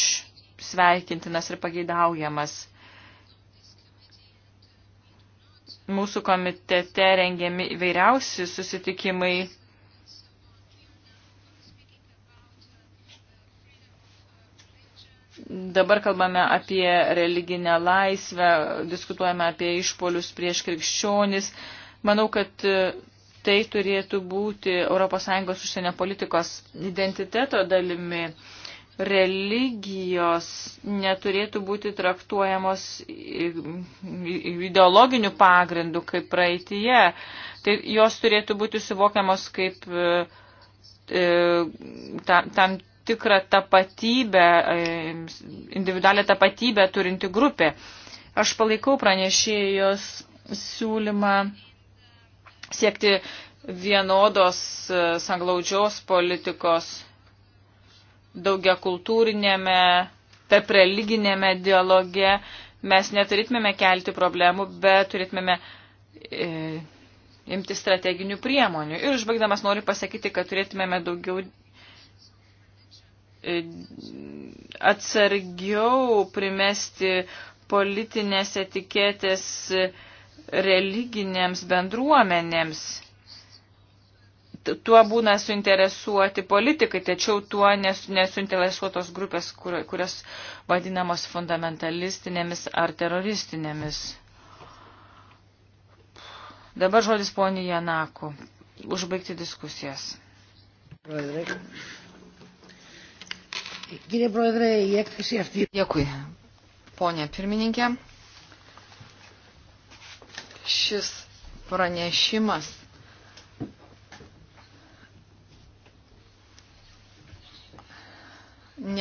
sveikintinas ir pageidaujamas. mūsų komitete rengiami įvairiausi susitikimai. Dabar kalbame apie religinę laisvę, diskutuojame apie išpolius prieš krikščionis. Manau, kad e, tai turėtų būti ES užsienio politikos identiteto dalimi religijos neturėtų būti traktuojamos ideologinių pagrindų kaip praeitie. Tai jos turėtų būti suvokiamos kaip e, e tam, tam tikrą tapatybę, e, individualią tapatybę turinti grupė. Aš palaikau pranešėjos siūlymą siekti vienodos e, sanglaudžios politikos daugia kultūrinėme, tarp religinėme dialoge mes neturėtumėme kelti problemų, bet turėtumėme e, imti strateginių priemonių. Ir užbaigdamas noriu pasakyti, kad turėtumėme daugiau e, atsargiau primesti politinės etiketės religinėms bendruomenėms tuo būna suinteresuoti politikai, tačiau tuo nes, nesuinteresuotos grupės, kur, kurios vadinamos fundamentalistinėmis ar teroristinėmis. Dabar žodis poniai Janaku. Užbaigti diskusijas. Dėkui, ponė pirmininkė. Šis pranešimas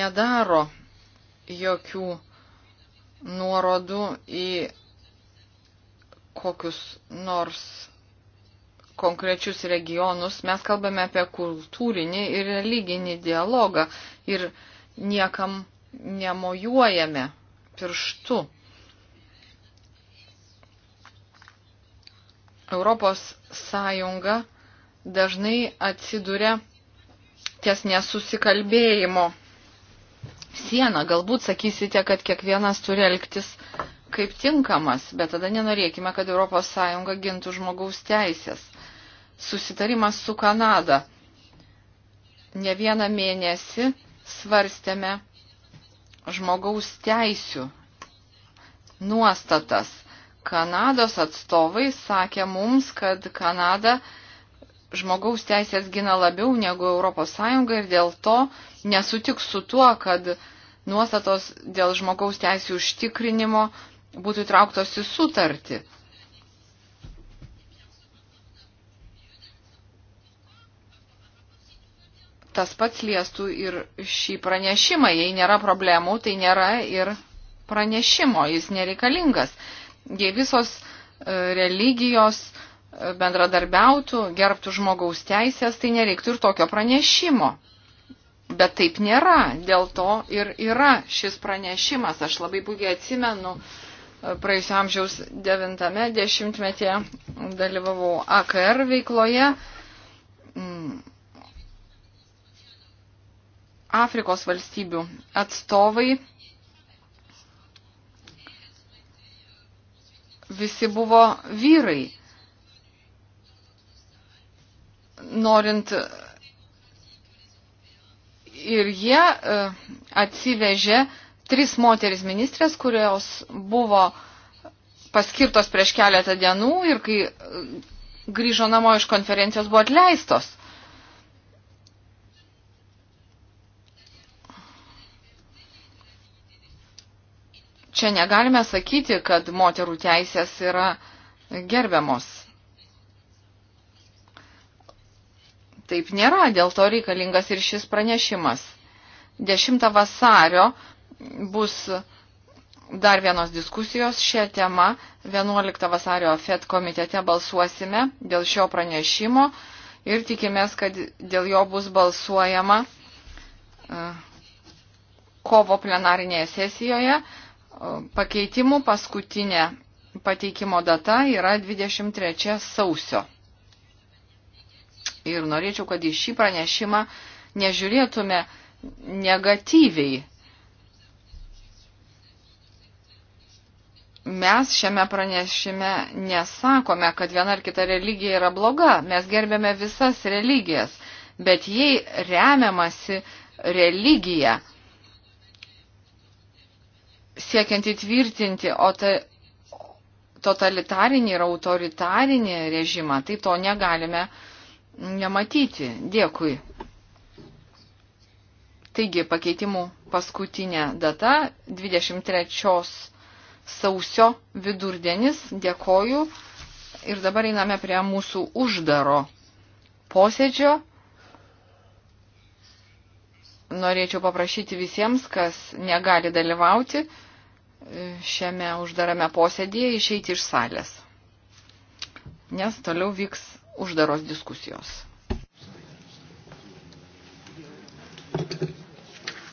nedaro jokių nuorodų į kokius nors konkrečius regionus. Mes kalbame apie kultūrinį ir religinį dialogą ir niekam nemojuojame pirštu. Europos Sąjunga dažnai atsiduria ties nesusikalbėjimo sieną. Galbūt sakysite, kad kiekvienas turi elgtis kaip tinkamas, bet tada nenorėkime, kad ES gintų žmogaus teisės. Susitarimas su Kanada. Ne vieną mėnesį svarstėme žmogaus teisių nuostatas. Kanados atstovai sakė mums, kad Kanada žmogaus teisės gina labiau negu ES ir dėl to nesutiks su tuo, kad nuostatos dėl žmogaus teisų užtikrinimo būtų trauktos į sutartį. Tas pats liestų ir šį pranešimą. Jei nėra problemų, tai nėra ir pranešimo, jis nereikalingas. Jei visos e, religijos, uh, bendradarbiautų, gerbtų žmogaus teisės, tai nereiktų ir tokio pranešimo. Bet taip nėra, dėl to ir yra šis pranešimas. Aš labai puikiai atsimenu, praėjusio amžiaus 90-metėje dalyvavau AKR veikloje. Afrikos valstybių atstovai visi buvo vyrai norint ir jie e, atsivežė tris moteris ministrės, kurios buvo paskirtos prieš keletą dienų ir kai e, grįžo namo iš konferencijos buvo atleistos. Čia negalime sakyti, kad moterų teisės yra gerbiamos. taip nėra, dėl to reikalingas ir šis pranešimas. 10 vasario bus dar vienos diskusijos šią temą. 11 vasario FED komitete balsuosime dėl šio pranešimo ir tikimės, kad dėl jo bus balsuojama e, kovo plenarinėje sesijoje. E, pakeitimų paskutinė pateikimo data yra 23 sausio ir norėčiau, kad į šį pranešimą nežiūrėtume negatyviai. Mes šiame pranešime nesakome, kad viena ar kita religija yra bloga, mes gerbėme visas religijas, bet jei remiamasi religija, siekiant įtvirtinti totalitarinį ir autoritarinį režimą, tai to negalime uh, nematyti. Dėkui. Taigi pakeitimų paskutinė data 23 sausio vidurdienis. Dėkoju. Ir dabar einame prie mūsų uždaro posėdžio. Norėčiau paprašyti visiems, kas negali dalyvauti šiame uždarame posėdėje, išeiti iš salės. Nes toliau vyks uždaros diskusijos.